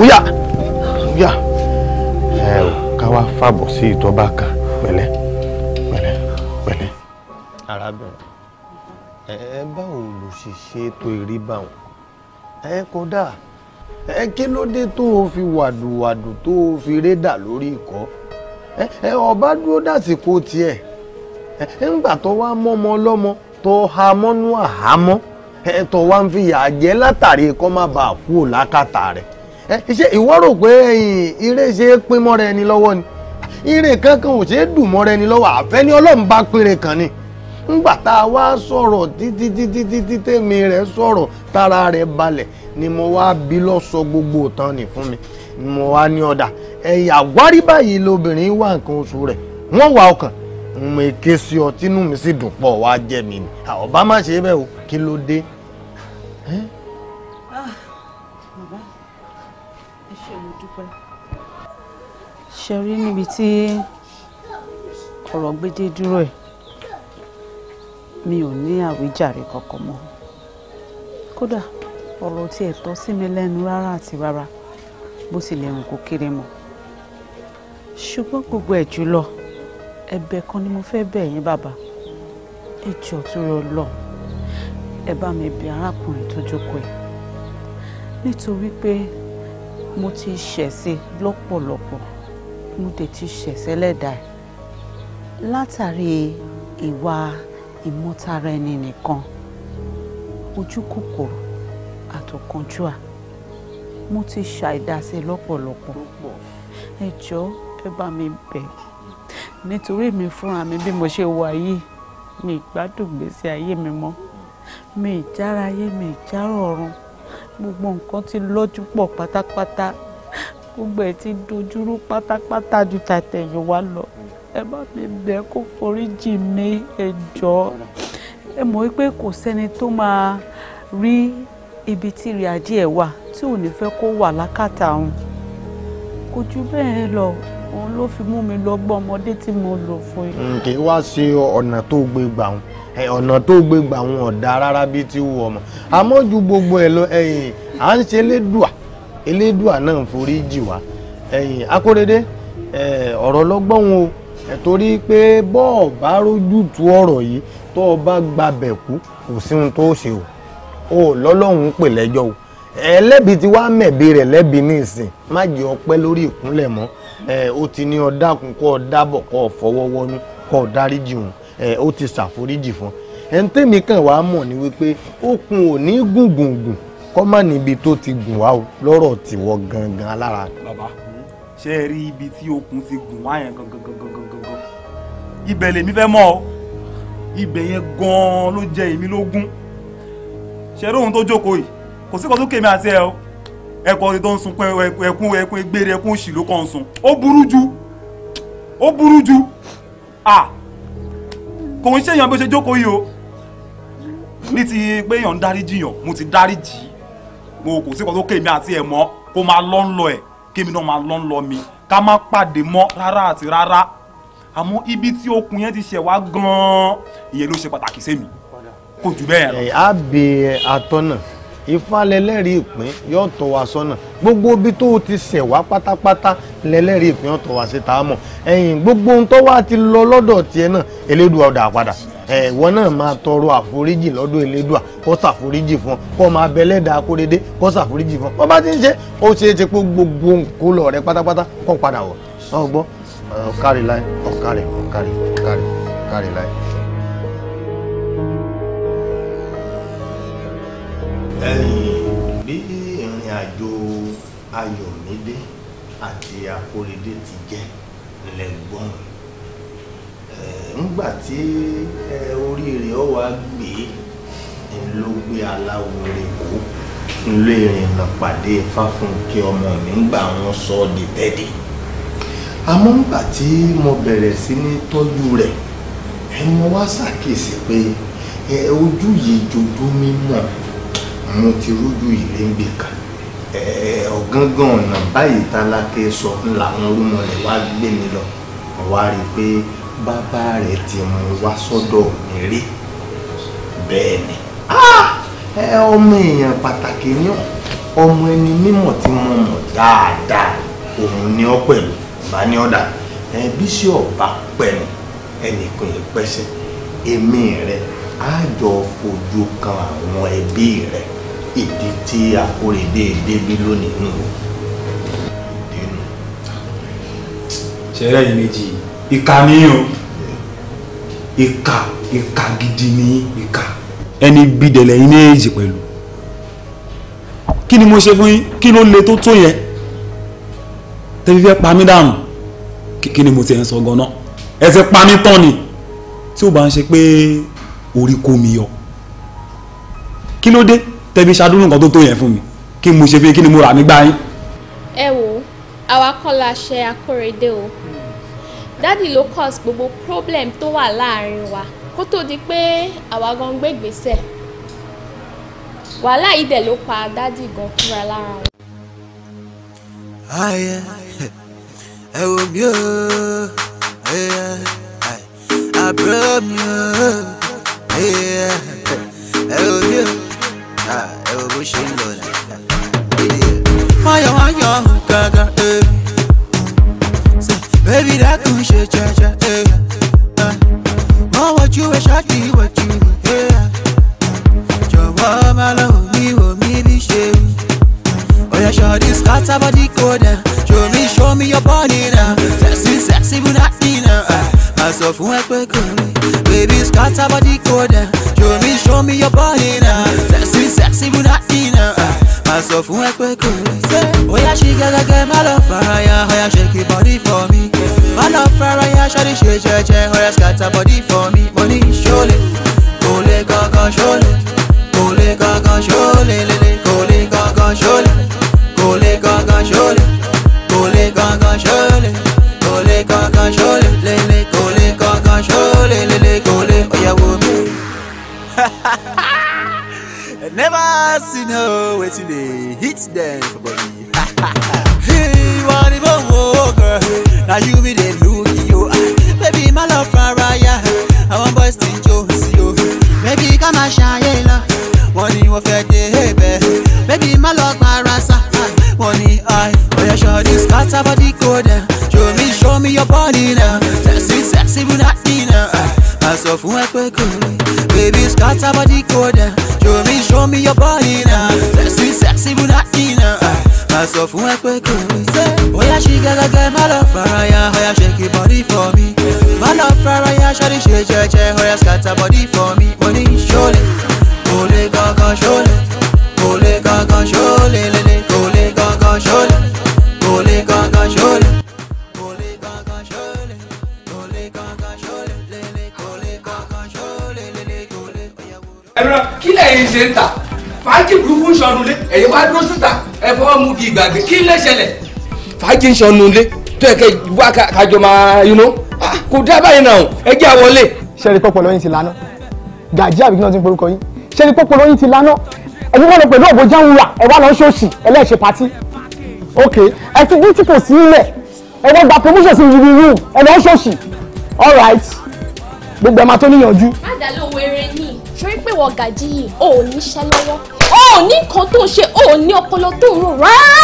Speaker 2: gbomi wa fàbọ̀ sí ìtọ́ba kan pẹ̀lẹ́ pẹ̀lẹ́ pẹ̀lẹ́. arábìnrin ẹ báwo ló ṣe ṣe tó eré báwọn ẹ kódà ẹ kí ló dé tó o fi wàdùwàdù tó o fi rédà lórí ikọ́ ẹ ọba dúró dàsìkò tiẹ̀ ẹ ńgbà tó wá mọ́mọ́ ọlọ́mọ tó ha mọ́nú àhámọ́ ẹ tó wá ń fi jẹ látàrí kó má bàa kú ò lákàtà re. ṣé ìwọ rò pé eré ṣe é pín mọ́ra ẹni lọ́wọ́ ni eré kankan ò ṣe é dùn mọ́ra ẹni lọ́wọ́ àfẹ́ ni ọlọ́run bá pinre kan ni ńgbà tá a wá sọ̀rọ̀ títí títí títí tèmi rẹ̀ sọ̀rọ̀ tára rẹ̀ balẹ̀ ni mo wá bí lọ́sọ gbogbo ìtàn ni fún mi ni mo wá ní ọ̀dà ẹ̀yà wárí báyìí lobìnrin wá nǹkan oṣù rẹ̀ wọ́n wà ọkàn mo èké sí ọ tínú mi sì dùn pọ̀ wá jẹ́ mi ni àwọn bá má ṣe bẹ́ẹ̀ o kí ló dé.
Speaker 10: ṣe rí níbi tí
Speaker 3: ọ̀rọ̀ gbédé dúró ẹ̀ mi ò ní àwíjàre kankan mọ́ kódà ọ̀rọ̀ tí ẹ̀ tọ́ sí mi lẹ́nu rárá àti rárá bó tilẹ̀ hùn kó kéré mọ́ ṣùgbọ́n gbogbo ẹ̀ jùlọ ẹ̀bẹ̀ kan ni mo fẹ́ bẹ̀ yín bàbá ẹ jọ̀ọ́ tó rọ lọ ẹ bá mi bi arákùnrin tó jókòó ẹ̀ nítorí pé mo ti ṣẹ̀ sí lọ́pọ̀lọpọ̀ Múdè ti ṣẹ̀ sẹ́lẹ̀dà látàrí ìwà ìmọtara ẹni nìkan ojú kòkòrò àtọ̀kánjúà mo ti ṣàìdásí lọ́pọ̀lọpọ̀ ẹ jọ̀ọ́ ẹ bá mi bẹ̀ nítorí mi fúnra mi bí mo ṣe wà yìí mi gbádùn gbèsè ayé mi mọ́ mi ìjára ayé mi ìjárọ̀ ọ̀run gbogbo nǹkan ti lọ́jú pọ̀ pátápátá gbogbo ẹ̀ ti dojúrú pátápátá ju tàtẹ̀yìn wa lọ ẹ bá mi bẹ̀ kó foríjì mi ẹ jọ̀ọ́ ẹ mọ̀ wípé kò sẹ́ni tó máa rí ibi tí ìrìn àjẹ́ ẹ̀ wà tí ò ní fẹ́ kó wà lákàtà òun kò jù bẹ́ẹ̀ lọ òun ló fi mú mi lọ gbọ́ ọmọdé tí mo lò fún yìí.
Speaker 2: kì í wá sí ọ̀nà tó gbé gbà wọn ọ̀nà tó gbé gbà wọn ọ̀dà rárá bíi ti wù ọmọ àmọ́ ju gbogbo ẹ̀ lọ à ń ṣe lédùá elédùà náà ń forí jì wá ẹ̀yìn akóredé ọ̀rọ̀ lọ́gbọ́n o torí pé bọ́ọ̀ bá rójútu ọ̀rọ̀ yìí tó o bá gbabẹ̀ kú kò sí ohun tó ṣe o ò lọ́lọ́run pè lẹ́jọ́ o ẹlẹ́bi tí wàá mẹ̀bi rẹ̀ lẹ́bi ní ìsìn má jẹ́ ọpẹ́ lórí ìkúnlẹ̀ mọ́ ó ti ní ọ̀dàkùn kọ́ ọ̀dàbọ̀ kọ́ ọ̀fọwọ́wọ́nú kọ́ ọ̀dáríjì òun ó ti ṣàforíjì fún ẹ̀ ń tèmi kàn wá mọ̀ ni wípé ó kun òní gùngùngùn kọ́ mà níbi tó ti gùn wá o lọ́rọ̀ tìwọ gangan alára.
Speaker 1: bàbá ṣe é rí ibi tí okùn ti gùn wá yẹn gangan gangan gangan ibẹ̀ lèmi fẹ́ mọ̀ ọ́ ibẹ̀ yẹn gan-an ló jẹ èmi lógún ṣe é rí ohun tó jókòó yìí kò sí kan tó kémi àti ẹ o ẹkọ tó ń sunkún ẹkún ẹkún egbére ẹkún òsì ló kàn ń sun ó burú jù ó burú jù à kò ń ṣèyàn bó ṣe jókòó yìí o ní ti pé èèyàn ń dáríjì yàn mo ti dáríjì mo kò sí kan tó kéèmí àti ẹ̀ mọ́ kó máa lọ́ ń lọ ẹ̀ kémi náà máa lọ́ ń lọ mi ká má pàdé mọ́ rárá àti rárá àmọ́ ibi tí okùn yẹn ti ṣẹ̀ wá gan-an ìyẹn ló ṣe pàtàkì sẹ́mi kò jù bẹ́ẹ̀ lọ. ẹ á bẹ
Speaker 2: ìpín yóò tọ́ wa sọ́nà gbogbo ibi tó o ti ṣẹ̀ wá pátápátá lẹlẹ́rìí ìpín yóò tọ́ wa síta mọ̀ ẹ̀yìn gbogbo ohun tó wá ti lọ lọ́dọ̀ tiẹ̀ náà elédùn ọ̀dà padà ẹ̀wọ́ náà máa tọrọ àforíjì lọ́dọ̀ Elédùà kó ṣàforíjì fún ọ kó máa bẹlẹ́dàá kóredé kó ṣàforíjì fún ọ bó bá ti ń ṣe ó ṣe é ṣe pé gbogbo nǹkó lọ rẹ pátápátá kó padà wọ̀ ọ gbọ́ ọ̀kárì láì ọ̀kárì ọ̀kárì ọ̀kárì ọ̀kárì láì. bí ìrìn àjò Ayọ̀mídé àti Akóredé ti ńgbà tí orí rẹ̀ ọ wá gbé ló gbé aláwo rẹ̀ kó ló ìrìnà pàdé fáfúnkẹ́ ọmọ mi ńgbà wọn sọ di tẹ́dí àmọ́ ńgbà tí mo bẹ̀rẹ̀ sí ní tọ́jú rẹ̀ ẹ mo wá ṣàkíyèsí pé ojú yìí jojú mímọ́ mo ti rójú ìléǹgbè kan ọ̀gángán ọ̀nà báyìí tálákẹ́ sọ ńlá àwọn orúmọ rẹ̀ wá gbé mi lọ wá rí i pé bàbá rẹ̀ ti mú wá sọ́dọ̀ mi rí bẹ́ẹ̀ ni ah! ọmọ èèyàn pàtàkì ni ọmọ ẹni mímọ̀ tí mo mọ̀ dáadáa òun ni ọ pẹ̀lú bá ní ọ̀dà ẹbí sí ọba pẹ̀lú ẹnìkan yìí pẹ́sẹ́ èmi rẹ̀ á jọ fojú kan àwọn ẹbí rẹ̀ ìdí tí akóredé débí lónìí nù.
Speaker 1: ṣẹlẹ̀ yìí méjì yìí ìka ni o ìka ìka gidi ni ìka. ẹni bídẹ̀lẹ̀ yín ní èjì pẹ̀lú kí ni mo ṣe fún yín kí ló le tó tó yẹn tẹ́bí fẹ́ pa mí dànù kí ni mo ti ẹ̀ ń sọ gan-an ẹ pa mí tán ni tí ó bá ń ṣe pé orí kó mi yọ kí ló dé tẹ́bí ṣàdúró nǹkan tó tó yẹn fún mi kí mo ṣe fi kí ni mo rà nígbà yín.
Speaker 7: ẹ wo àwa kọ́ la ṣe akóredé o dádì ló cause gbogbo problem tó wà láàrin wa kó tó di pé àwa gan gbé ìgbésẹ̀ wàhálà yìí dẹ̀ ló pa dádì gan fúnra lára wọn.
Speaker 8: ayé ẹ wò mí o àbúrò mi o ẹ wò mí o ẹ wò bó ṣe ń lọ nà. fọyọ̀ gàgà. Baby, that could shit, cha cha, yeah. Uh, know uh, what you wish, I do what you do, yeah. Jọ̀wọ́ máa lọ me, wo mi bí ṣe wù. Oya ṣọ̀dí scatter body go down. Show me, show me your body now. Sexy, sexy, but not me now. Máa sọ fún ẹ pé kò ní. Baby, scatter body go down. Show me, show me your body now. Sexy, sexy, but not uh, uh. me now. I sọ fún ẹ pé kò ní. Oya ṣì gẹ́gẹ́gẹ́ má lọ fara ya. Oya shake your body for me. man of fire ya ṣọ́ọ́dí ṣe jẹ́jẹ́ ọ̀rẹ́ scatter body for me money, mo ní ṣọ́ọ̀lẹ̀ kò lè go go, kò lè gangan ṣọ́ọ̀lẹ̀ go kò lè gangan Go kò lè go, ṣọ́ọ̀lẹ̀ kò lè gangan Go kò lè gangan ṣọ́ọ̀lẹ̀ lélẹ̀ kò lè gangan ṣọ́ọ̀lẹ̀ lélẹ̀ kò lè ọ̀yàwó mi. never seen no wetin dey hit them for body. ìwà ni mo wò ó gan. Now you be the look yo. Baby, my love from Raya. Àwọn boys ti jó sí o. Baby, ká máa ṣàyè lọ. Wọ́n ní wọ́n fẹ́ dé ebẹ̀. Baby, má lọ para sá. Wọ́n ní I. Oya ṣọ́ọ́dí scatter body go down. Show me, show me your body now. Sexy, sexy, bu na ina. Má sọ fún ẹ pé kò rí. Baby, scatter body go down. Show me, show me your body now. Sexy, sexy, bu na ina máa sọ fún ẹ pé kò ní sẹ́. bóyá ṣe gẹ́gẹ́gẹ́ má lọ faraya ọ̀yà ṣe kí bọ́dí fọ mi. má lọ faraya ṣọ́ọ́dí ṣe jẹ́jẹ́ ọ̀yà skata bọ́dí fọ mi. mo ní ṣólè kò lè gangan ṣólè kò lè gangan ṣólè lélẹ̀ kò lè gangan ṣólè kò lè gangan ṣólè.
Speaker 6: ẹ̀rọ kí lẹ́yìn ṣe ń tà fàájì burúkú ń ṣọdún lé ẹ̀yin wá dúró síta ẹ fọwọ́ mú kí ìgbàgbé kí lè ṣẹlẹ̀. fàájì ń ṣọnu ilé tó yẹ kẹ wá kájọ máa yín nú ah. kò dá báyìí náà ẹ jẹ́ àwọlé. sẹ́ni pọ́pọ́ lọ́yìn ti lánà gàjí àbí kí wọ́n ti ń porúkọ yín sẹ́ni pọ́pọ́ lọ́yìn ti lánà ẹ̀yin wọ́n lọ pẹ̀lú ọ̀bọ̀já ń wà ẹ̀ wá lọ ṣọ́ọ̀ṣì ẹlẹ́ṣẹ̀ pátí ok ẹ ti tí kò sí ilẹ̀ ẹ wọ́n gba promotion sí ibi room ẹ lọ ṣọ́ọ̀ṣì all right
Speaker 7: gbogbo ẹ̀ máa tó níyànjú. má dàá lóun torí pé wọ́n gàjí yìí ò ní ṣẹ́ lọ́wọ́ o ò ní nǹkan tó ń ṣe o ò ní ọpọlọ tó ń rò rárá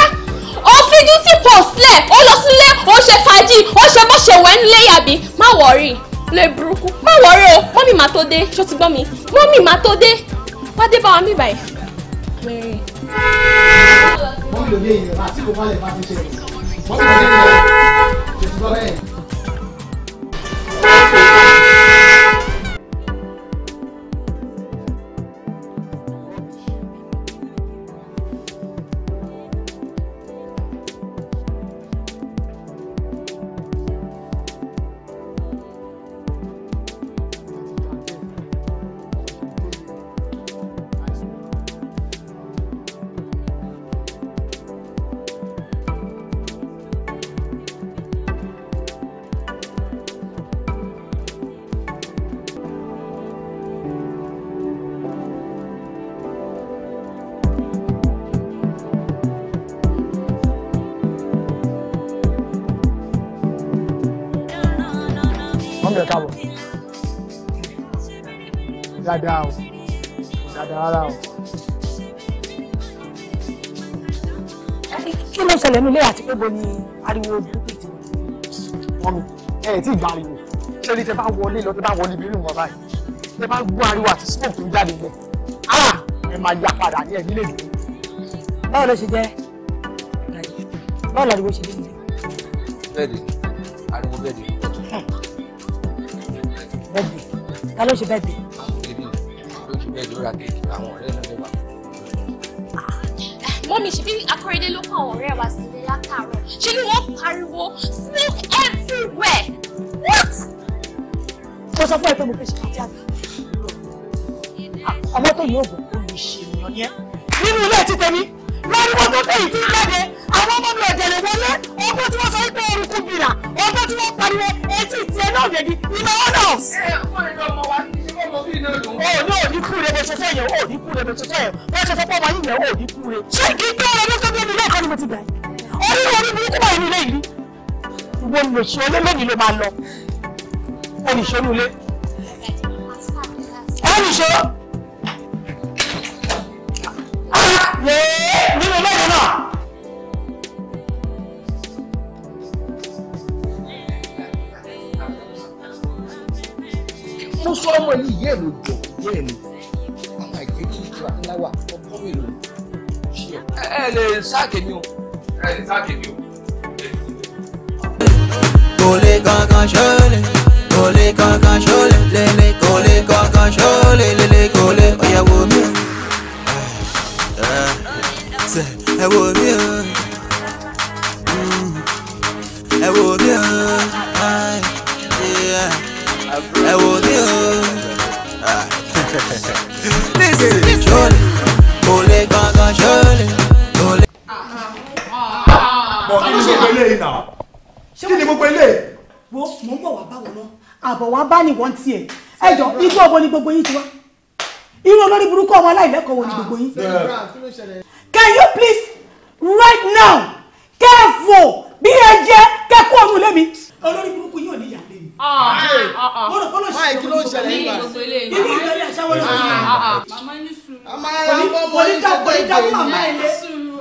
Speaker 7: o fi duty post lẹ̀ o lọ sílé o ṣe fàájì o ṣe bó ṣe wẹ̀ nílé yàbí má wọ̀rí lè burúkú má wọ̀rí o mọ́mì má tó dé ṣó ti gbọ́ mi mọ́mì má tó dé wá dé bá wa mí báyìí. mọ́mì ló dé ìyẹn àti kò má lè ti ṣe mọ́mì ló dé
Speaker 6: ìyẹn ṣètìgbọ́ bẹ́ẹ̀. èwo ni ariwo dúkì tí wọ́n mi ẹ̀ ẹ̀ tí ìgbà ariwo ṣé ní tẹ bá wọlé lọ tẹ bá wọlé bínú wọn báyìí tẹ bá gbọ́ ariwo àti smoke tó ń jáde lọ ah ẹ máa yá padà ní ẹ̀mí lè dùn. báwo ló ṣe jẹ́ báwo làriwo
Speaker 3: ṣe dé nílé.
Speaker 11: bẹ́ẹ̀ni ariwo bẹ́ẹ̀ni. bẹ́ẹ̀ni
Speaker 6: ta
Speaker 3: ló ṣe bẹ́ẹ̀ni.
Speaker 11: àwọn ọ̀rẹ́ mi ló ṣe bẹ́ẹ̀ni ó ra kéèkì àwọn ọ̀rẹ́ mi lẹ́wà.
Speaker 7: mọ́mí ṣe bí akọ́rẹ́dé ló kọ́ àwọn ọ̀rẹ́ wa sí látàárọ̀ ṣe ni wọ́n pariwo smoke everywhere what.
Speaker 3: mo sọ fún ẹ pé mo fẹ́ ṣe kájí àgbà àmọ́ tó yóò gùn kó lè ṣe ènìyàn
Speaker 5: yẹn nínú ilé ti tẹ̀mí lọ́dún tó fẹ́ yìí ti jáde
Speaker 3: àwọn ọmọ mi ọ̀jẹ̀ lè wọlé
Speaker 5: ọgbọ́n tí wọ́n sọ pé orúkú bìrà ọgbọ́n tí wọ́n pariwo etí tiẹ̀ náà dẹ̀bi ìmọ̀ ọ̀nà. ẹ ọmọ ìlú ọmọ wa ní òní òní kú rẹ bó ṣe fẹ́ yẹn òní kú rẹ bó ṣe fẹ́ yẹn
Speaker 3: wọ́n ṣe fọ́ pọ́ ọmọ yìí yẹn òní kú rẹ. ṣé kí n tó ọmọ orí orí burúkú báyìí nílé yìí ìwọ ni lòsùn olé lónìí ló máa lọ olùṣọ́nù
Speaker 5: ilé olùṣọ́ yéé nínú lẹ́yìn náà.
Speaker 6: mo sọ ọmọ yìí yé mi jọ yé mi àwọn àìjẹ́ kí n tura ńlá wà ọkọ mi lò ó ṣe ẹ ẹ
Speaker 8: lè sáàkì mi o. Eh, it's not give you. shole, shole, lele shole, lele oya oh, wo wo wo This is
Speaker 1: náà kí ni gbogbo eléyìí.
Speaker 3: wo mò ń bọ̀ wá báwo náà àbọ̀ wá bá ní wọ́n tiẹ̀ ẹ jọ ikú ọ̀bọ ni gbogbo yín ti wá irú olórí burúkú ọmọ aláìlẹ́kọ̀ọ́ wo ni gbogbo yín. Ah, can you please right now careful bí ẹ jẹ́ kẹ́kọ̀ọ́ ọ̀nù lẹ́mi olórí burúkú yóò níyà lẹ́mi. wọ́n rò kọ́lọ́ ṣe kí ló ń ṣẹlẹ̀ nígbà tí ibi ìlọlẹ́ àṣàwọ́lọ́ ọ̀nà.
Speaker 9: màmá ní sùúrù. màmá ní sùúrù. màmá ní sùúrù.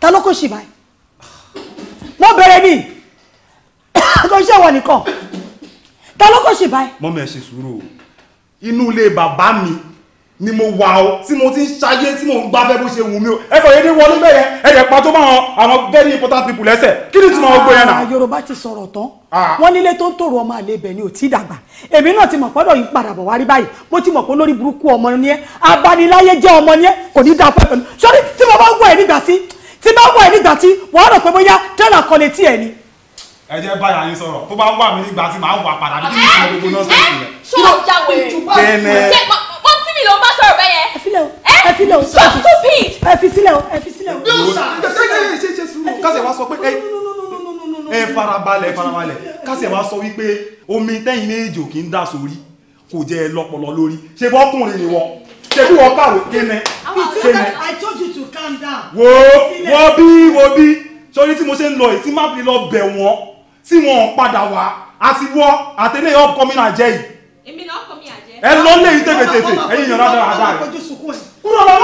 Speaker 3: ta ló kó sì báyìí
Speaker 1: mo bẹ̀rẹ̀ ni kò ṣe wọ nìkan ta ló kó sì báyìí. mọ́mí ẹ ṣe sùúrù o inú ilé bàbá mi ni mo wà o tí mo ti ń ṣayé tí mo ń gbáfẹ́ bó ṣe wù mí o ẹ kò yé ní wọlé bẹ́ẹ̀ yẹn ẹ jẹ́ pa tó máa àwọn very important people lẹ́sẹ̀ kí ni tí mo gbé yẹn náà. Ah,
Speaker 3: yorùbá ti sọ̀rọ̀ tán ah. wọ́n nílé tó ń tòrò ọmọ àlè ibẹ̀ ni ò tí dàgbà èmi náà ti mọ̀ pọ́dọ̀ yìí padà bọ̀ wárí báyìí mo ti mọ̀ pé lórí burúkú ọmọ ni ẹ abániláyé jẹ́ ọmọ ni ẹ kò ní dáa pẹ́ pẹ̀lú sọ́rí tí mo bá ń gbọ́ ẹ̀ nígbà sí tí bá wà nígbà tí wàá rò pé bóyá dọ́là kan létí ẹ̀ ni.
Speaker 1: ẹ jẹ́ báyà yín sọ̀rọ̀ tó bá ń wà mí nígbà tí màá wà padà ní kí n sọ gbogbo nọ́ọ̀sì rẹ̀.
Speaker 7: ṣó o já wèrè kẹ́nẹ́. wọ́n tí mi ló ń bá sọ̀rọ̀ bẹ́yẹ. ẹ fi lẹ̀ o ẹ fi lẹ̀ o ẹ
Speaker 3: fi
Speaker 1: sílẹ̀ o ẹ fi sílẹ̀ o. kásẹ̀ wá sọ pé ẹ farabalẹ̀ farabalẹ̀ kásẹ̀ wá sọ wípé omi tẹ́yìn méjì ò kì í dà sórí kò jẹ́ lọ́pọlọ lórí ṣé bọ́kùnrin ni wọ́n ṣebí wọ́n pààrọ̀ kéne
Speaker 3: kéne. I told you to calm down. wo
Speaker 1: wo bí wo bí sori tí mo ṣe ń lọ yìí tí má fi lọ bẹ̀ wọ́n tí wọ́n padà wá àti wọ́ àtẹlẹ́yìn upcoming àjẹ́ yìí. èmi náà upcoming ẹ lọ lé yìí tètètètè ẹ̀yin yàrá dára dára rẹ. kúrò lọ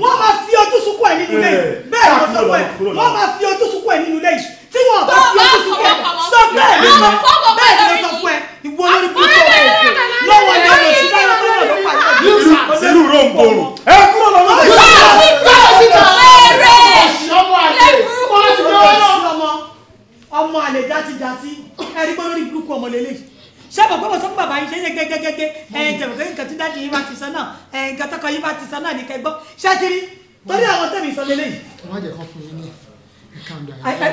Speaker 5: wọ́n máa fi ojú sunkún ẹ̀ wọ́n máa fi ojú sunkún ẹ̀ nínú ilé yìí
Speaker 1: eh, bẹ́ẹ̀ lọ sọ pé wọ́n
Speaker 3: máa fi ojú sunkún ẹ̀ nínú ilé yìí tí wọ́n bá fi ojú sunkún ẹ̀
Speaker 9: sọ bẹ́ẹ̀ ló sọ
Speaker 3: bẹ́ẹ̀ ló sọ fún ẹ ìwọ lórí kúrò lọ́wọ́
Speaker 5: ẹ̀ lọ́wọ́ ẹ̀ lọ́wọ́ ẹ̀ lọ́wọ́ ẹ̀ lọ́wọ́ ẹ̀ lọ́wọ́ ẹ̀ kúrò lọ́wọ́ ẹ̀ lọ́wọ́ ẹ̀ lọ́wọ́
Speaker 3: ọmọ àlè játijàti ẹ̀rí pé lórí burúkú ọmọ lélẹ́yìí ṣé àbọ̀ pé mo sọ fún bàbá yín ṣe é gẹ́gẹ́gẹ́gẹ́ ẹ jẹ̀rọ pé nǹkan tí dáàdi yín bá ti sọ náà ẹ nǹkan tọkọ yín bá ti sọ náà ní kẹgbọ́ ṣé torí àwọn tẹ̀mí sọ lélẹ̀ yìí.
Speaker 6: wọ́n jẹ́ kán fún yín ní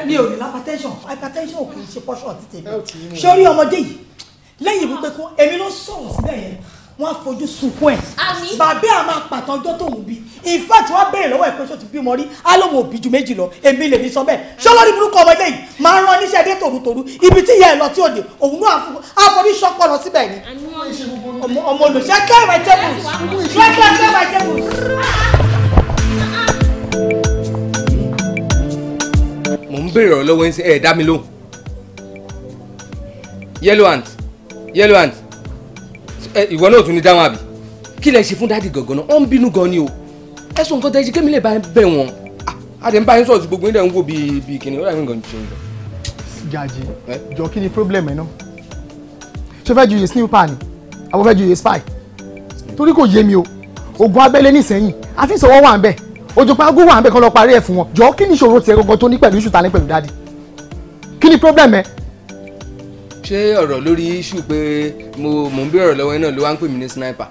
Speaker 3: mi ò ní hypertension hypertension ò kì í ṣe pọ́ṣọ̀ àti
Speaker 6: tèmi
Speaker 3: sórí ọmọdé yìí lẹ́yìn wípé kó èmi ló sọ̀rọ̀ síbẹ̀ yẹn wọ́n á fojú sunkún ẹ̀ bàbá à máa pàtàn ọjọ́ tóun bí in fact wọ́n á béèrè lọ́wọ́ ẹ̀ pé ṣó ti bímọ rí á lóun òbí ju méjì lọ èmi lèmi sọ bẹ́ẹ̀ ṣọlọ́rí burúkú ọmọ ilé yìí máa ń rán níṣẹ́ dé tòrutòru ibi tí ìyá ẹ̀ lọ tí ò dé òun náà àforí ṣọ́pọ̀ lọ síbẹ̀ ni ọmọ olùṣẹ́ clear my tables clear clear
Speaker 9: my tables.
Speaker 6: mo ń béèrè ọ̀rọ̀ lọ́wọ́ ẹ̀ dá mi lóhùn yellow hand yellow hand ìwọ náà tún ní dáhùn àbí kí lẹ ṣe fún dáàdì gangan náà ó ń bínú gan ni o ẹ sọ nǹkan tẹ́jú kémi lè bá bẹ̀ wọ́n àdé ń bá yín sọ̀rọ̀ tí gbogbo yín dẹ̀ ń wò bíi bíi kìnìún ó dàbí nǹkan ṣe ń lọ. jàjì jọ kí ni problem ẹ náà ṣé fẹ́ ju yìí sniper ni àwọn fẹ́ ju yìí spy torí kò yé mi o ogun abẹ́lé nísẹ́yìn àfihàn wà ń bẹ̀ ojúpa ogun wà ń bẹ̀ kọ́ lọ parí ẹ̀ fún wọn jọ kí ni ìṣòro tiẹ̀ gangan tó ní pẹ̀lú ìṣùtà ní pẹ̀lú dáàdì kí ni problem ẹ
Speaker 11: ṣé ọ̀rọ̀ lórí iṣu pé
Speaker 6: mo mò ń bèrè lọ́wọ́ iná ló wá ń pè mí ní sniper.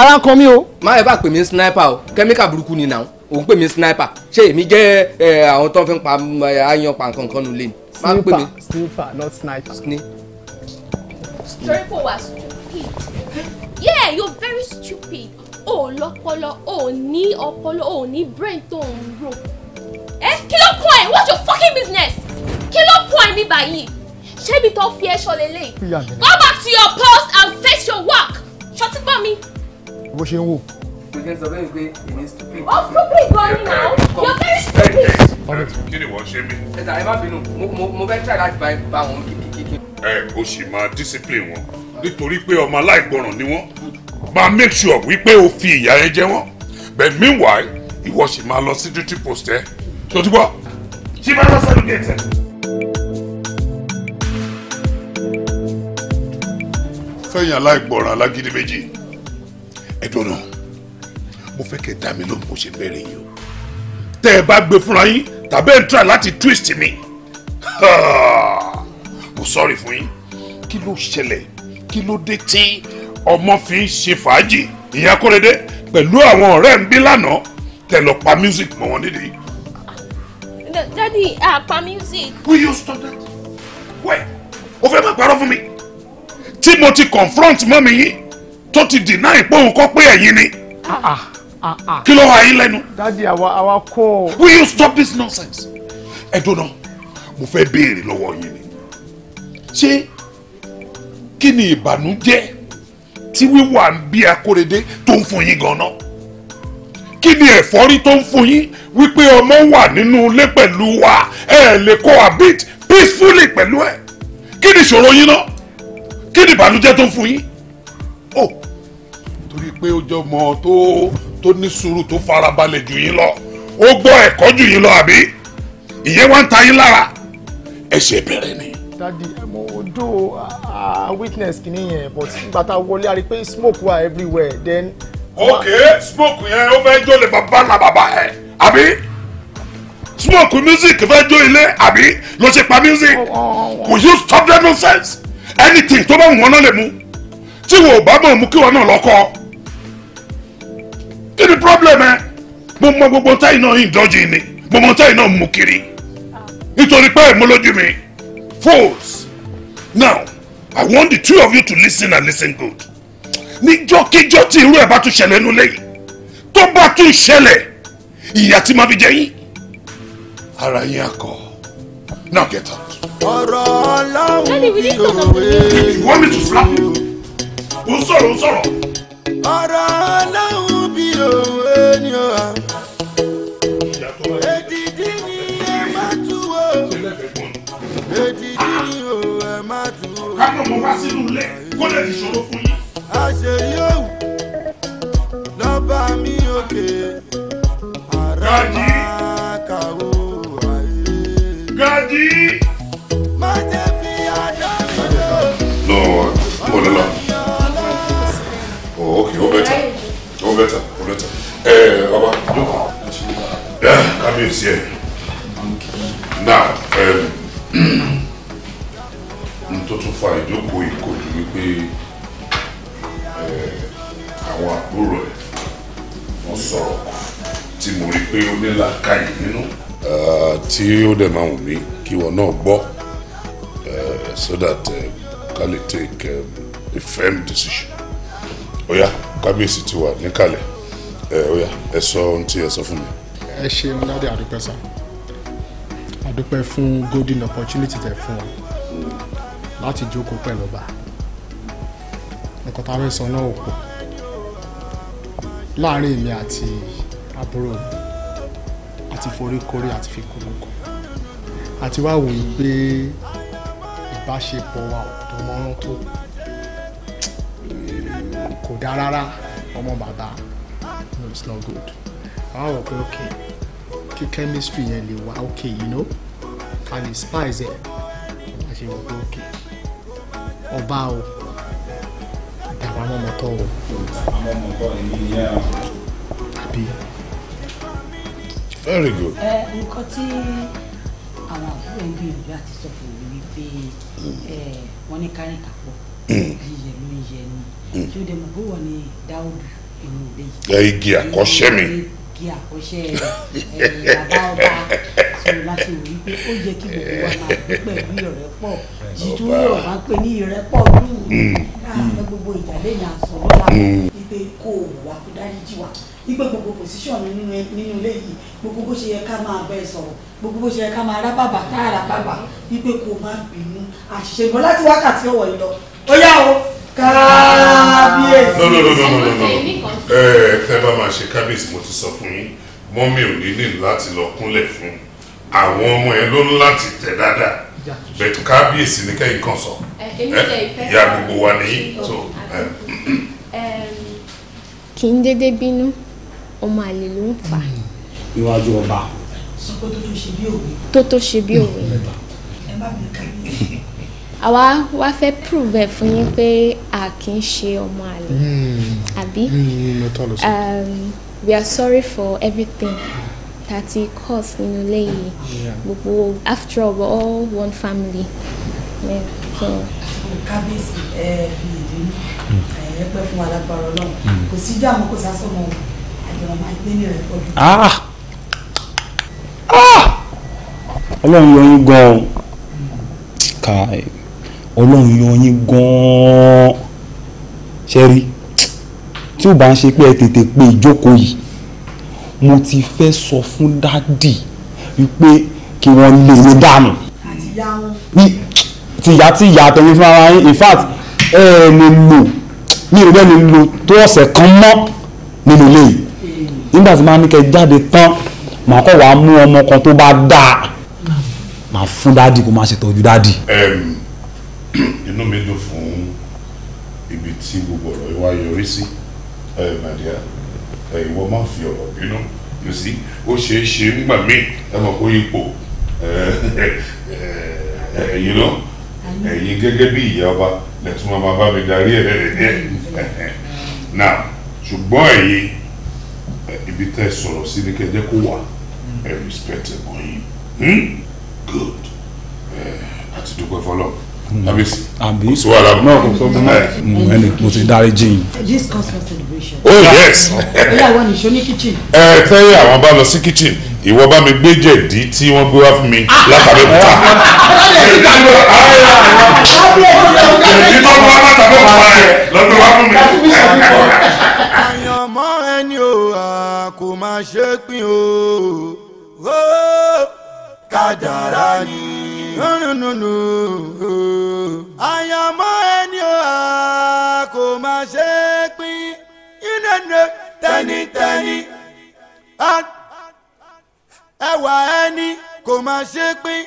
Speaker 6: ara kan mi o. má ẹ bá pè mí sniper o kẹ́míkà burúkú ni náà òun pè mí sniper ṣé èmi jẹ́ àwọn tó ń fi pa ayan pa nǹkan kan nù lé ni. sniper sniper not sniper. sni.
Speaker 7: torí kò wá stupid yeah you're very stupid o oh, ò lọ́pọlọ o oh, ò ní ọpọlọ o oh, ò ní brain tó ń rò. ẹ eh, kí ló kún ẹ what's your fucking business kí ló kún ẹ ní ṣébi tó fi ẹṣọ lélẹ̀ go back to your post and face your work ṣọtí gbọ́ mi.
Speaker 6: bó ṣe ń wò. Oh,
Speaker 7: stupid going now. You're very stupid.
Speaker 6: Kí ni wọ́n ṣe mí? Ẹ̀sà ẹ má bínú, mo fẹ́ try láti bá wọn kíkíkí.
Speaker 4: Ẹ o sì máa discipline wọn nítorí pé ọmọ aláìgbọràn ni wọ́n. Máa make sure wípé o fi ìyà yẹn jẹ wọ́n. But meanwhile, ìwọ sì máa lọ sí duty post ẹ. Ṣé o Ṣé bá lọ sẹ́nu gẹ̀ẹ́tẹ̀? fẹ́yìn aláìgbọràn alágídí méjì ẹ̀dùn náà mo fẹ́ kẹ́ dá mi lóhùn mo ṣe bẹ̀rẹ̀ yìí o tẹ́ ẹ bá gbé fúnra yín tàbí ẹ̀ ń try láti twist mi mo sọ̀rọ̀ fún yín kí ló ṣẹlẹ̀ kí ló dé tí ọmọ fi ń ṣe fàájì ìyẹn akóredé pẹ̀lú àwọn ọ̀rẹ́ ń bí lánàá tẹ́ lọ pa music mọ́ wọn nídìí.
Speaker 7: Daddy, ah, pa music. Will you stop that?
Speaker 4: Where? o fẹ́ máa parọ́ fún mi tí mo ti confront mọ́mi yín tó ti deny pé òun kọ́ pé ẹ̀yin ni
Speaker 9: ah,
Speaker 6: ah, ah, kí ló wà yín lẹ́nu. dadi àwa àwa kọ́. will you stop this nonsense.
Speaker 4: ẹ dúná mo fẹ́ béèrè lọ́wọ́ yín ni ṣé kí ni ìbànújẹ́ tí wíwà ń bí akóredé tó ń fún yín gan-an kí ni ẹ̀fọ́rí tó ń fún yín wípé ọmọ wà nínú ilé pẹ̀lú wa ẹ lè cohabit peacefully pẹ̀lú ẹ kí ni ìṣòro yín náà kí ni ìbànújẹ́ tó fún yín o torí pé ó jọ mọ tó tó ní sùúrù tó farabalẹ̀ jù yín lọ ó gbọ́ ẹ̀kọ́ jù yín lọ àbí ìyẹn wá ń ta yín lára ẹ̀ṣẹ̀ bẹ̀rẹ̀ ni.
Speaker 6: dadi mo do witness kìíní yẹn but nígbà tá a wọlé a rí i pé smoke wà everywhere then. ok smoke yẹn ó fẹ́ jó lè
Speaker 5: bàbá la bàbá ẹ̀ àbí smoke music fẹ́ jó ilé àbí ló ṣe pa music oh, oh, oh. could you stop that nonsense anything tó bá wù wọ́n náà lè mú tí wò bá mọ̀ mú kí wọ́n náà lọ́kọ́ kí ni problem ẹ
Speaker 4: mo mọ gbogbo táyì náà yìí dọ́jì ni mo mọ táyì náà mú kiri nítorí pé èmo lójú mi fools now i want the two of you to listen and listen good níjọ́kíjọ́ tí irú ẹ̀ bá tún ṣẹlẹ̀ nú lẹ́yìn tó bá tún ṣẹlẹ̀ ìyà tí máa fi jẹ yín ara yín akọ now get up
Speaker 5: ọ̀rọ̀ ọlọ́run bí òwe. you want me to slap you? ó sọ̀rọ̀ ó sọ̀rọ̀. ọ̀rọ̀ ọlọ́run bí òwe ni ó wà. èdìdí ni ẹ má tú o. èdìdí ni ó ẹ má tú o. ká ló wá sínú ilé kó lè ṣòro fún yín. àṣeyí òwú lọ́ba mi òkè àrà máa kàwó ayé. gàdí. better o better eh, o better ẹ baba
Speaker 4: come here. ẹ now n tó tún fa ìjókòó ìkòjú wípé eh, àwọn àbúrò ẹ wọn sọ̀rọ̀ tí mo rí pé ó ní làákàyè nínú. Ah, tí ó dẹ̀ máa wù mí kí wọn náà gbọ́ eh, so that ká lè take um, a firm decision oya kábíyèsí ti wà níkàlẹ̀ ẹ oya ẹ sọ ohun tí ẹ sọ fún mi.
Speaker 6: ẹ ṣeun ládé àdúpẹ́ sá àdúpẹ́ fún golden opportunity tẹ fún ọ láti jókòó pẹ̀lú ọba nǹkan tá a fẹ́ sọ náà ò pọ̀ láàárín èmi àti àbúrò mi àti foríkorí àti fikùnlùkù àti wá wòye pé ìbáṣepọ̀ wa ò dánmọ́rán tó kò dáa rárá ọmọ bàbá no it's not good àwọn àwọn pé ok kí chemistry yẹn lè wá ok you know ká lè spice ẹ̀ a ṣe wọ́n pé ok ọba o dàbà mọ́mọ́ tọ́ o. o. àbí. very good. ẹ nǹkan tí àwọn àbúrò ń gbìyànjú
Speaker 3: àti sọ fún mi wípé wọ́n ní kárìkà pọ̀ bí hmm. yẹ Mm. igi àkọ́ṣẹ́ mi igi àkọ́ṣẹ́ bàbá ọba sọ̀rọ̀ láti wò wípé ó yẹ kí gbogbo wa máa gbé
Speaker 5: pẹ̀lú ìrẹ́pọ̀ jìtú yóò máa pè ní ìrẹ́pọ̀ dùn láàárọ̀ mm. ah, gbogbo ìjàlẹ̀ yẹn àsọ lọ́la mm. wípé kó o wà kó dáríjì
Speaker 3: wà wípé gbogbo pòsíṣọ̀n nínú ilé yìí gbogbo bó ṣe yẹ ká máa bẹ́ẹ̀ sọ̀rọ̀ gbogbo bó ṣe yẹ ká máa rá bàbà káàrà bàbà wípé kó o má bínú àṣìṣe ìbọn láti wákàtí ọ̀wọ̀ ìlọ ó yá o
Speaker 9: kábíyèsí. no no no no no no
Speaker 4: ẹ ẹ tẹ bá máa ṣe kábíyèsí mo ti sọ fún yín mọ́mí ò ní nílò láti lọ kúnlẹ̀ fún àwọn ọmọ ẹ ló ń láti tẹ̀ dáadáa bẹ̀tù kábíyèsí ní kẹ́yìn kan sọ ìyá gbogbo wa nìyí tó.
Speaker 7: kì í dédé bínú ọmọ àlè ló ń fà.
Speaker 2: níwájú ọba. sọ
Speaker 3: pé tó tó ṣe bí òwe.
Speaker 7: tó tó ṣe bí òwe.
Speaker 2: ẹ bá mi
Speaker 7: kábíyèsí àwa wá fẹ́ prove ẹ̀ fún yín pé a kì í ṣe ọmọ àlè hmm. àbí hmm, um, we are sorry for everything tàti cause nínú ilé yìí gbogbo after all we all one family. so.
Speaker 3: kábíyèsí ẹ fi ìdí hmm. ẹ pẹ fún wa lágbára kò sí ìjà mọ́ kò sásọmọ àjọyọ̀ máa gbé ní rẹ pọ̀jù.
Speaker 1: Ah! Ah! Ọlọ́run yọ gan-an ká ọlọ́run yan yín gan-an ṣe rí tí ò bá ń ṣe pé ẹ tètè pé ìjókòó yìí mo ti fẹ́ sọ fún dádì wípé kí wọ́n lé mi dànù. tìyá tí ìyá àtọ̀ mi fún ara yín in fact ẹ ẹ lè lò mi ò bẹ́ẹ̀ lè lò tó ọ̀sẹ̀ kan mọ́ nínú ilé yìí nígbà tí máa ní kẹ́ jáde tán màá kọ́ wàá mú ọmọ kan tó bá dáa màá fún dádì kó máa ṣètọ́jú dádì.
Speaker 4: inú mi dùn fún ibi tí gbogbo ọ̀rọ̀ yìí wá yọrí sí ẹ màdìá ẹ ìwọ má fi ọ̀rọ̀ bínú yìí sí ó ṣeé ṣe ńgbà míì ẹ mọ̀ pé ipò ẹ̀yin náà ẹ̀yin gẹ́gẹ́ bí ìyá ọba lẹ́tún máa bá mi darí ẹ̀ lẹ́rẹ̀ díẹ̀ náà ṣùgbọ́n ẹ̀yin ibi tẹ́ sọ̀rọ̀ sí ni kẹ́jẹ́ kó wà ẹ̀ respect ẹ̀ mọ́ yín hmm? good àti dúpẹ́ fọlọ́ọ̀ àbísí kò sí wàhálà náà kò sọ gbọmọ mm, mm, ẹni mo ti dárí jìn.
Speaker 3: this calls celebration. oh yes. ìyá àwọn nìṣó ní kitchen.
Speaker 4: ẹ tẹ́yẹ àwọn bá lọ sí kitchen ìwọ bá mi gbé jẹ̀dí tí wọ́n gbé wá fún mi látàbí
Speaker 3: kúta. jẹ̀dí tó gbọ́ látàbí kúta
Speaker 5: rẹ̀ lọ́dún wá fún mi. àyàn mọ́ ẹni o kò máa ṣe pín o kádàrá ni. tẹnitẹni ẹwà ẹni kò máa ṣe pín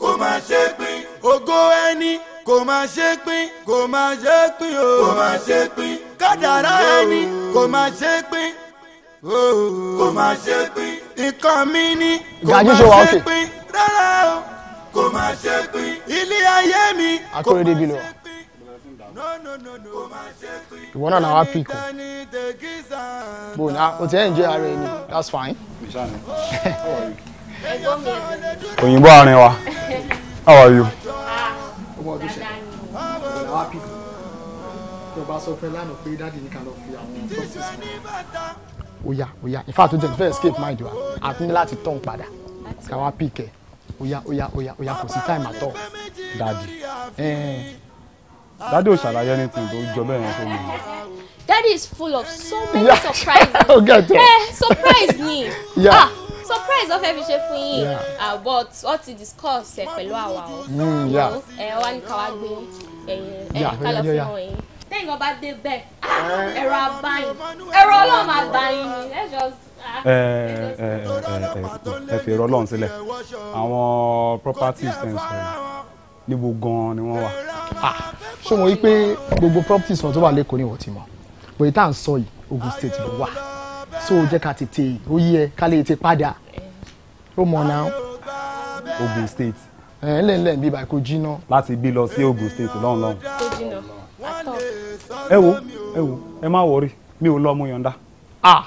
Speaker 5: kò máa ṣe pín ògo ẹni kò máa ṣe pín kò máa ṣe pín o kò máa ṣe pín kádàrá ẹni kò máa ṣe pín kò máa ṣe pín nǹkan mi ni kò máa ṣe pín rárá o kò máa ṣe pín ilé ayé mi
Speaker 6: kò máa ṣe pín ìwọ náà làwọn pìkù bò ní o ti ẹ̀ ń that's fine.
Speaker 1: òyìnbó àárín how
Speaker 6: are you. oya oya in fact o jẹ fẹ escape mind wa a ti ní láti tán padà káwa pìkẹ oya oya oya oya kò sí time at all dadi. Eh dádì ò ṣàlàyé
Speaker 1: anything tó jọ bẹ́ẹ̀ yẹn fún mi.
Speaker 7: daddy is full of so many yeah. surprises. eh, surprise ni. Yeah. Ah, surprise ọfẹ fi ṣe fún yín but ọ ti discuss ẹ pẹ̀lú àwa o. ẹ wá ní káwá gbé ẹyìn kálọ fún ọ yín tẹ́yìn ọba dé bẹ́ẹ̀ ẹ̀rọ abáyìn ẹ̀rọ ọlọ́run abáyìn ni let's just
Speaker 1: ẹ fi ẹ̀rọ ọlọ́run sílẹ̀ àwọn properties
Speaker 6: ten sọ níbo gan-an ni wọ́n wà. Ah, ṣé mo rí i pé gbogbo properties wọn tó wà lẹ́kọ̀ọ́ ni wọ́n ti mọ̀ bóyá tá à ń sọ yìí Ogun State ló wà so jẹ́ ká tètè ó yẹ ká lè tètè padà ó mọ̀ náà. Ogun State. ẹ̀ ẹ́ lẹ́nu lẹ́nu bíi báyìí kò jìnnà. láti
Speaker 1: bí lọ sí Ogun State lọ́hùn lọ́hùn. kò
Speaker 9: jìnnà àtọ̀.
Speaker 1: ẹ wo ẹ wo ẹ má wọrí mi ò lọ ọmọ yọ̀ǹda. ah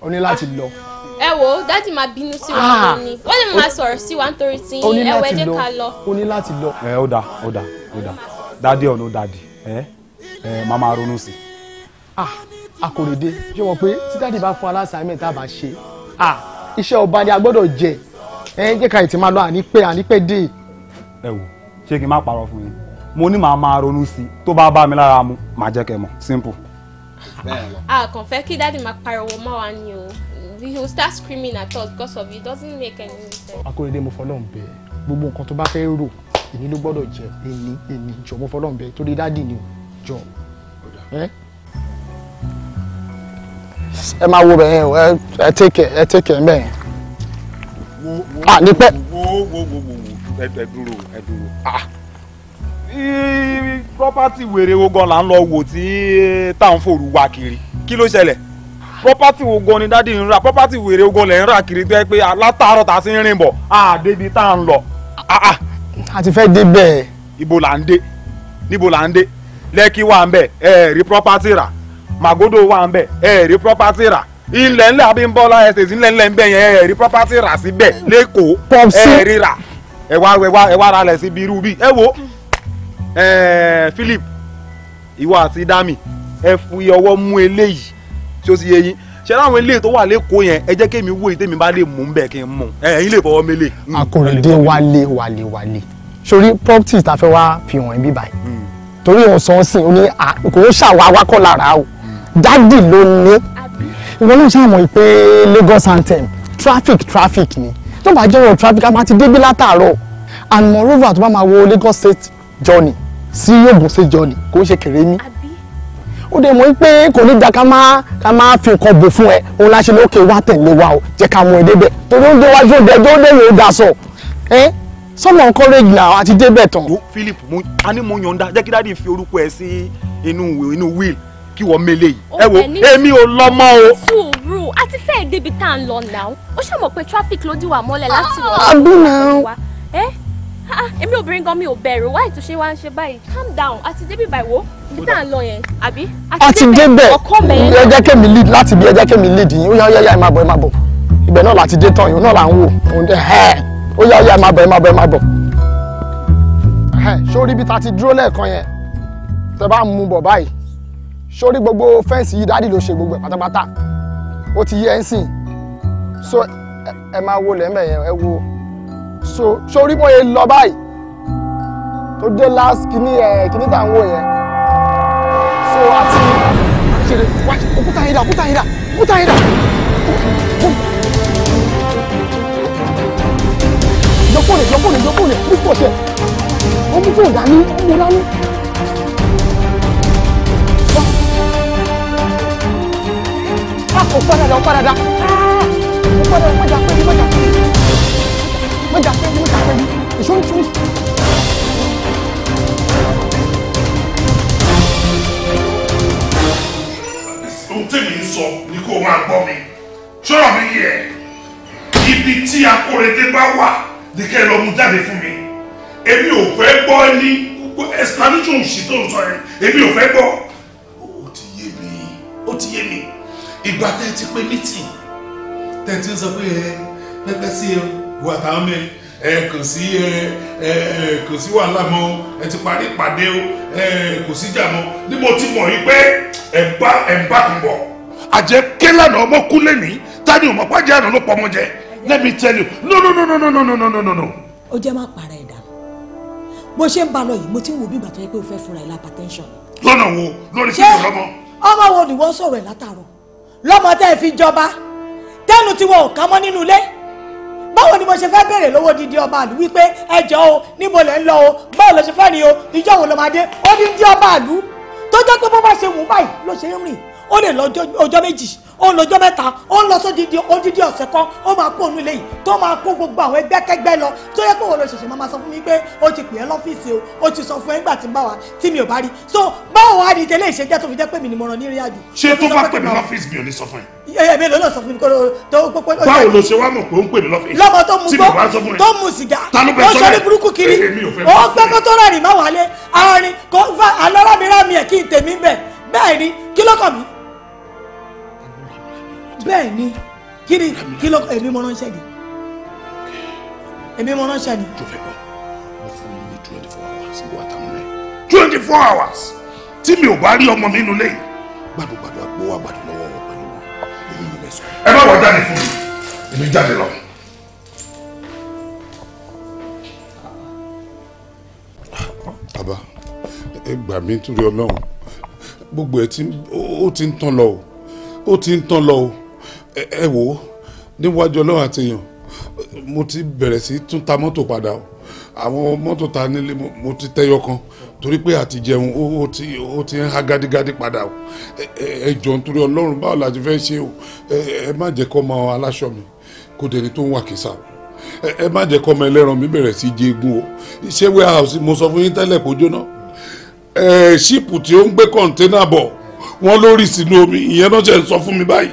Speaker 1: o ní láti lọ
Speaker 7: ẹ wo dáàdì máa bínú sí wa ah. ní wọ́n lè máa sọ̀rọ̀ sí wa nítorí tí ẹ wẹ́ jẹ́ ká lọ.
Speaker 1: o ní láti lọ. ẹ ó dà ó dà ó dà dáàdì ọ̀nà dáàdì ẹ
Speaker 6: ẹ máa ronú sí ah akòrèdé ṣé wọn pé tí dáàdì bá fún aláṣàmì tá a bá ṣe ah iṣẹ́ ọba ni a gbọ́dọ̀ jẹ ẹ jẹ́ ká ìtì máa lọ àní pé àní pé dé. ẹ wo ṣé kí n má parọ́ fún yín mo ní màá máa ronú sí i tó bá bá mi lára
Speaker 1: mu màá jẹ́ kẹ́ mọ̀ simple.
Speaker 7: a kàn fẹ́ kí dáàdì máa pariwo mọ́ wa ni o he will start screaming at us because of it doesn't make any sense.
Speaker 6: akóredé mo fọlọ́n bẹ gbogbo nǹkan tó bá fẹ́ rò èmi ló gbọ́dọ̀ jẹ èmi èmi jọ mo fọlọ́n bẹ torí dáàdì ni jọ. ẹ máa wo bẹ̀ yẹn ẹ tẹ́kẹ̀ ẹ tẹ́kẹ̀ ń bẹ̀ yẹn.
Speaker 1: ah ní pẹ́. wo wo wo wo wo ẹ dúró ẹ dúró. ah property wèrè wo gan la ń lọ wò tí táwọn fòrú kiri kí ló ṣẹlẹ̀. property wo gan ni dadi ń ra property wèrè wo gan kiri tó pe pé ta si a sì a débi tá a ń lọ. Ah, ah. ti fẹ́ dé bẹ́ẹ̀. ibo la ń dé níbo la ń dé wà ń ẹ rí property rà Magodo wà ń bẹ̀ ẹ rí property rà ilẹ̀ ńlẹ̀ Abímbọ́lá estate ńlẹ̀ ńlẹ̀ ń bẹ̀ yẹn ẹ rí property rà síbẹ̀ lẹ́kọ̀ọ́ ẹ rí rà ẹ wá ẹ wá ẹ wá wo Philip ìwọ àti Dami ẹ fi ọwọ́ mú eléyìí tí ó sì yé yín ṣe láwọn ilé tó wà lẹ́kọ̀ọ́ yẹn ẹ jẹ́ kémi wo ìtẹ́mi bá lè mú un bẹ́ẹ̀ kí n mú un ẹ̀yin lè fọwọ́ mélé.
Speaker 6: akọ̀ròdé wálé wálé wálé sórí property tá fẹ́ wá fi hàn ẹ́ báyìí hmm. torí ọ̀sán sìn ó ní kò ó ṣàwá wákọ̀ lára o dádì ló ní ìwọ náà ṣàmọ̀ pé Lagos anthem traffic traffic ni tó bá jọ̀rọ̀ traffic a máa ti débí látàárọ̀ and moreover tó bá máa wo Lagos state journey sí Ògùn state journey kò ń ṣe kèrè ní ó dẹ̀ mọ̀ pé kò ní da ká máa ká máa fi nǹkan bò fún ẹ òun láṣẹ ló kéè wá tẹ̀lé wa o jẹ́ ká mú ẹ débẹ̀ torí ó ń déwájú òde ẹjọ́ ó dẹ̀yìn òdà sọ ẹ sọmọ encourage na àti débẹ̀ tán. yo
Speaker 1: Philip mo a ní mo yọ̀ǹda jẹ́ kí dáàdi fi orúkọ ẹ sí inú inú will kí wọ́n mele yìí ẹ wo èmi ò lọ́mọ o.
Speaker 7: sùúrù a ti fẹ́ẹ̀ débi tá à ń lọ náà ó ṣàmọ̀ pé traffic ló dì wà mọ́lẹ̀ láti wọ́n. àbúrò náà èmi obìnrin gan mi ò bẹ̀rù Why to ṣe wá ń ṣe báyìí calm down àti débi báyìí ibi tá à ń lọ yẹn àbí. àti débẹ̀ ẹ
Speaker 6: jẹ́ kémi lead láti bí ẹ jẹ́ lead yín ó yá ó yá yá ẹ máa bọ̀ ẹ máa bọ̀ ibẹ̀ náà láti dé tán yìí náà là ń wò ó yá ó yá ẹ máa bọ̀ ẹ máa bọ̀ ẹ máa bọ̀. sórí ibi tá a ti dúró lẹ́ẹ̀kan yẹn tẹ bá ń mú bọ̀ báyìí sórí gbogbo fẹ́ǹsì yìí dáàdì ló ṣe gbogbo ẹ̀ pátápátá ó ti yẹ ẹ́ sìn so ẹ máa wo lẹ́mẹ̀ yẹn ẹ wo so sórí bó ṣe lọ báyìí tó dé last kìíní ẹ̀ kìíní tà ń wò yẹn so àti ṣeré wájú òkúta yìí dà òkúta yìí dà òkúta yìí dà. yọkùnrin yọkùnrin yọkùnrin mú fò tẹ ó mú fò dání ó mú dání. ó ah, padà dá ó padà dá ó ah, padà dá ó padà pé 没打飞机，没打飞机，你兄弟兄弟。
Speaker 4: ohun tèmi ń sọ ni kó o máa gbọ́ mi ṣọ́rọ̀ mi yẹ ibi tí akóredé bá wà ní kẹ́ ẹ lọ mú jáde fún mi èmi ò fẹ́ gbọ́ ní explanation ṣì tó ń sọ yẹn èmi ò fẹ́ gbọ́ ó ti yé mi ó ti yé mi ìgbà tẹ́ ẹ ti meeting tẹ́ ẹ ti ń sọ pé ẹ pẹ́pẹ́ wo àtàwọn mẹ ẹ kàn sí ẹ ẹ kàn sí wàhálà mọ́ ẹ ti parí ìpàdé o ẹ kò sí jà mọ́ ni mo ti mọ̀ yín pé ẹ bá ẹ bá mi bọ̀. àjẹ kélànà ọmọ kú lẹ́nìí tani òmò pàjẹ́ àná ló pọ̀ ọmọ jẹ let me tell you no no no no no no no no no no. ó jẹ́ máa para ẹ̀ dà
Speaker 3: bó ṣe ń ba lọ yìí mo ti ń wo bí ìgbà tó yẹ pé o fẹ́ fúnra ẹ̀ hypertension.
Speaker 4: lọ́nà
Speaker 5: wo lórí kí ló lọ́mọ.
Speaker 3: ọmọ wo ni wọ́n sọ̀rọ̀ ẹ̀ látàrọ̀ lọ́mọ tẹ́ ẹ fi jọba tẹ́nu tí wọn ò ká mọ́ nínú ilé báwo ni mo ṣe fẹ́ béèrè lọ́wọ́ dídí ọba àlù wípé ẹjọ́ o níbo lẹ̀ ń lọ o báwo ló ṣe fẹ́ ni o ìjọ́ wo ló máa dé ó ní dídí ọba àlù tó jẹ́ pé bó bá ṣe wù báyìí ló ṣe ń rìn ó lè lọ ọjọ́ méjì ó ń lọ́jọ́ mẹ́ta ó lọ sódìdí odidi ọ̀sẹ̀ kan ó máa kó ònú lẹ́yìn tó máa kó gbogbo àwọn ẹgbẹ́kẹ́gbẹ́ lọ tó yẹ pé òun lè ṣẹ̀ṣẹ̀ máa sọ fún mi pé ó ti pè é lọ́fíìsì o ó ti sọ fún ẹ nígbà tí ń bá wa tí mi ò bá rí so báwo wá ni tẹ́lẹ̀ ìṣe jẹ́ tó fi jẹ́ pé mi ni mo ràn ní ìrìn àjò. ṣé tó bá pè mí lọ́fíìsì mi ò ní sọ fún ẹ. ẹ mi ló lọ sọ fún mi kó
Speaker 5: tó pé. báwo ló ṣe wá mọ̀ pé ó ń pè mí lọ́fíìsì. lọ́mọ tó mu gbó tó mu sìgá ó sọ ní
Speaker 3: burúkú kiri
Speaker 4: ó
Speaker 5: gbẹ́ kó tó rẹ̀ rìn má wálé àárín kó alọ́rọ̀ mi rà mí ẹ̀ kí n
Speaker 3: tèmi bẹ̀ bẹ́ẹ̀ ni kí ló kàn mí bẹ́ẹ̀ ni kí ni kí ló èmi mọ ránṣẹ́ ni èmi mọ ránṣẹ́ ni.
Speaker 4: twenty four hours ìwọ àtàwọn rẹ̀ twenty four hours tí mi ò bá rí ọmọ mi nulẹ̀ yìí gbàdúgbàdú àgbo àgbàdo lọ́wọ́ wọn pẹ̀lú èyí ni mẹ́sàn. ẹ bá wọ jáde fún mi èmi jáde lọ. bàbá ẹ gbà mí nítorí ọlọ́run gbogbo ẹ ti ń tán lọ o ó ti ń tán lọ o ẹ wò ó níwájú ọlọ́run àti èèyàn mo ti bẹ̀rẹ̀ sí tún ta mọ́tò padà o àwọn mọ́tò ta nílé mo ti tẹ́yọ kan torí pé àti jẹun ó ti ó ti ń há gádígádí padà o ẹ jọ nítorí ọlọ́run báwo la ti fẹ́ ṣe o ẹ má jẹ́ kó máa aláṣọ mi kó dẹni tó ń wà kìsà o ẹ má jẹ́ kó ọmọ ẹlẹ́ran mi bẹ̀rẹ̀ sí jẹ́gun o ṣé warehouse mo sọ fún yín tẹ́lẹ̀ kó jóná ṣíìpù tí ó ń gbé kọ̀ǹténà bọ̀ wọ́n lórí sínú omi ìyẹn náà ṣe ń sọ fún mi báyìí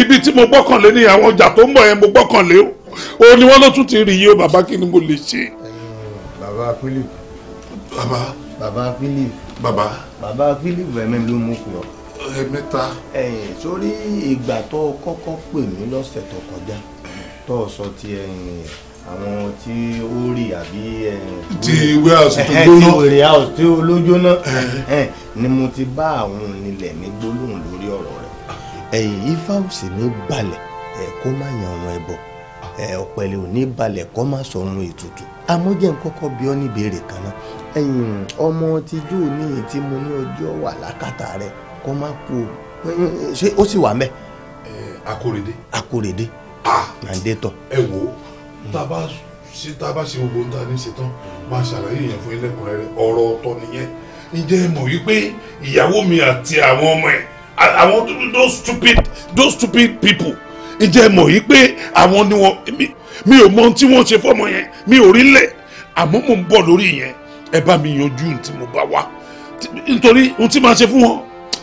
Speaker 4: ibi tí mo gbọ́kànlé ní àwọn ọjà tó ń bọ̀ yẹn mo gbọ́kànlé o òun ni wọ́n ló tún ti rí yìí bàbá kí ni mo lè ṣe.
Speaker 2: bàbá philip. bàbá. bàbá philip. bàbá. bàbá philip ẹ̀mí ló mú kú ọ. ẹ̀mẹ́ta. ẹ̀yìn sórí ìgbà tó kọ́kọ́ pè mí lọ́sẹ̀ tó kọjá tó sọ ti ẹ̀yìn àwọn tí ó rí àbí ti warehouse tó gbóná ti warehouse tó lójóná ni mo ti bá àwọn onílẹ̀ ní gbólóhùn lórí ọ̀rọ̀ rẹ̀ ẹ̀yìn ifá ò sì ní balẹ̀ ẹ̀ kó má yan ọmọ ẹbọ ẹ̀ ọ̀pẹ̀lẹ̀ ò ní balẹ̀ kó má sọ ohun ètùtù àmọ́ jẹ́ n kọ́kọ́ bí ọ́ níbèrè kan náà ẹ̀yìn ọmọ tíjú ní tí mo ní ọjọ́ wà lákàtà rẹ kó má kú o ṣé ó sì wà mẹ́. akórèdé. akórèdé. nàndétọ. ẹ wo tá a bá ṣe tá a bá ṣe gbogbo tá a
Speaker 4: ní ṣe tán máa ṣàlàyé yẹn fún ilẹ̀kùnrin rẹ ọ̀rọ̀ ọ̀tọ̀ nìyẹn ǹjẹ́ mọ̀ wípé ìyàwó mi àti àwọn ọmọ ẹ̀ àwọn those stupid those stupid people ǹjẹ́ mọ̀ yìí pé àwọn ni wọ́n mi ò mọ ohun tí wọ́n ṣe fọ́mọ yẹn mi ò rí lẹ̀ àmọ́ mò ń bọ̀ lórí yẹn ẹ bá mi yanjú ohun tí mo bá wá nítorí ohun tí màá
Speaker 2: ṣe fún wọn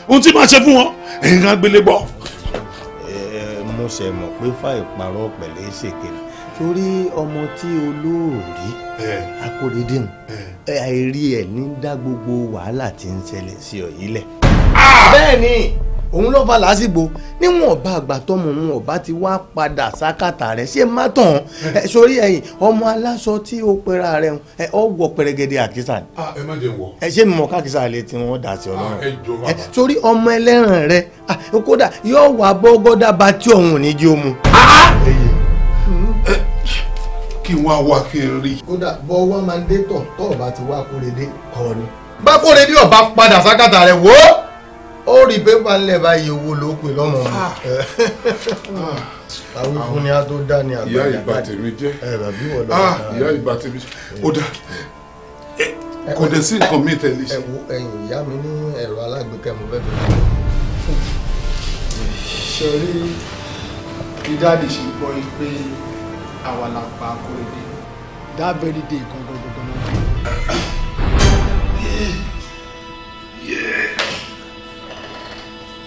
Speaker 2: ohun tí màá ṣe fún wọn
Speaker 4: ẹ̀yin kan gbélé bọ́.
Speaker 2: ẹ mo ṣe mọ̀ pé fáì parọ́ pẹ̀lẹ́ ṣèkèrè torí ọmọ tí olóòrí akóredéhùn àìrí ẹ̀ ní dá gbogbo wàhálà tí ń ṣẹlẹ̀ sí ọ lẹ̀ bẹ́ẹ̀ ni òun lọ́ba lásìgbò níwọ̀n ọba àgbà tọmọ òun ọba ti wá padà sákàtà rẹ̀ ṣé má tàn ẹ sórí ẹ̀yìn ọmọ aláṣọ tí ó pera rẹ̀ ẹ ọ wọ pẹrẹgẹdẹ àkísà ni.
Speaker 4: Ah, ẹ má jẹ wọ.
Speaker 2: ẹ ṣé mi mọ kákísà lè tí wọn dà sí Ọlọ́run ah, ẹ sórí ọmọ ẹlẹ́ràn rẹ̀ ah, kódà yóò wà bọ́gọ́dá bá tí òun ò ní jí ó mu. kí n wá wá kí n rí. kódà bọ́ wá máa ń dé tọ̀ tọ́ ọba ti wá kórede kọ́ ni. bá kórede ọba padà sákàtà rẹ̀ wò ó rí pépà ńlẹ̀ báyìí owó ló pè lọ́mọ mi ah. ah. àwọn ìfún ni a tó dá ní àgbàdo ìyá ìbá tèmi jẹ́ eh, ah, ìyá ìbá tèmi jẹ́ ó dá eh,
Speaker 4: kò dé sí nǹkan mi tẹ̀lé sí. Eh,
Speaker 2: ẹ̀yin ìyá mi ní ẹ̀rọ
Speaker 6: alágbèéká mo fẹ́ bẹ̀rẹ̀. sọ̀rí bí ṣe gbọ́ yín pé àwa la pa akóredé that very day gangan gangan Yeah, yeah.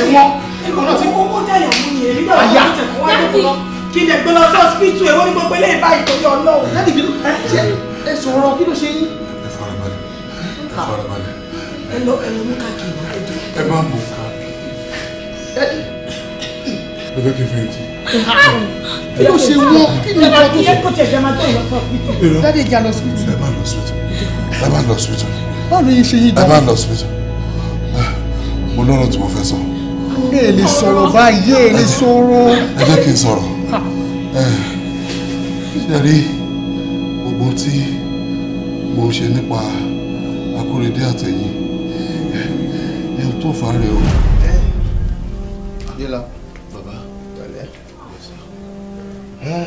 Speaker 3: ṣe wọ́n. ẹ̀kọ́ náà ti kó kó dá ìyàwó ni èmi náà wọ́n ti tẹ̀kọ́ wá lóko lọ kí lè gbé lọ sí ọsibítù èwo ni gbogbo eléyìí
Speaker 6: báyìí torí ọlọ́run. láti fi ẹ sọ̀rọ̀ kí ló ṣe yín. ẹ farabalẹ̀ ẹ farabalẹ̀. ẹ lọ
Speaker 3: ẹ lọ mú káàkiri ìwà tó dé. ẹ má mú káàkiri
Speaker 4: ẹgbẹ́ kí n fẹ́ẹ́ tí.
Speaker 6: kí ló ṣe wọ́n kí ló wọ́n tó ṣe. ẹ kò tẹ̀ jẹ́ máa tó lọ sọ́ọ̀tù. dáadé ìjà lọ sọ́ọ̀tù. ẹ máa lọ sọ́ọ̀tù
Speaker 4: ẹ máa lọ sọ́ọ̀tù. báwo ló yẹ ṣe yín dáa. ẹ máa lọ sọ́ọ̀tù. Ah, mo lọ́rọ̀ tí mo fẹ́ sọ
Speaker 6: ẹ lè sọ̀rọ̀ báyìí ẹ lè sọ̀rọ̀. ẹ jẹ́ kí n
Speaker 4: sọ̀rọ̀ ṣe rí gbogbo tí mo ṣe nípa akóredé àtẹ̀yìn
Speaker 2: ẹ tó fà á rẹ̀ o. yíla bàbá balẹ̀ ẹ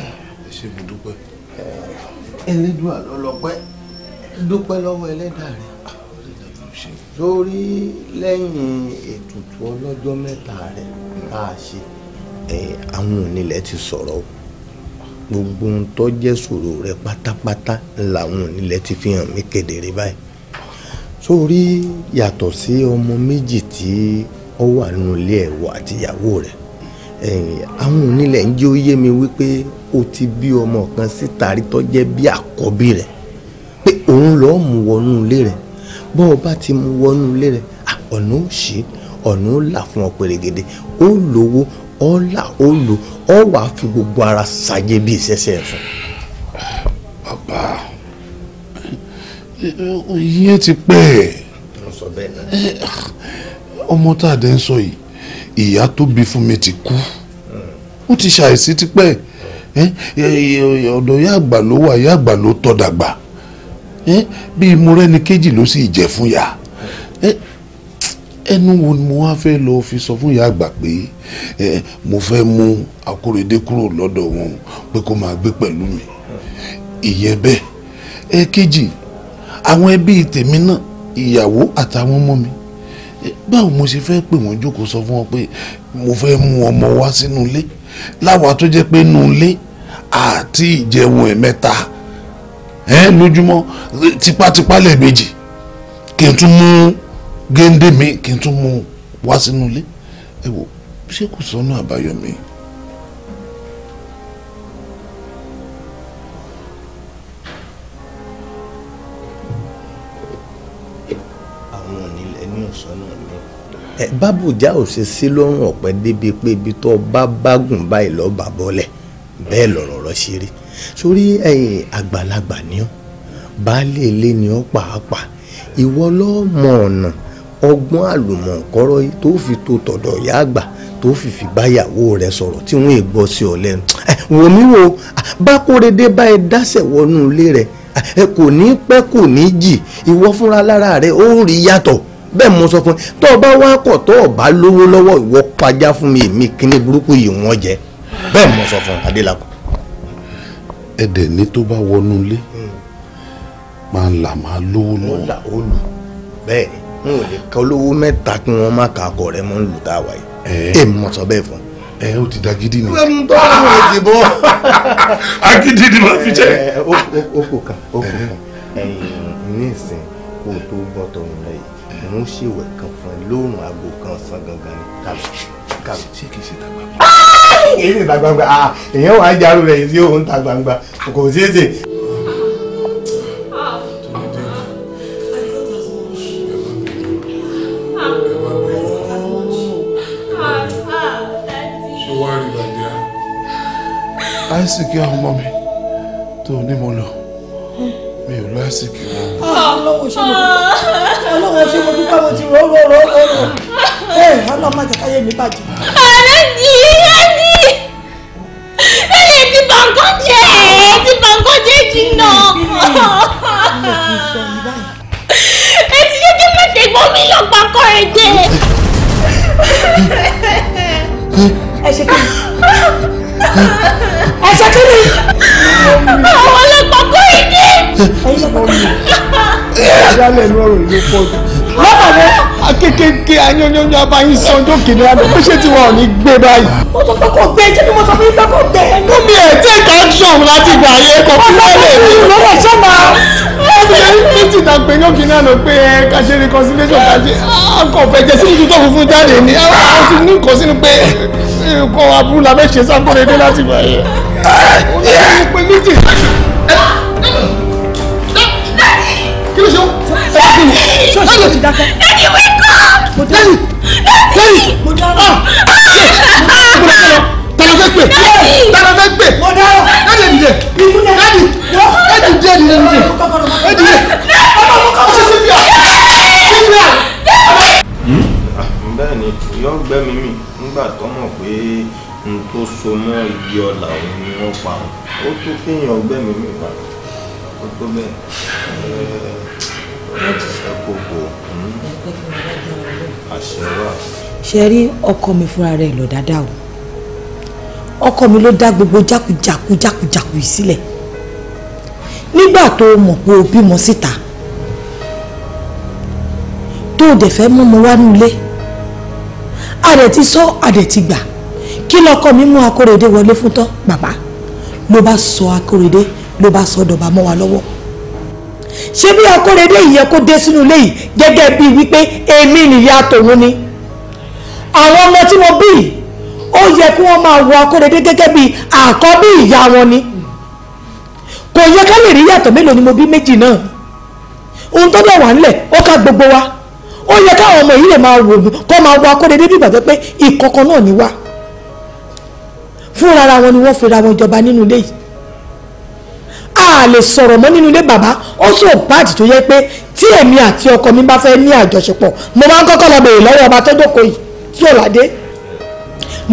Speaker 2: ṣe mo dúpẹ́. ẹlẹ́dùn àlọ́ lọ́pẹ́ dúpẹ́ lọ́wọ́ ẹlẹ́dàá rẹ̀ sórí lẹ́yìn ètùtù ọlọ́jọ́ mẹ́ta rẹ̀ tá a ṣe àwọn onílẹ̀ ti sọ̀rọ̀ gbogbo ohun tó jẹ́ ṣòro rẹ̀ pátápátá làwọn onílẹ̀ ti fi hàn mí kedere báyìí sórí yàtọ̀ sí ọmọ méjì tí ó wà nínú ilé ẹ̀wọ̀ àtìyàwó rẹ̀ àwọn onílẹ̀ ń jẹ́ ó mi wípé ó ti bí ọmọ kan síta rí tó jẹ́ bí àkọ́bí rẹ̀ pé òun lọ́ọ́ mú wọnú ilé rẹ̀ bọ́ ọ bá ti mú wọnú ilé rẹ̀ ọ̀nà ó ṣe ọ̀nà ó là fún ọ pèrègèdè ó lówó ó là ó lò ó wà á fi gbogbo ara ṣàyè bí ìṣẹ́ṣẹ́ ẹ̀fọ́. bàbá iye ti pẹ́ ẹ̀
Speaker 9: eh,
Speaker 4: ọmọ tá a dẹ́ ń sọ yìí ìyá tó bí fún mi ti kú ó ti ṣàìsí tipẹ́ eh, eh, ọ̀dọ̀ ìyá ló wà ìyá ló tọ́ dàgbà bí mo rẹ́ni kejì ló sì jẹ́ fún yà ẹnu wo ni mo wá fẹ́ lọ fi sọ fún ìyá àgbà pé mo fẹ́ mú akóredé kúrò lọ́dọ̀ wọn pé kó máa gbé pẹ̀lú mi ìyẹn bẹ́ẹ̀ ẹ kejì àwọn ẹbí tèmi náà ìyàwó àtàwọn ọmọ mi báwo mo ṣe fẹ́ pè wọ́n jókòó sọ fún wọn pé mo fẹ́ mú ọmọ wá sínú ilé láwa tó jẹ́ pé nínú ilé àti ìjẹun ẹ̀mẹ́ta. E ẹ lójúmọ́ tipátipá lẹ́ẹ̀mejì kí n tún mú géńdé mi kí n tún mú wá sínú ilé ẹ wò ṣé kò sọnù àbáyọ mi.
Speaker 2: àwọn onílẹ̀ ní ọ̀sán náà ni. ẹ bábùjá ò ṣe sí lọ́rùn ọ̀pẹ débi pé ibi tó bá bágùn báyìí lọ́ọ́ bà bẹ́ẹ̀ lọ̀rọ̀ ṣe rí sórí ẹ̀yìn àgbàlagbà ni ọ́ baálé ilé ni ọ́ pàápàá ìwọ lọ́ọ́ mọ ọ̀nà ọgbọ́n àlùmọ̀ọ́kọ́rọ́ tó fi tó tọ̀dọ̀ ìyá àgbà tó fìfì báyàwó rẹ sọ̀rọ̀ tí wọ́n ègbọ́ sí ọ lẹ́nu wò mí wo bákórede bá ẹ dáṣẹ̀ wọnú ilé rẹ ẹ kò ní pẹ́ kò ní jì ìwọ fúnra lára rẹ ó rí yàtọ̀ bẹ́ẹ̀ mo sọ fún ẹ tó o bá wá kọ̀ tó o bá lówó lọ́wọ́ ìwọ pajá fún mi èmi kíní burúkú yìí wọ́n jẹ bẹ́ẹ̀ mo sọ fún Adélakùn ẹ̀dẹ̀ ní tó bá wọnú ilé
Speaker 4: hmm. máa là máa lówó lọ́wọ́. ó là ó lù
Speaker 2: bẹ́ẹ̀ ni n ò lè ka olówó mẹ́ta kí wọ́n má ka akọ rẹ mọ́ ń lù tá a wà yìí èmi sọ bẹ́ẹ̀ fún. ẹ ó ti dagidi ni. ṣé mo tọ́ àwọn èdè bọ́. agidi ni màá fi jẹ. ó kò kà ó kò kà ní ìsìn kó o tó gbọ́ tọ̀hún rẹ yìí mo ń ṣèwẹ̀ kan fún ẹ lóòrùn aago kan san gangan ni kàbí kàbí ṣé kìí ṣe tàgbà èyí níta gbangba ah, èèyàn wà á jarú rẹ̀ sí òun ta gbangba kò ṣeé ṣe.
Speaker 4: àìsìkì àwọn ọmọ mi tó ní mo lọ mi ò láìsìkì
Speaker 9: wọn. ọlọ́wọ́ ṣe mo dúpẹ́ ọlọ́wọ́ ṣe mo dúpẹ́ mo ti
Speaker 3: rò ó rò ó rò ó rò ó ọlọ́wọ́ má jẹ́ káyé mi bàjẹ́. ọ̀rẹ́ mi
Speaker 9: bàǹkọ́jẹ́ ẹ̀ ti bàǹkọ́jẹ́
Speaker 10: jìnnà.
Speaker 7: ẹ ti yé kí mẹ́tẹ̀ mi lọ
Speaker 10: pàkọ́ ẹ jẹ. ẹ ṣe kí ni ẹ ṣe kí ni. àwọn ọlọ́pàá kọ́ ẹ
Speaker 5: jẹ. ẹ ṣe kí ni.
Speaker 6: ìyá lẹ́nu ọ̀rọ̀ yìí ló pọ̀ jù látàlẹ́ akékèké ah, ayányányá ah, bá yín sí ọjọ́ kìíní àná pé ṣé tí wọn ò ní gbé báyìí. mo sọ pé kò gbé ṣé ni mo sọ fún yín pé kò gbé. mú mi ẹ̀ take action láti gbà yé kọ fún wọlé mi. ọ̀sán mi ṣe máa. mi ti ta pé yóò kìíní àná pé ẹ ká ṣe reconciliation ká ṣe akọ̀fẹ́ ah, jẹ sí ìtútọ́ funfun jáde ni a ti ní nǹkan sínú pé nǹkan eh, abúlé abẹ́ṣe sákòrèdé láti gbà yẹ.
Speaker 9: ó ní pé méjì
Speaker 3: Daddy! Daddy! Daddy, wake
Speaker 5: up! Mo dáhùn. Daddy! Mo dáhùn. Ah! Mo dáhùn. Tala fẹ́ pè. Tala fẹ́ pè. Mo dáhùn. Daddy dìde. Daddy. Daddy dìde dìde dìde. Daddy dìde. Ọmọ mo kọ́ fún Sylvia.
Speaker 2: Sylvia. Hmm? Ah, bẹ́ẹ̀ ni yóò gbẹ́ mi mì nígbà tó mọ̀ pé n tó so mọ́ igi ọ̀la òun ni wọ́n pa ó tó kéèyàn ọgbẹ́ mi mì wá ó tó bẹ́ẹ̀ méjì. ẹ kò bò àṣẹ wà.
Speaker 3: ṣe rí ọkọ mi fúnra rẹ̀ lọ dáadáa o ọkọ mi ló dá gbogbo jákujàku jákujàku yìí sílẹ̀ nígbà tó mọ̀ pé o bímọ síta tó o dẹ̀ fẹ́ mú mi wá nílé a dẹ̀ ti sọ a dẹ̀ ti gbà kí lọkọ mi mú akóredé wọlé fún tán bàbá ló bá sọ akóredé ló bá sọ dọ̀bà mọ́ wa lọ́wọ́ ṣé bí akóredé yìí yẹ kó dé sínú ilé yìí gẹ́gẹ́ bíi wípé èmi nìyá tòun ni àwọn ọmọ tí mo bí ó yẹ kí wọ́n máa wo akóredé gẹ́gẹ́ bíi àkọ́bí ìyá wọn ni kò yẹ ká lè rí yàtọ̀ mélòó ni mo bí méjì náà ohun tó dẹ̀ wà ńlẹ̀ ó ká gbogbo wa ó yẹ káwọn ọmọ yìí lè máa wò mí kó máa wo akóredé bí ìgbàgbọ́ pé ìkọ̀kan náà ni wá fúnra wọn ni wọ́n fira wọn jọba nínú ilé yìí a lè sọ̀rọ̀ mọ́ nínú ilé bàbá ó sì ò páàtì tó yẹ pé tí èmi àti ọkọ mi bá fẹ́ ní àjọṣepọ̀ mo máa ń kọ́kọ́ lọ bèrè lọ́wọ́ ọba tó dóko yìí tí ò ládé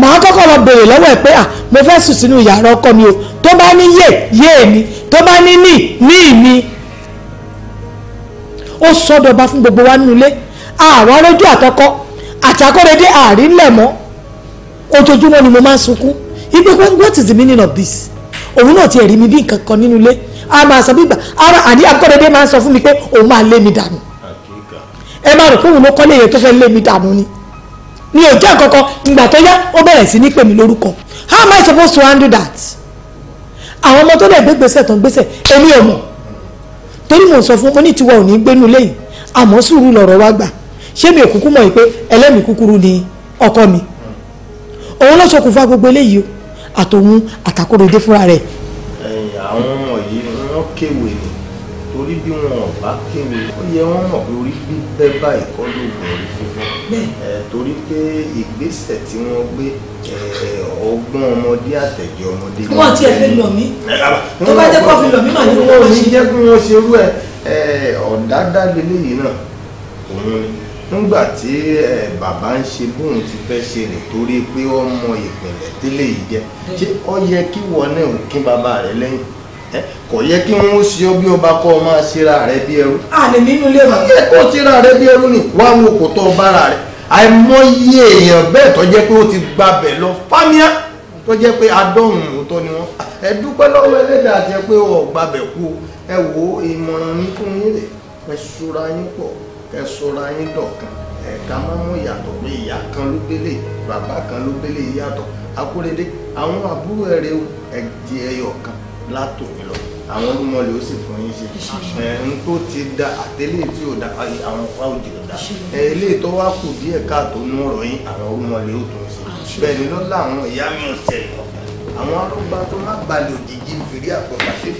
Speaker 3: màá kọ́kọ́ lọ bèrè lọ́wọ́ ẹ̀ pé à mo fẹ́ sùn sínú yàrá ọkọ mi o tó bá ní yé yé mi tó bá ní ní ní mi ó sọ́dọ̀ba fún gbogbo wa nínú ilé àwa rójú àtọkọ àtàkọ́rẹ́dé àárín ojoojúmọ́ ni mo máa ń sunkún ibi what is the meaning of this òun náà ti ẹ̀rí mi bí nǹkan nínú ilé a máa sọ bígbà ara àní àkọ́dédé máa ń sọ fún mi pé òun máa lé mi dànù ẹ máa rò pé òun ló kọ́ léyìn tó fẹ́ lé mi dànù ni mi ò jẹ́ kankan ìgbà tó yá ó bẹ̀rẹ̀ sí ní pè how am I supposed to handle that àwọn ọmọ tó dẹ̀ gbé gbèsè tán gbèsè èmi ò mọ̀ torí sọ fún mo ní tiwọn léyìn àmọ́ sùúrù lọ̀rọ̀ wá gbà mi ò kúkú mọ̀ pé ẹlẹ́mìí kúkúrú ni ọkọ mi òun gbogbo eléyìí o àtòun àtàkóredé fúnra rẹ̀.
Speaker 2: àwọn ọmọ yìí wọ́n kéwèé ni torí bí wọn ò bá kéwèé ó yẹ wọ́n mọ̀ pé orí bíbẹ́ báyìí kọ́ ló gùn orí fífọ́ torí pé ìgbésẹ̀ tí wọ́n gbé ọgbọ́n ọmọdé àtẹ̀jẹ́ ọmọdé. wọ́n ti ẹ̀ fi lọ̀ mí tó bá jẹ́ kó fi lọ̀ mí mà ní wọ́n ò ní jẹ́ kí wọ́n ṣerú ẹ̀ ọ̀dádá lélẹ́yìí náà òun ni nígbà tí bàbá ń ṣe bóun ti fẹ́ ṣe rè torí pé ó mọ ìpìlẹ̀ tẹ́lẹ̀ yìí jẹ́ hmm. ṣé ó yẹ kí wọ́n náà ò kí bàbá rẹ lẹ́yìn kò yẹ kí wọ́n ṣe ọ bí ọba kọ́ ọ máa ṣera rẹ bí ẹrú. àlè nínú ilé rẹ. ẹ kó ṣera rẹ bí ẹrú ni wá wo kò tọ́ bára rẹ àìmọye èèyàn bẹ́ẹ̀ tó jẹ́ pé ó ti gbabẹ̀ lọ fámíà tó jẹ́ pé adọ́hùn òótọ́ ni wọ́n ẹ dúpẹ́ lọ́wọ́ ẹlẹ́dàá jẹ́ pé ọ̀ ẹ wo ìmọ̀ràn ní fún yín rè ẹ ṣúra yín pọ̀ ẹ sọra yín dọ̀kan ẹ̀ka máa mú pé ìyá kan ló gbélé bàbá kan ló gbélé ìyàtọ̀ akúrédé àwọn àbúrò ẹ̀rẹ́ ẹ̀jẹ̀ ẹyọ kan látòmí lọ àwọn olúmọlẹ̀ ó sì fún yín ṣe ẹ̀hún tó ti da àtẹ́lẹ̀ tí ò da àwọn fáwọ̀dì ò da eléyìí tó wá kù díẹ̀ káàtó nú ọ̀rọ̀ yín àwọn olúmọlẹ̀ ó tún ṣe bẹ́ẹ̀ ni lọ́la àwọn ìyá mi ọ̀sẹ̀ àwọn arúgbó tó má balẹ̀ òjijì fìrí àpọ̀tà ṣe.